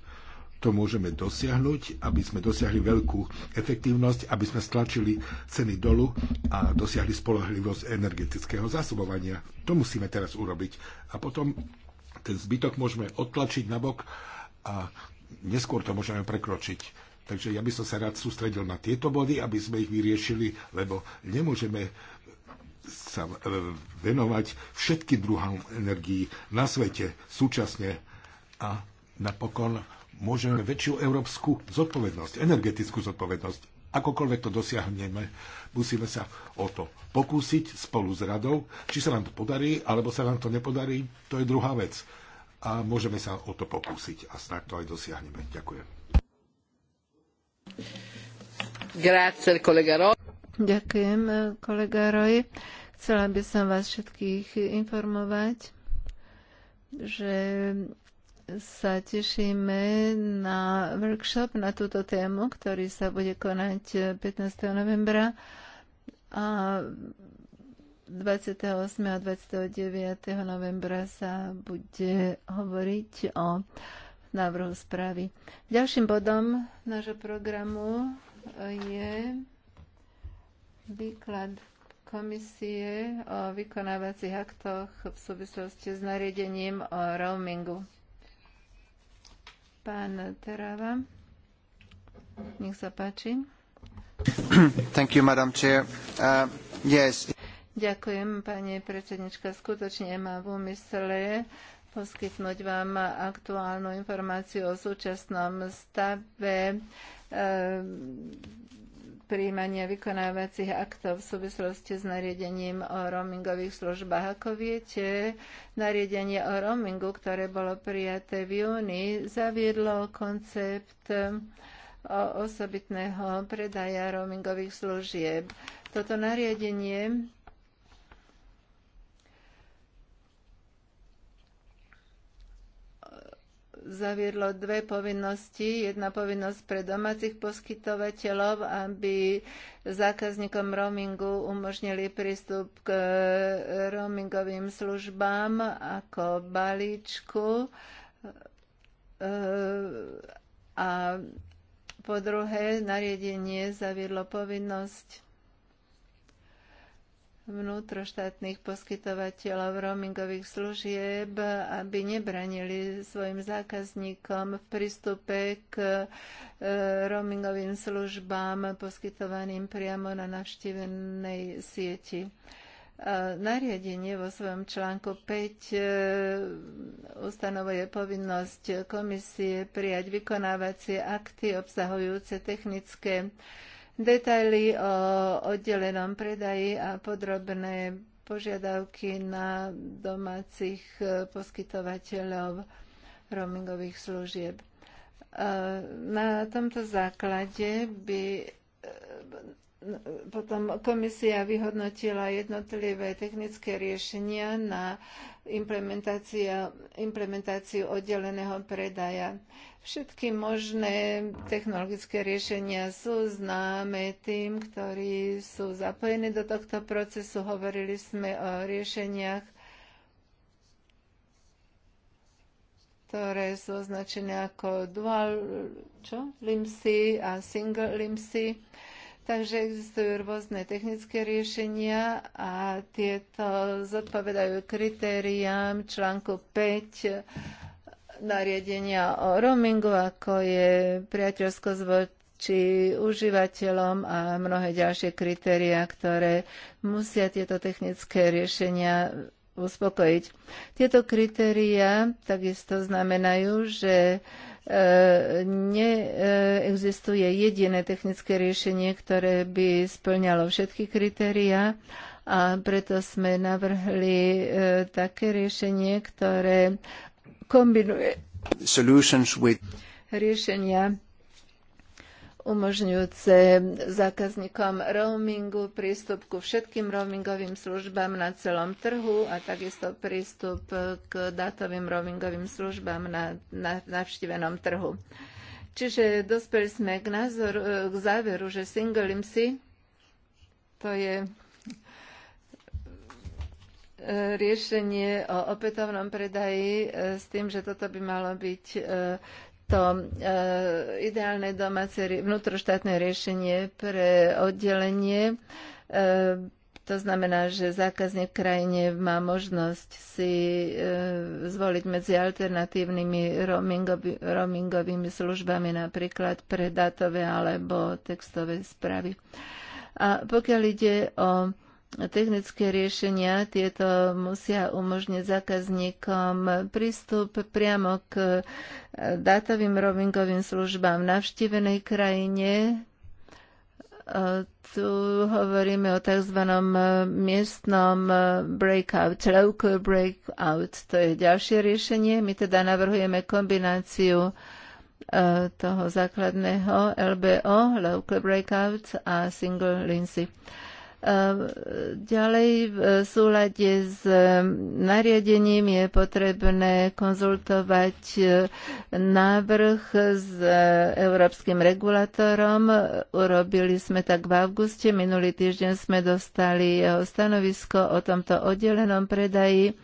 to môžeme dosiahnuť, aby sme dosiahli veľkú efektívnosť, aby sme stlačili ceny dolu a dosiahli spolahlivosť energetického zásobovania. To musíme teraz urobiť. A potom ten zbytok môžeme odtlačiť nabok a neskôr to môžeme prekročiť. Takže ja by som sa rád sústredil na tieto body, aby sme ich vyriešili, lebo nemôžeme sa e, venovať všetky druhám energií na svete súčasne a napokon môžeme väčšiu európsku zodpovednosť, energetickú zodpovednosť. Akokoľvek to dosiahneme, musíme sa o to pokúsiť spolu s radou. Či sa nám to podarí, alebo sa nám to nepodarí, to je druhá vec. A môžeme sa o to pokúsiť a snak to aj dosiahneme. Ďakujem kolega Ďakujem, kolega Roy. Chcela by som vás všetkých informovať, že sa tešíme na workshop na túto tému, ktorý sa bude konať 15. novembra a 28. a 29. novembra sa bude hovoriť o návrhu správy. Ďalším bodom nášho programu je výklad komisie o vykonávacích aktoch v súvislosti s nariadením o roamingu. Pán Terava, nech sa páči. Thank you, Madam Chair. Uh, yes. Ďakujem, pani predsednička. Skutočne mám v úmysle uh, poskytnúť vám aktuálnu informáciu o súčasnom stave eh, príjmania vykonávacích aktov v súvislosti s nariadením o roamingových službách. Ako viete, nariadenie o roamingu, ktoré bolo prijaté v júni, zaviedlo koncept eh, osobitného predaja roamingových služieb. Toto nariadenie zaviedlo dve povinnosti. Jedna povinnosť pre domácich poskytovateľov, aby zákazníkom roamingu umožnili prístup k e, roamingovým službám ako balíčku e, a po druhé nariadenie zaviedlo povinnosť vnútroštátnych poskytovateľov roamingových služieb, aby nebranili svojim zákazníkom v prístupe k e, roamingovým službám poskytovaným priamo na navštívenej sieti. Nariadenie vo svojom článku 5 e, ustanovuje povinnosť komisie prijať vykonávacie akty obsahujúce technické Detaily o oddelenom predaji a podrobné požiadavky na domácich e, poskytovateľov roamingových služieb. E, na tomto základe by e, potom komisia vyhodnotila jednotlivé technické riešenia na implementáciu oddeleného predaja. Všetky možné technologické riešenia sú známe tým, ktorí sú zapojení do tohto procesu. Hovorili sme o riešeniach, ktoré sú označené ako dual čo? limsy a single limsy Takže existujú rôzne technické riešenia a tieto zodpovedajú kritériám článku 5 nariadenia o roamingu, ako je priateľskosť voči užívateľom a mnohé ďalšie kritéria, ktoré musia tieto technické riešenia uspokojiť. Tieto kritéria takisto znamenajú, že e, neexistuje jediné technické riešenie, ktoré by splňalo všetky kritéria a preto sme navrhli e, také riešenie, ktoré kombinuje with... riešenia umožňujúce zákazníkom roamingu prístup ku všetkým roamingovým službám na celom trhu a takisto prístup k dátovým roamingovým službám na, navštívenom trhu. Čiže dospeli sme k, názoru, k záveru, že single IMSI to je e, riešenie o opätovnom predaji e, s tým, že toto by malo byť e, to e, ideálne domáce vnútroštátne riešenie pre oddelenie. E, to znamená, že zákazník v krajine má možnosť si e, zvoliť medzi alternatívnymi roamingovi, roamingovými službami, napríklad pre datové alebo textové správy. A pokiaľ ide o technické riešenia, tieto musia umožniť zákazníkom prístup priamo k e, dátovým roamingovým službám v navštívenej krajine. E, tu hovoríme o tzv. E, miestnom breakout, local breakout. To je ďalšie riešenie. My teda navrhujeme kombináciu toho základného LBO, local breakout a single lincy. Ehm, ďalej v súlade s ehm, nariadením je potrebné konzultovať e, návrh s e, európskym regulátorom. Urobili sme tak v auguste. Minulý týždeň sme dostali jeho stanovisko o tomto oddelenom predaji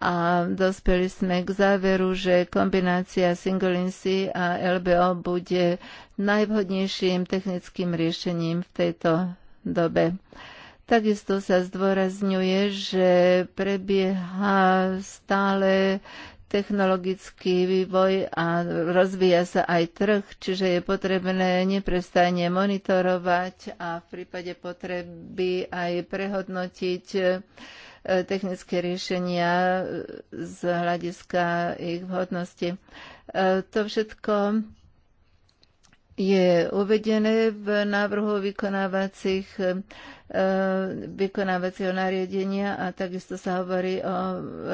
a dospeli sme k záveru, že kombinácia Single INSI a LBO bude najvhodnejším technickým riešením v tejto dobe. Takisto sa zdôrazňuje, že prebieha stále technologický vývoj a rozvíja sa aj trh, čiže je potrebné neprestajne monitorovať a v prípade potreby aj prehodnotiť e, technické riešenia z hľadiska ich vhodnosti. E, to všetko je uvedené v návrhu vykonávacích, eh, vykonávacieho nariadenia a takisto sa hovorí o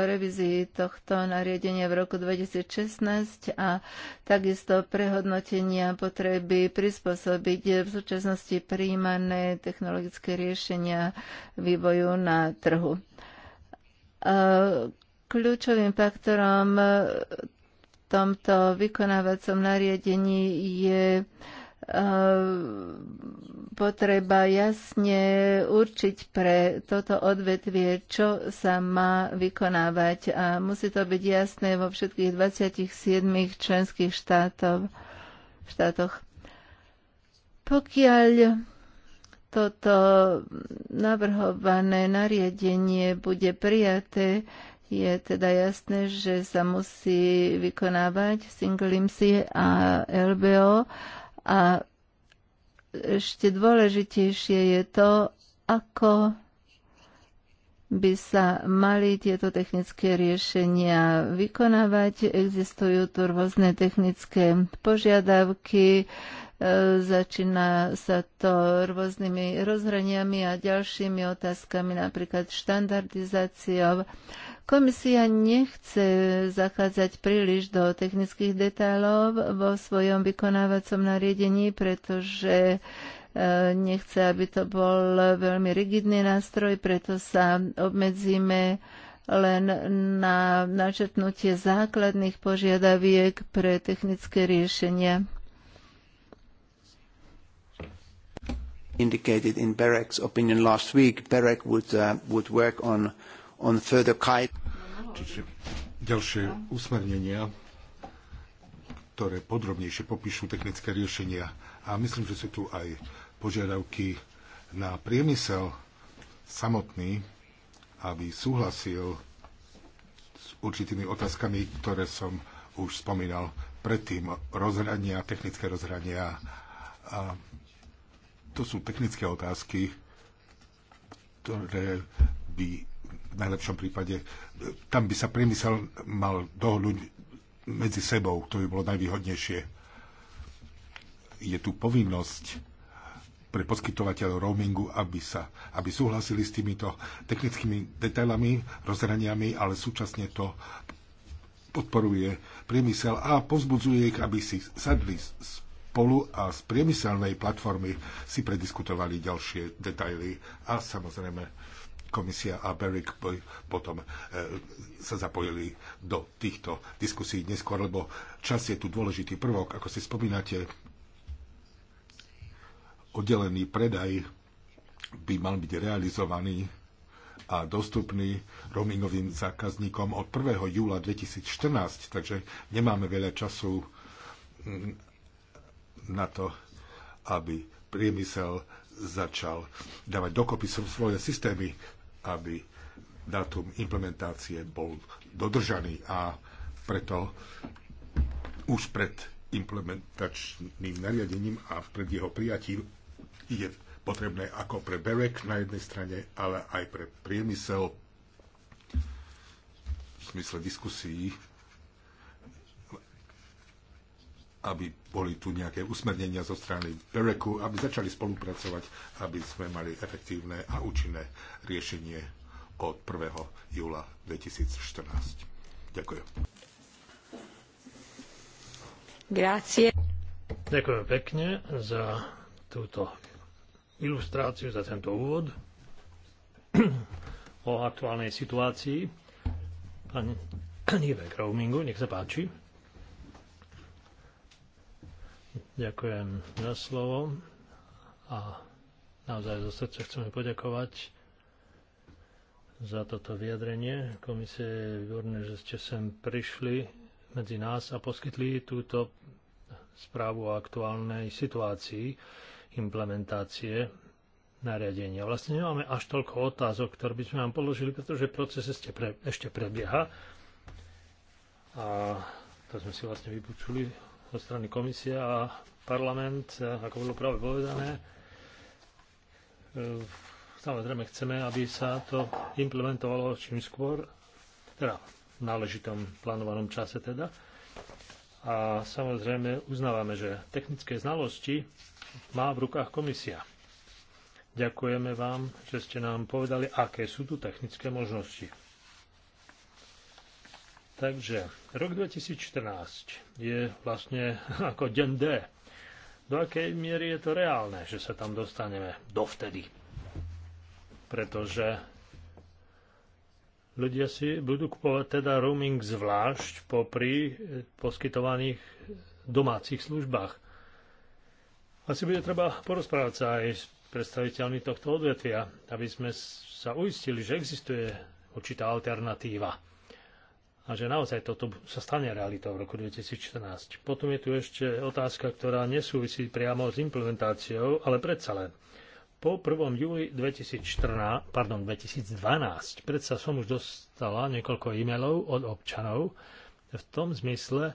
revizii tohto nariadenia v roku 2016 a takisto prehodnotenia potreby prispôsobiť v súčasnosti príjmané technologické riešenia vývoju na trhu. Eh, kľúčovým faktorom tomto vykonávacom nariadení je eh, potreba jasne určiť pre toto odvetvie, čo sa má vykonávať. A musí to byť jasné vo všetkých 27 členských štátov, štátoch. Pokiaľ toto navrhované nariadenie bude prijaté, je teda jasné, že sa musí vykonávať single IMSI a LBO a ešte dôležitejšie je to, ako by sa mali tieto technické riešenia vykonávať. Existujú tu rôzne technické požiadavky, e, začína sa to rôznymi rozhraniami a ďalšími otázkami, napríklad štandardizáciou. Komisia nechce zachádzať príliš do technických detailov vo svojom vykonávacom nariadení, pretože e, nechce, aby to bol veľmi rigidný nástroj, preto sa obmedzíme len na načetnutie základných požiadaviek pre technické riešenia. Indicated in Berek's opinion last week, Berek would, uh, would work on on further Čiže ďalšie usmernenia, ktoré podrobnejšie popíšu technické riešenia. A myslím, že sú tu aj požiadavky na priemysel samotný, aby súhlasil s určitými otázkami, ktoré som už spomínal predtým. Rozhrania, technické rozhrania. A to sú technické otázky, ktoré by v najlepšom prípade. Tam by sa priemysel mal dohodnúť medzi sebou, to by bolo najvýhodnejšie. Je tu povinnosť pre poskytovateľov roamingu, aby, sa, aby súhlasili s týmito technickými detailami, rozhraniami, ale súčasne to podporuje priemysel a povzbudzuje ich, aby si sadli spolu a z priemyselnej platformy si prediskutovali ďalšie detaily a samozrejme komisia a BERIC potom e, sa zapojili do týchto diskusí neskôr, lebo čas je tu dôležitý prvok. Ako si spomínate, oddelený predaj by mal byť realizovaný a dostupný roamingovým zákazníkom od 1. júla 2014, takže nemáme veľa času na to, aby priemysel začal dávať dokopy svoje systémy aby dátum implementácie bol dodržaný a preto už pred implementačným nariadením a pred jeho prijatím je potrebné ako pre BEREC na jednej strane, ale aj pre priemysel v smysle diskusí aby boli tu nejaké usmernenia zo strany Bereku, aby začali spolupracovať, aby sme mali efektívne a účinné riešenie od 1. júla 2014. Ďakujem. Grazie. Ďakujem pekne za túto ilustráciu, za tento úvod o aktuálnej situácii. Pani Nivek Roamingu, nech sa páči. Ďakujem za slovo a naozaj zo srdca chceme poďakovať za toto vyjadrenie. Komisie je výborné, že ste sem prišli medzi nás a poskytli túto správu o aktuálnej situácii implementácie nariadenia. Vlastne nemáme až toľko otázok, ktoré by sme vám položili, pretože proces ešte, pre, ešte prebieha. A to sme si vlastne vypočuli zo strany komisia a parlament, ako bolo práve povedané. E, samozrejme chceme, aby sa to implementovalo čím skôr, teda v náležitom plánovanom čase teda. A samozrejme uznávame, že technické znalosti má v rukách komisia. Ďakujeme vám, že ste nám povedali, aké sú tu technické možnosti. Takže rok 2014 je vlastne ako deň D. Do akej miery je to reálne, že sa tam dostaneme dovtedy? Pretože ľudia si budú kupovať teda roaming zvlášť popri poskytovaných domácich službách. Asi bude treba porozprávať sa aj s predstaviteľmi tohto odvetvia, aby sme sa uistili, že existuje určitá alternatíva a že naozaj toto sa stane realitou v roku 2014. Potom je tu ešte otázka, ktorá nesúvisí priamo s implementáciou, ale predsa len. Po 1. júli 2014, pardon, 2012 predsa som už dostala niekoľko e-mailov od občanov v tom zmysle,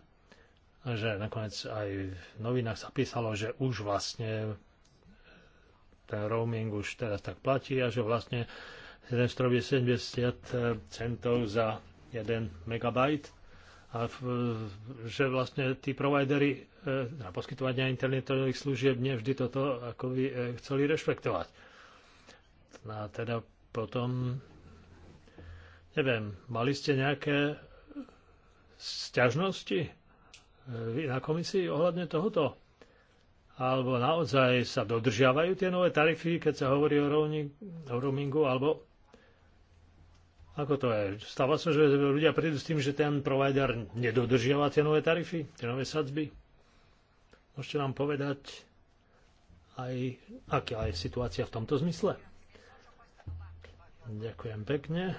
že nakoniec aj v novinách sa písalo, že už vlastne ten roaming už teraz tak platí a že vlastne ten strop je 70 centov za 1 MB, a že vlastne tí providery e, na poskytovania internetových služieb nevždy toto ako by e, chceli rešpektovať. No a teda potom, neviem, mali ste nejaké sťažnosti e, na komisii ohľadne tohoto? Alebo naozaj sa dodržiavajú tie nové tarify, keď sa hovorí o, roaming, o roamingu, alebo ako to je? Stáva sa, že ľudia prídu s tým, že ten provider nedodržiava tie nové tarify, tie nové sadzby? Môžete nám povedať, aj, aká je situácia v tomto zmysle? Ďakujem pekne.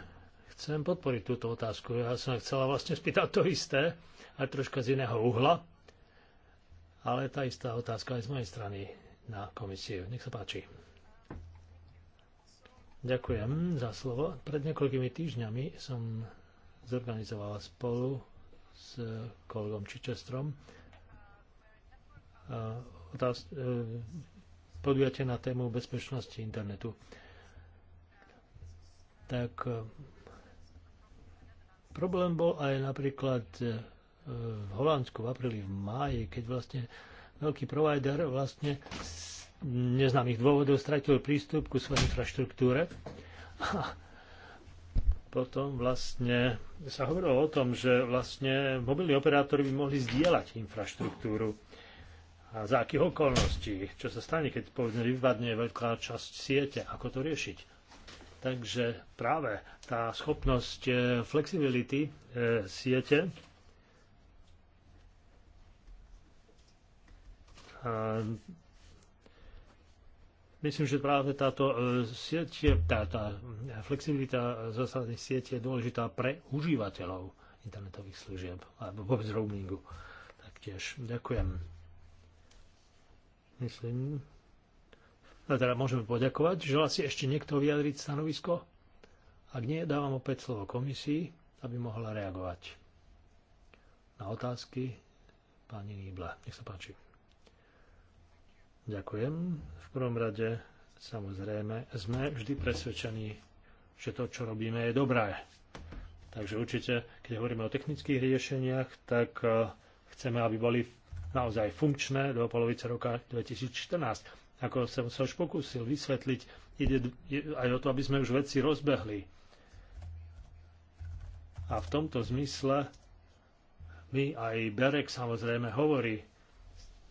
Chcem podporiť túto otázku. Ja som chcela vlastne spýtať to isté, aj troška z iného uhla, ale tá istá otázka aj z mojej strany na komisiu. Nech sa páči. Ďakujem za slovo. Pred niekoľkými týždňami som zorganizovala spolu s kolegom Čičestrom eh, eh, podujatie na tému bezpečnosti internetu. Tak eh, problém bol aj napríklad v Holandsku v apríli, v máji, keď vlastne veľký provider vlastne neznámych dôvodov stratil prístup ku svojej infraštruktúre. A potom vlastne sa hovorilo o tom, že vlastne mobilní operátori by mohli zdieľať infraštruktúru. A za akých okolností? Čo sa stane, keď povedzme vypadne veľká časť siete? Ako to riešiť? Takže práve tá schopnosť e, flexibility e, siete a Myslím, že práve táto, e, siete. tá, tá flexibilita zásadných siete je dôležitá pre užívateľov internetových služieb alebo vôbec roamingu. Taktiež ďakujem. Myslím, No teda môžeme poďakovať. Želá si ešte niekto vyjadriť stanovisko? Ak nie, dávam opäť slovo komisii, aby mohla reagovať na otázky pani Nýbla. Nech sa páči. Ďakujem. V prvom rade, samozrejme, sme vždy presvedčení, že to, čo robíme, je dobré. Takže určite, keď hovoríme o technických riešeniach, tak e, chceme, aby boli naozaj funkčné do polovice roka 2014. Ako som sa už pokúsil vysvetliť, ide aj o to, aby sme už veci rozbehli. A v tomto zmysle my aj Berek samozrejme hovorí,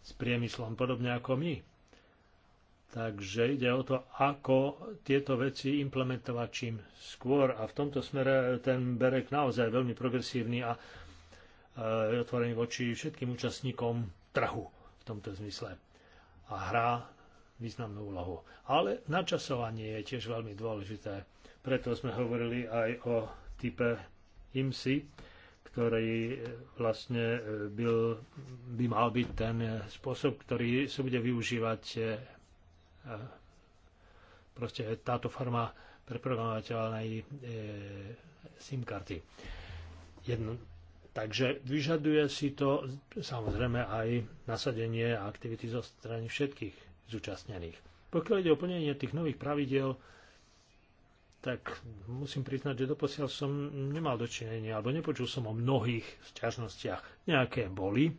s priemyslom, podobne ako my. Takže ide o to, ako tieto veci implementovať čím skôr. A v tomto smere ten Berek naozaj veľmi progresívny a e, je otvorený voči všetkým účastníkom trhu v tomto zmysle. A hrá významnú úlohu. Ale načasovanie je tiež veľmi dôležité. Preto sme hovorili aj o type IMSI, ktorý e, vlastne e, byl, by mal byť ten spôsob, ktorý sa bude využívať e, proste táto forma preprogramovateľnej SIM karty. Jedno, takže vyžaduje si to samozrejme aj nasadenie a aktivity zo strany všetkých zúčastnených. Pokiaľ ide o plnenie tých nových pravidel, tak musím priznať, že doposiaľ som nemal dočinenia, alebo nepočul som o mnohých sťažnostiach. Nejaké boli,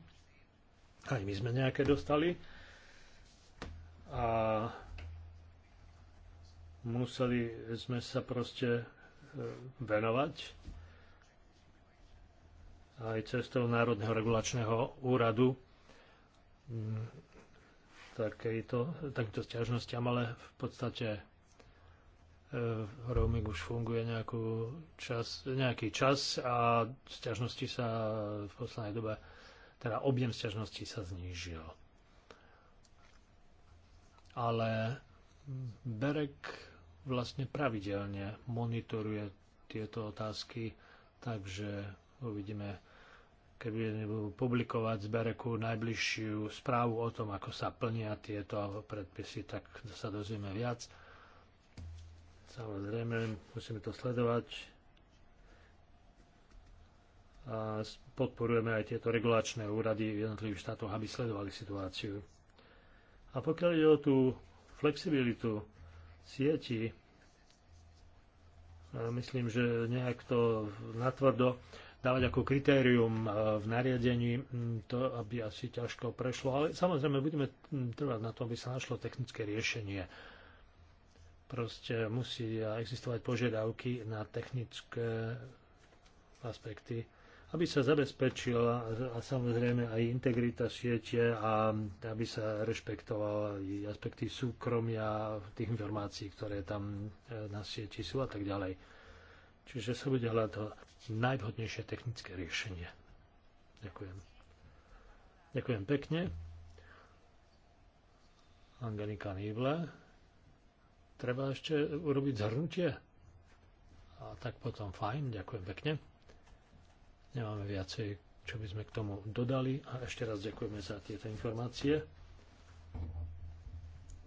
aj my sme nejaké dostali a museli sme sa proste e, venovať aj cestou Národného regulačného úradu takýmto, takýmto stiažnostiam, ale v podstate E, roaming už funguje nejakú čas, nejaký čas a sťažnosti sa v poslednej dobe, teda objem sťažnosti sa znížil. Ale Berek vlastne pravidelne monitoruje tieto otázky, takže uvidíme, keď budeme publikovať z Bereku najbližšiu správu o tom, ako sa plnia tieto predpisy, tak sa dozvieme viac. Samozrejme, musíme to sledovať a podporujeme aj tieto regulačné úrady v jednotlivých štátoch, aby sledovali situáciu. A pokiaľ ide o tú flexibilitu sieti, myslím, že nejak to natvrdo dávať ako kritérium v nariadení, to aby asi ťažko prešlo, ale samozrejme budeme trvať na to, aby sa našlo technické riešenie proste musí existovať požiadavky na technické aspekty, aby sa zabezpečila a samozrejme aj integrita siete a aby sa rešpektovali aspekty súkromia tých informácií, ktoré tam e, na sieti sú a tak ďalej. Čiže sa bude hľadať to najvhodnejšie technické riešenie. Ďakujem. Ďakujem pekne. Angelika Nýble treba ešte urobiť zhrnutie? A tak potom fajn, ďakujem pekne. Nemáme viacej, čo by sme k tomu dodali a ešte raz ďakujeme za tieto informácie.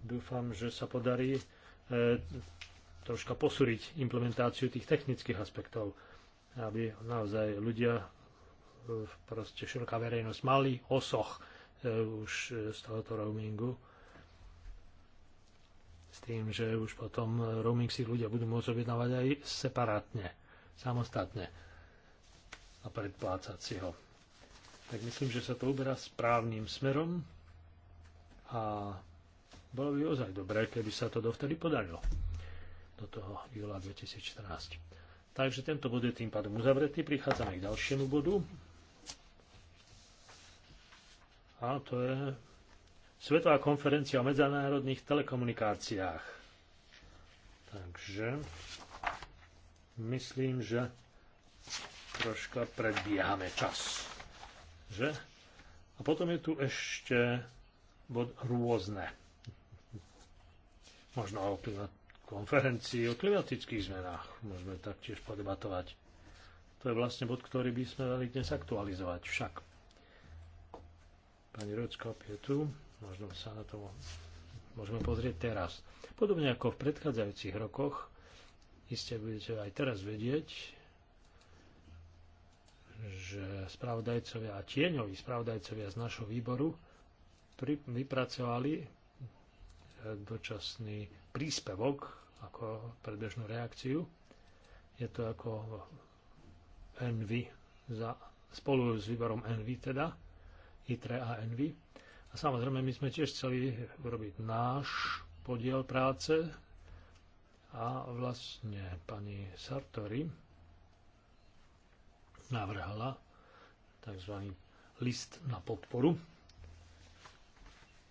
Dúfam, že sa podarí e, troška posúriť implementáciu tých technických aspektov, aby naozaj ľudia, e, proste široká verejnosť mali osoch e, už e, z tohoto roamingu s tým, že už potom roaming si ľudia budú môcť objednávať aj separátne, samostatne a predplácať si ho. Tak myslím, že sa to uberá správnym smerom a bolo by ozaj dobré, keby sa to dovtedy podarilo do toho júla 2014. Takže tento bod je tým pádom uzavretý. Prichádzame k ďalšiemu bodu. A to je Svetová konferencia o medzinárodných telekomunikáciách. Takže myslím, že troška predbiehame čas. Že? A potom je tu ešte bod rôzne. Možno o konferencii o klimatických zmenách môžeme taktiež podebatovať. To je vlastne bod, ktorý by sme mali dnes aktualizovať však. Pani Rocko, je tu. Možno sa na to môžeme pozrieť teraz. Podobne ako v predchádzajúcich rokoch, iste budete aj teraz vedieť, že spravodajcovia a tieňoví spravodajcovia z našho výboru pri, vypracovali e, dočasný príspevok ako predbežnú reakciu. Je to ako Envy za, spolu s výborom Envy teda, ITRE a Envy a samozrejme, my sme tiež chceli urobiť náš podiel práce a vlastne pani Sartori navrhala tzv. list na podporu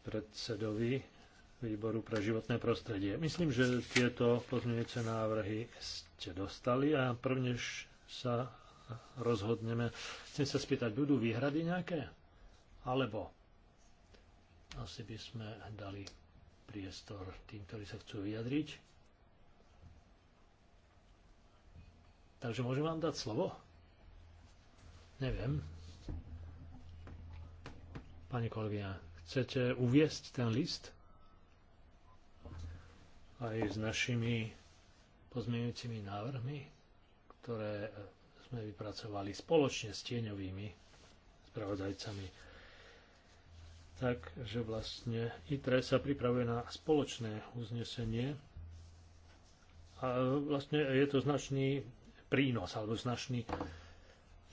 predsedovi výboru pre životné prostredie. Myslím, že tieto pozmeňujúce návrhy ste dostali a prvnež sa rozhodneme. Chcem sa spýtať, budú výhrady nejaké? Alebo asi by sme dali priestor tým, ktorí sa chcú vyjadriť. Takže môžem vám dať slovo? Neviem. Pani kolegyňa, chcete uviesť ten list? Aj s našimi pozmeňujúcimi návrhmi, ktoré sme vypracovali spoločne s tieňovými spravodajcami tak, že vlastne ITRE sa pripravuje na spoločné uznesenie a vlastne je to značný prínos alebo značný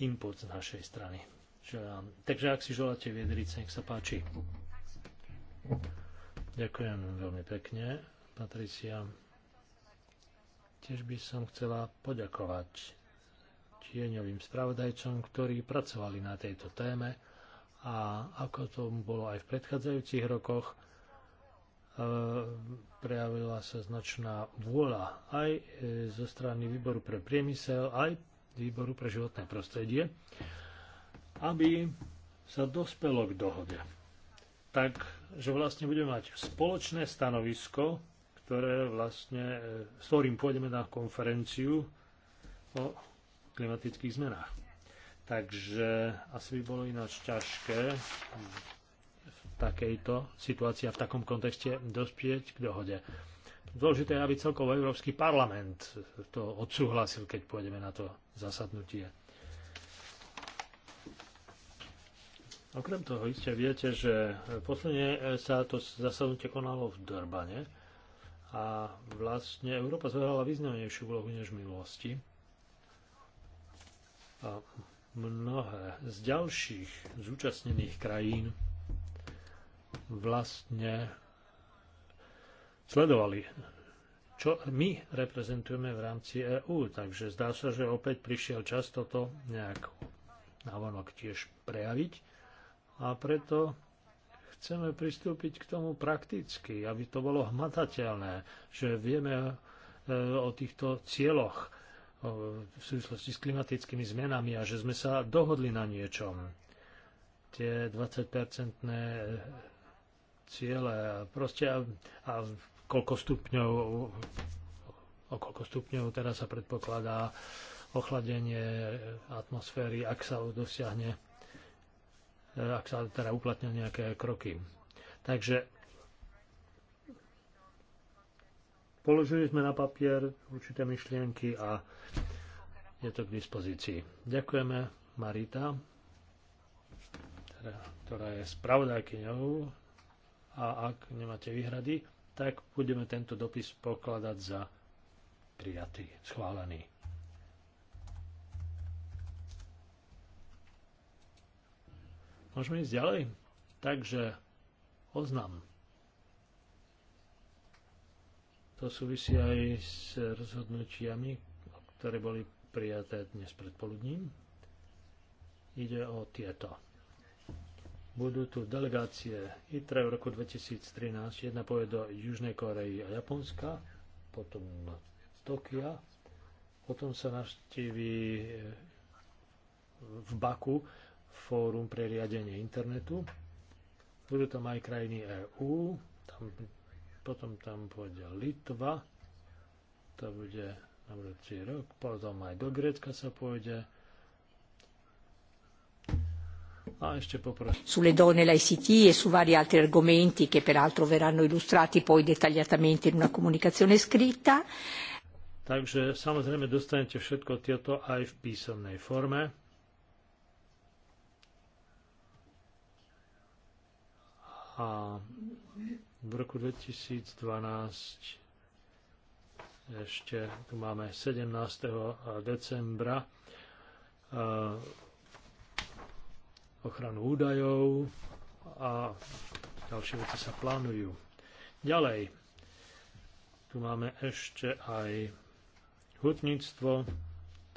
input z našej strany. Um, takže ak si želáte viedriť, nech sa páči. Ďakujem veľmi pekne, Patricia. Tiež by som chcela poďakovať tieňovým spravodajcom, ktorí pracovali na tejto téme a ako to bolo aj v predchádzajúcich rokoch, e, prejavila sa značná vôľa aj e, zo strany výboru pre priemysel, aj výboru pre životné prostredie, aby sa dospelo k dohode. Tak, že vlastne budeme mať spoločné stanovisko, ktoré vlastne, e, s ktorým pôjdeme na konferenciu o klimatických zmenách. Takže asi by bolo ináč ťažké v takejto situácii a v takom kontexte dospieť k dohode. Dôležité je, aby celkovo Európsky parlament to odsúhlasil, keď pôjdeme na to zasadnutie. Okrem toho, iste viete, že posledne sa to zasadnutie konalo v Durbane a vlastne Európa zohrala významnejšiu úlohu než v minulosti. A mnohé z ďalších zúčastnených krajín vlastne sledovali, čo my reprezentujeme v rámci EÚ. Takže zdá sa, že opäť prišiel čas toto nejak navonok tiež prejaviť. A preto chceme pristúpiť k tomu prakticky, aby to bolo hmatateľné, že vieme e, o týchto cieľoch v súvislosti s klimatickými zmenami a že sme sa dohodli na niečom. Tie 20-percentné e, ciele proste a, a koľko stupňov o koľko stupňov teraz sa predpokladá ochladenie atmosféry, ak sa dosiahne, e, ak sa teda uplatnia nejaké kroky. Takže Položili sme na papier určité myšlienky a je to k dispozícii. Ďakujeme Marita, teda, ktorá je spravodajkyňou a ak nemáte výhrady, tak budeme tento dopis pokladať za prijatý, schválený. Môžeme ísť ďalej? Takže oznam. To súvisí aj s rozhodnutiami, ktoré boli prijaté dnes predpoludním. Ide o tieto. Budú tu delegácie ITRE v roku 2013, jedna pôjde do Južnej Korei a Japonska, potom Tokia, potom sa navštíví eh, v Baku Fórum pre riadenie internetu. Budú tam aj krajiny EÚ, tam potom tam pôjde Litva, to bude na budúci rok, potom aj do Grécka sa pôjde. A ešte poprosím. Sulle donne l'ICT e su vari altri argomenti che peraltro verranno illustrati poi dettagliatamente in una comunicazione scritta. Takže samozrejme dostanete všetko tieto aj v písomnej forme. A v roku 2012 ešte tu máme 17. decembra ochranu údajov a ďalšie veci sa plánujú. Ďalej, tu máme ešte aj hutníctvo,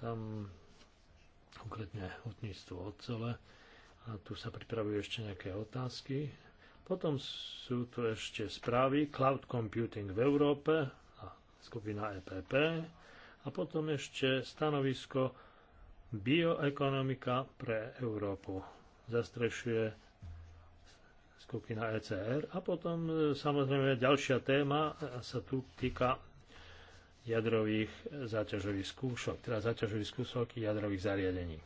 tam konkrétne hutníctvo ocele a tu sa pripravujú ešte nejaké otázky potom sú tu ešte správy Cloud Computing v Európe a skupina EPP a potom ešte stanovisko Bioekonomika pre Európu. Zastrešuje skupina ECR a potom e, samozrejme ďalšia téma sa tu týka jadrových záťažových skúšok, teda záťažových skúšok jadrových zariadení.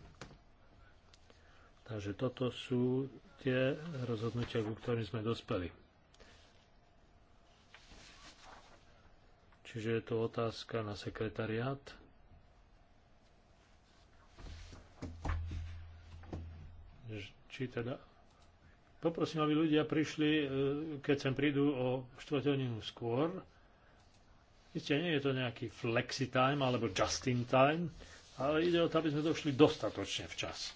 Takže toto sú tie rozhodnutia, ku ktorým sme dospeli. Čiže je to otázka na sekretariát. Či teda... Poprosím, aby ľudia prišli, e, keď sem prídu o štvrtelinu skôr. Isté nie je to nejaký flexi time alebo just in time, ale ide o to, aby sme došli dostatočne včas.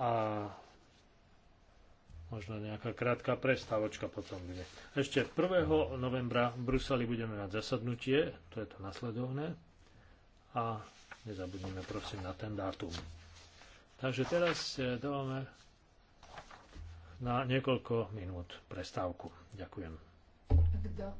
A možno nejaká krátka prestávočka potom bude. Ešte 1. novembra v Bruseli budeme mať zasadnutie, to je to nasledovné. A nezabudnime prosím na ten dátum. Takže teraz eh, dávame na niekoľko minút prestávku. Ďakujem. Kto?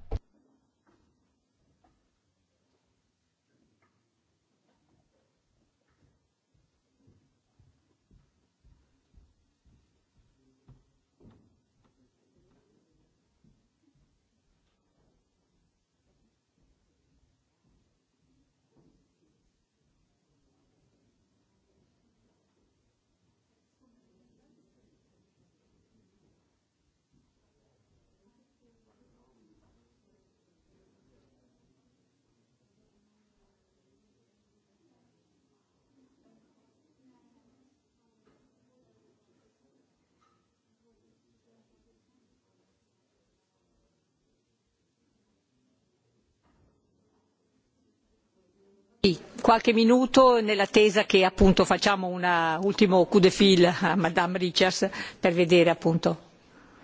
qualche minuto nell'attesa che appunto facciamo un ultimo coup de fil a Madame Richards per vedere appunto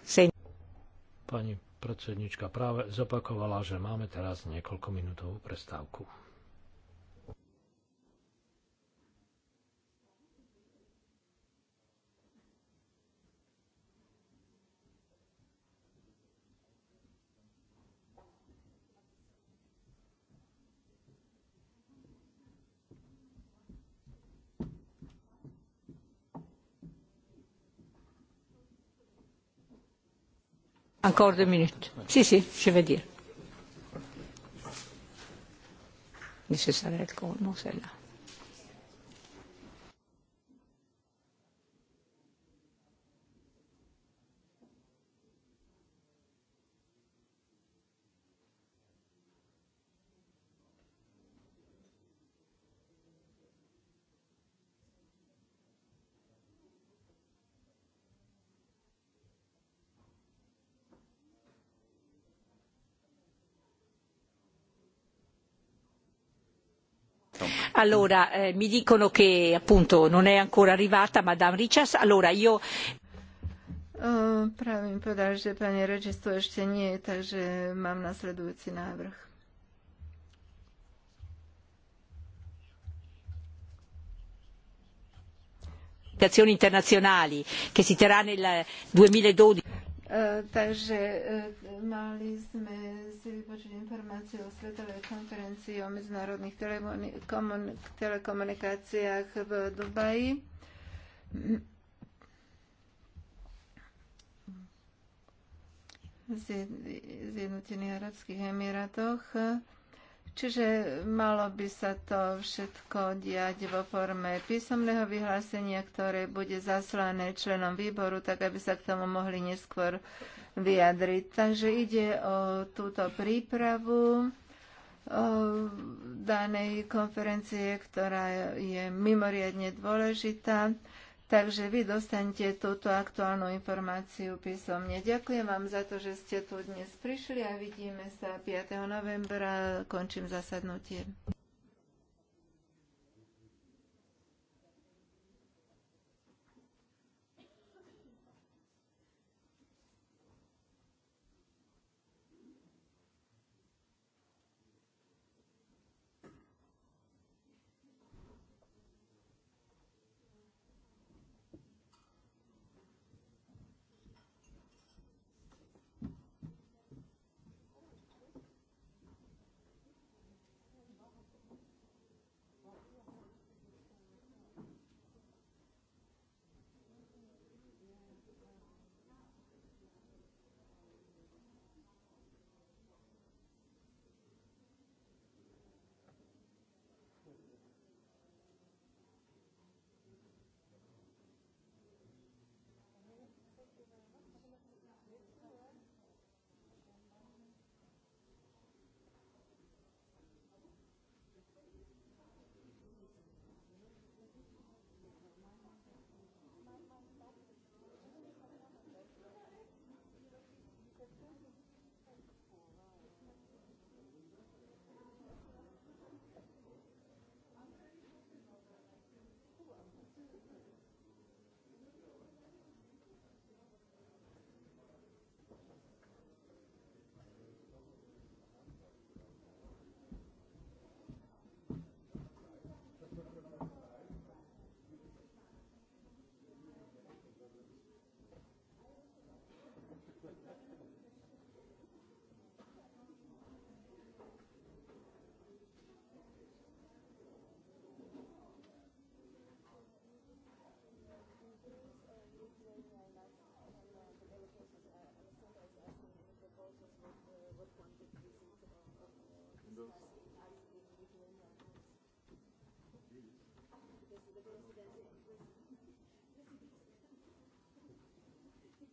se... Pani predsednička práve zopakovala, že máme teraz niekoľko prestávku. Encore deux minutes. Si, si, je vais dire. Mais ce s'arrête comment Allora, eh, mi dicono che appunto non è ancora arrivata Madame Richards. Allora, io... mi povedal, že pani Regis tu ešte nie, takže mám nasledujúci návrh. internazionali che si terrà nel E, takže e, mali sme si vypočuť informáciu o Svetovej konferencii o medzinárodných telekomunikáciách v Dubaji. Zjednotených arabských emirátoch. Čiže malo by sa to všetko diať vo forme písomného vyhlásenia, ktoré bude zaslané členom výboru, tak aby sa k tomu mohli neskôr vyjadriť. Takže ide o túto prípravu o danej konferencie, ktorá je mimoriadne dôležitá. Takže vy dostanete túto aktuálnu informáciu písomne. Ďakujem vám za to, že ste tu dnes prišli a vidíme sa 5. novembra. Končím zasadnutie.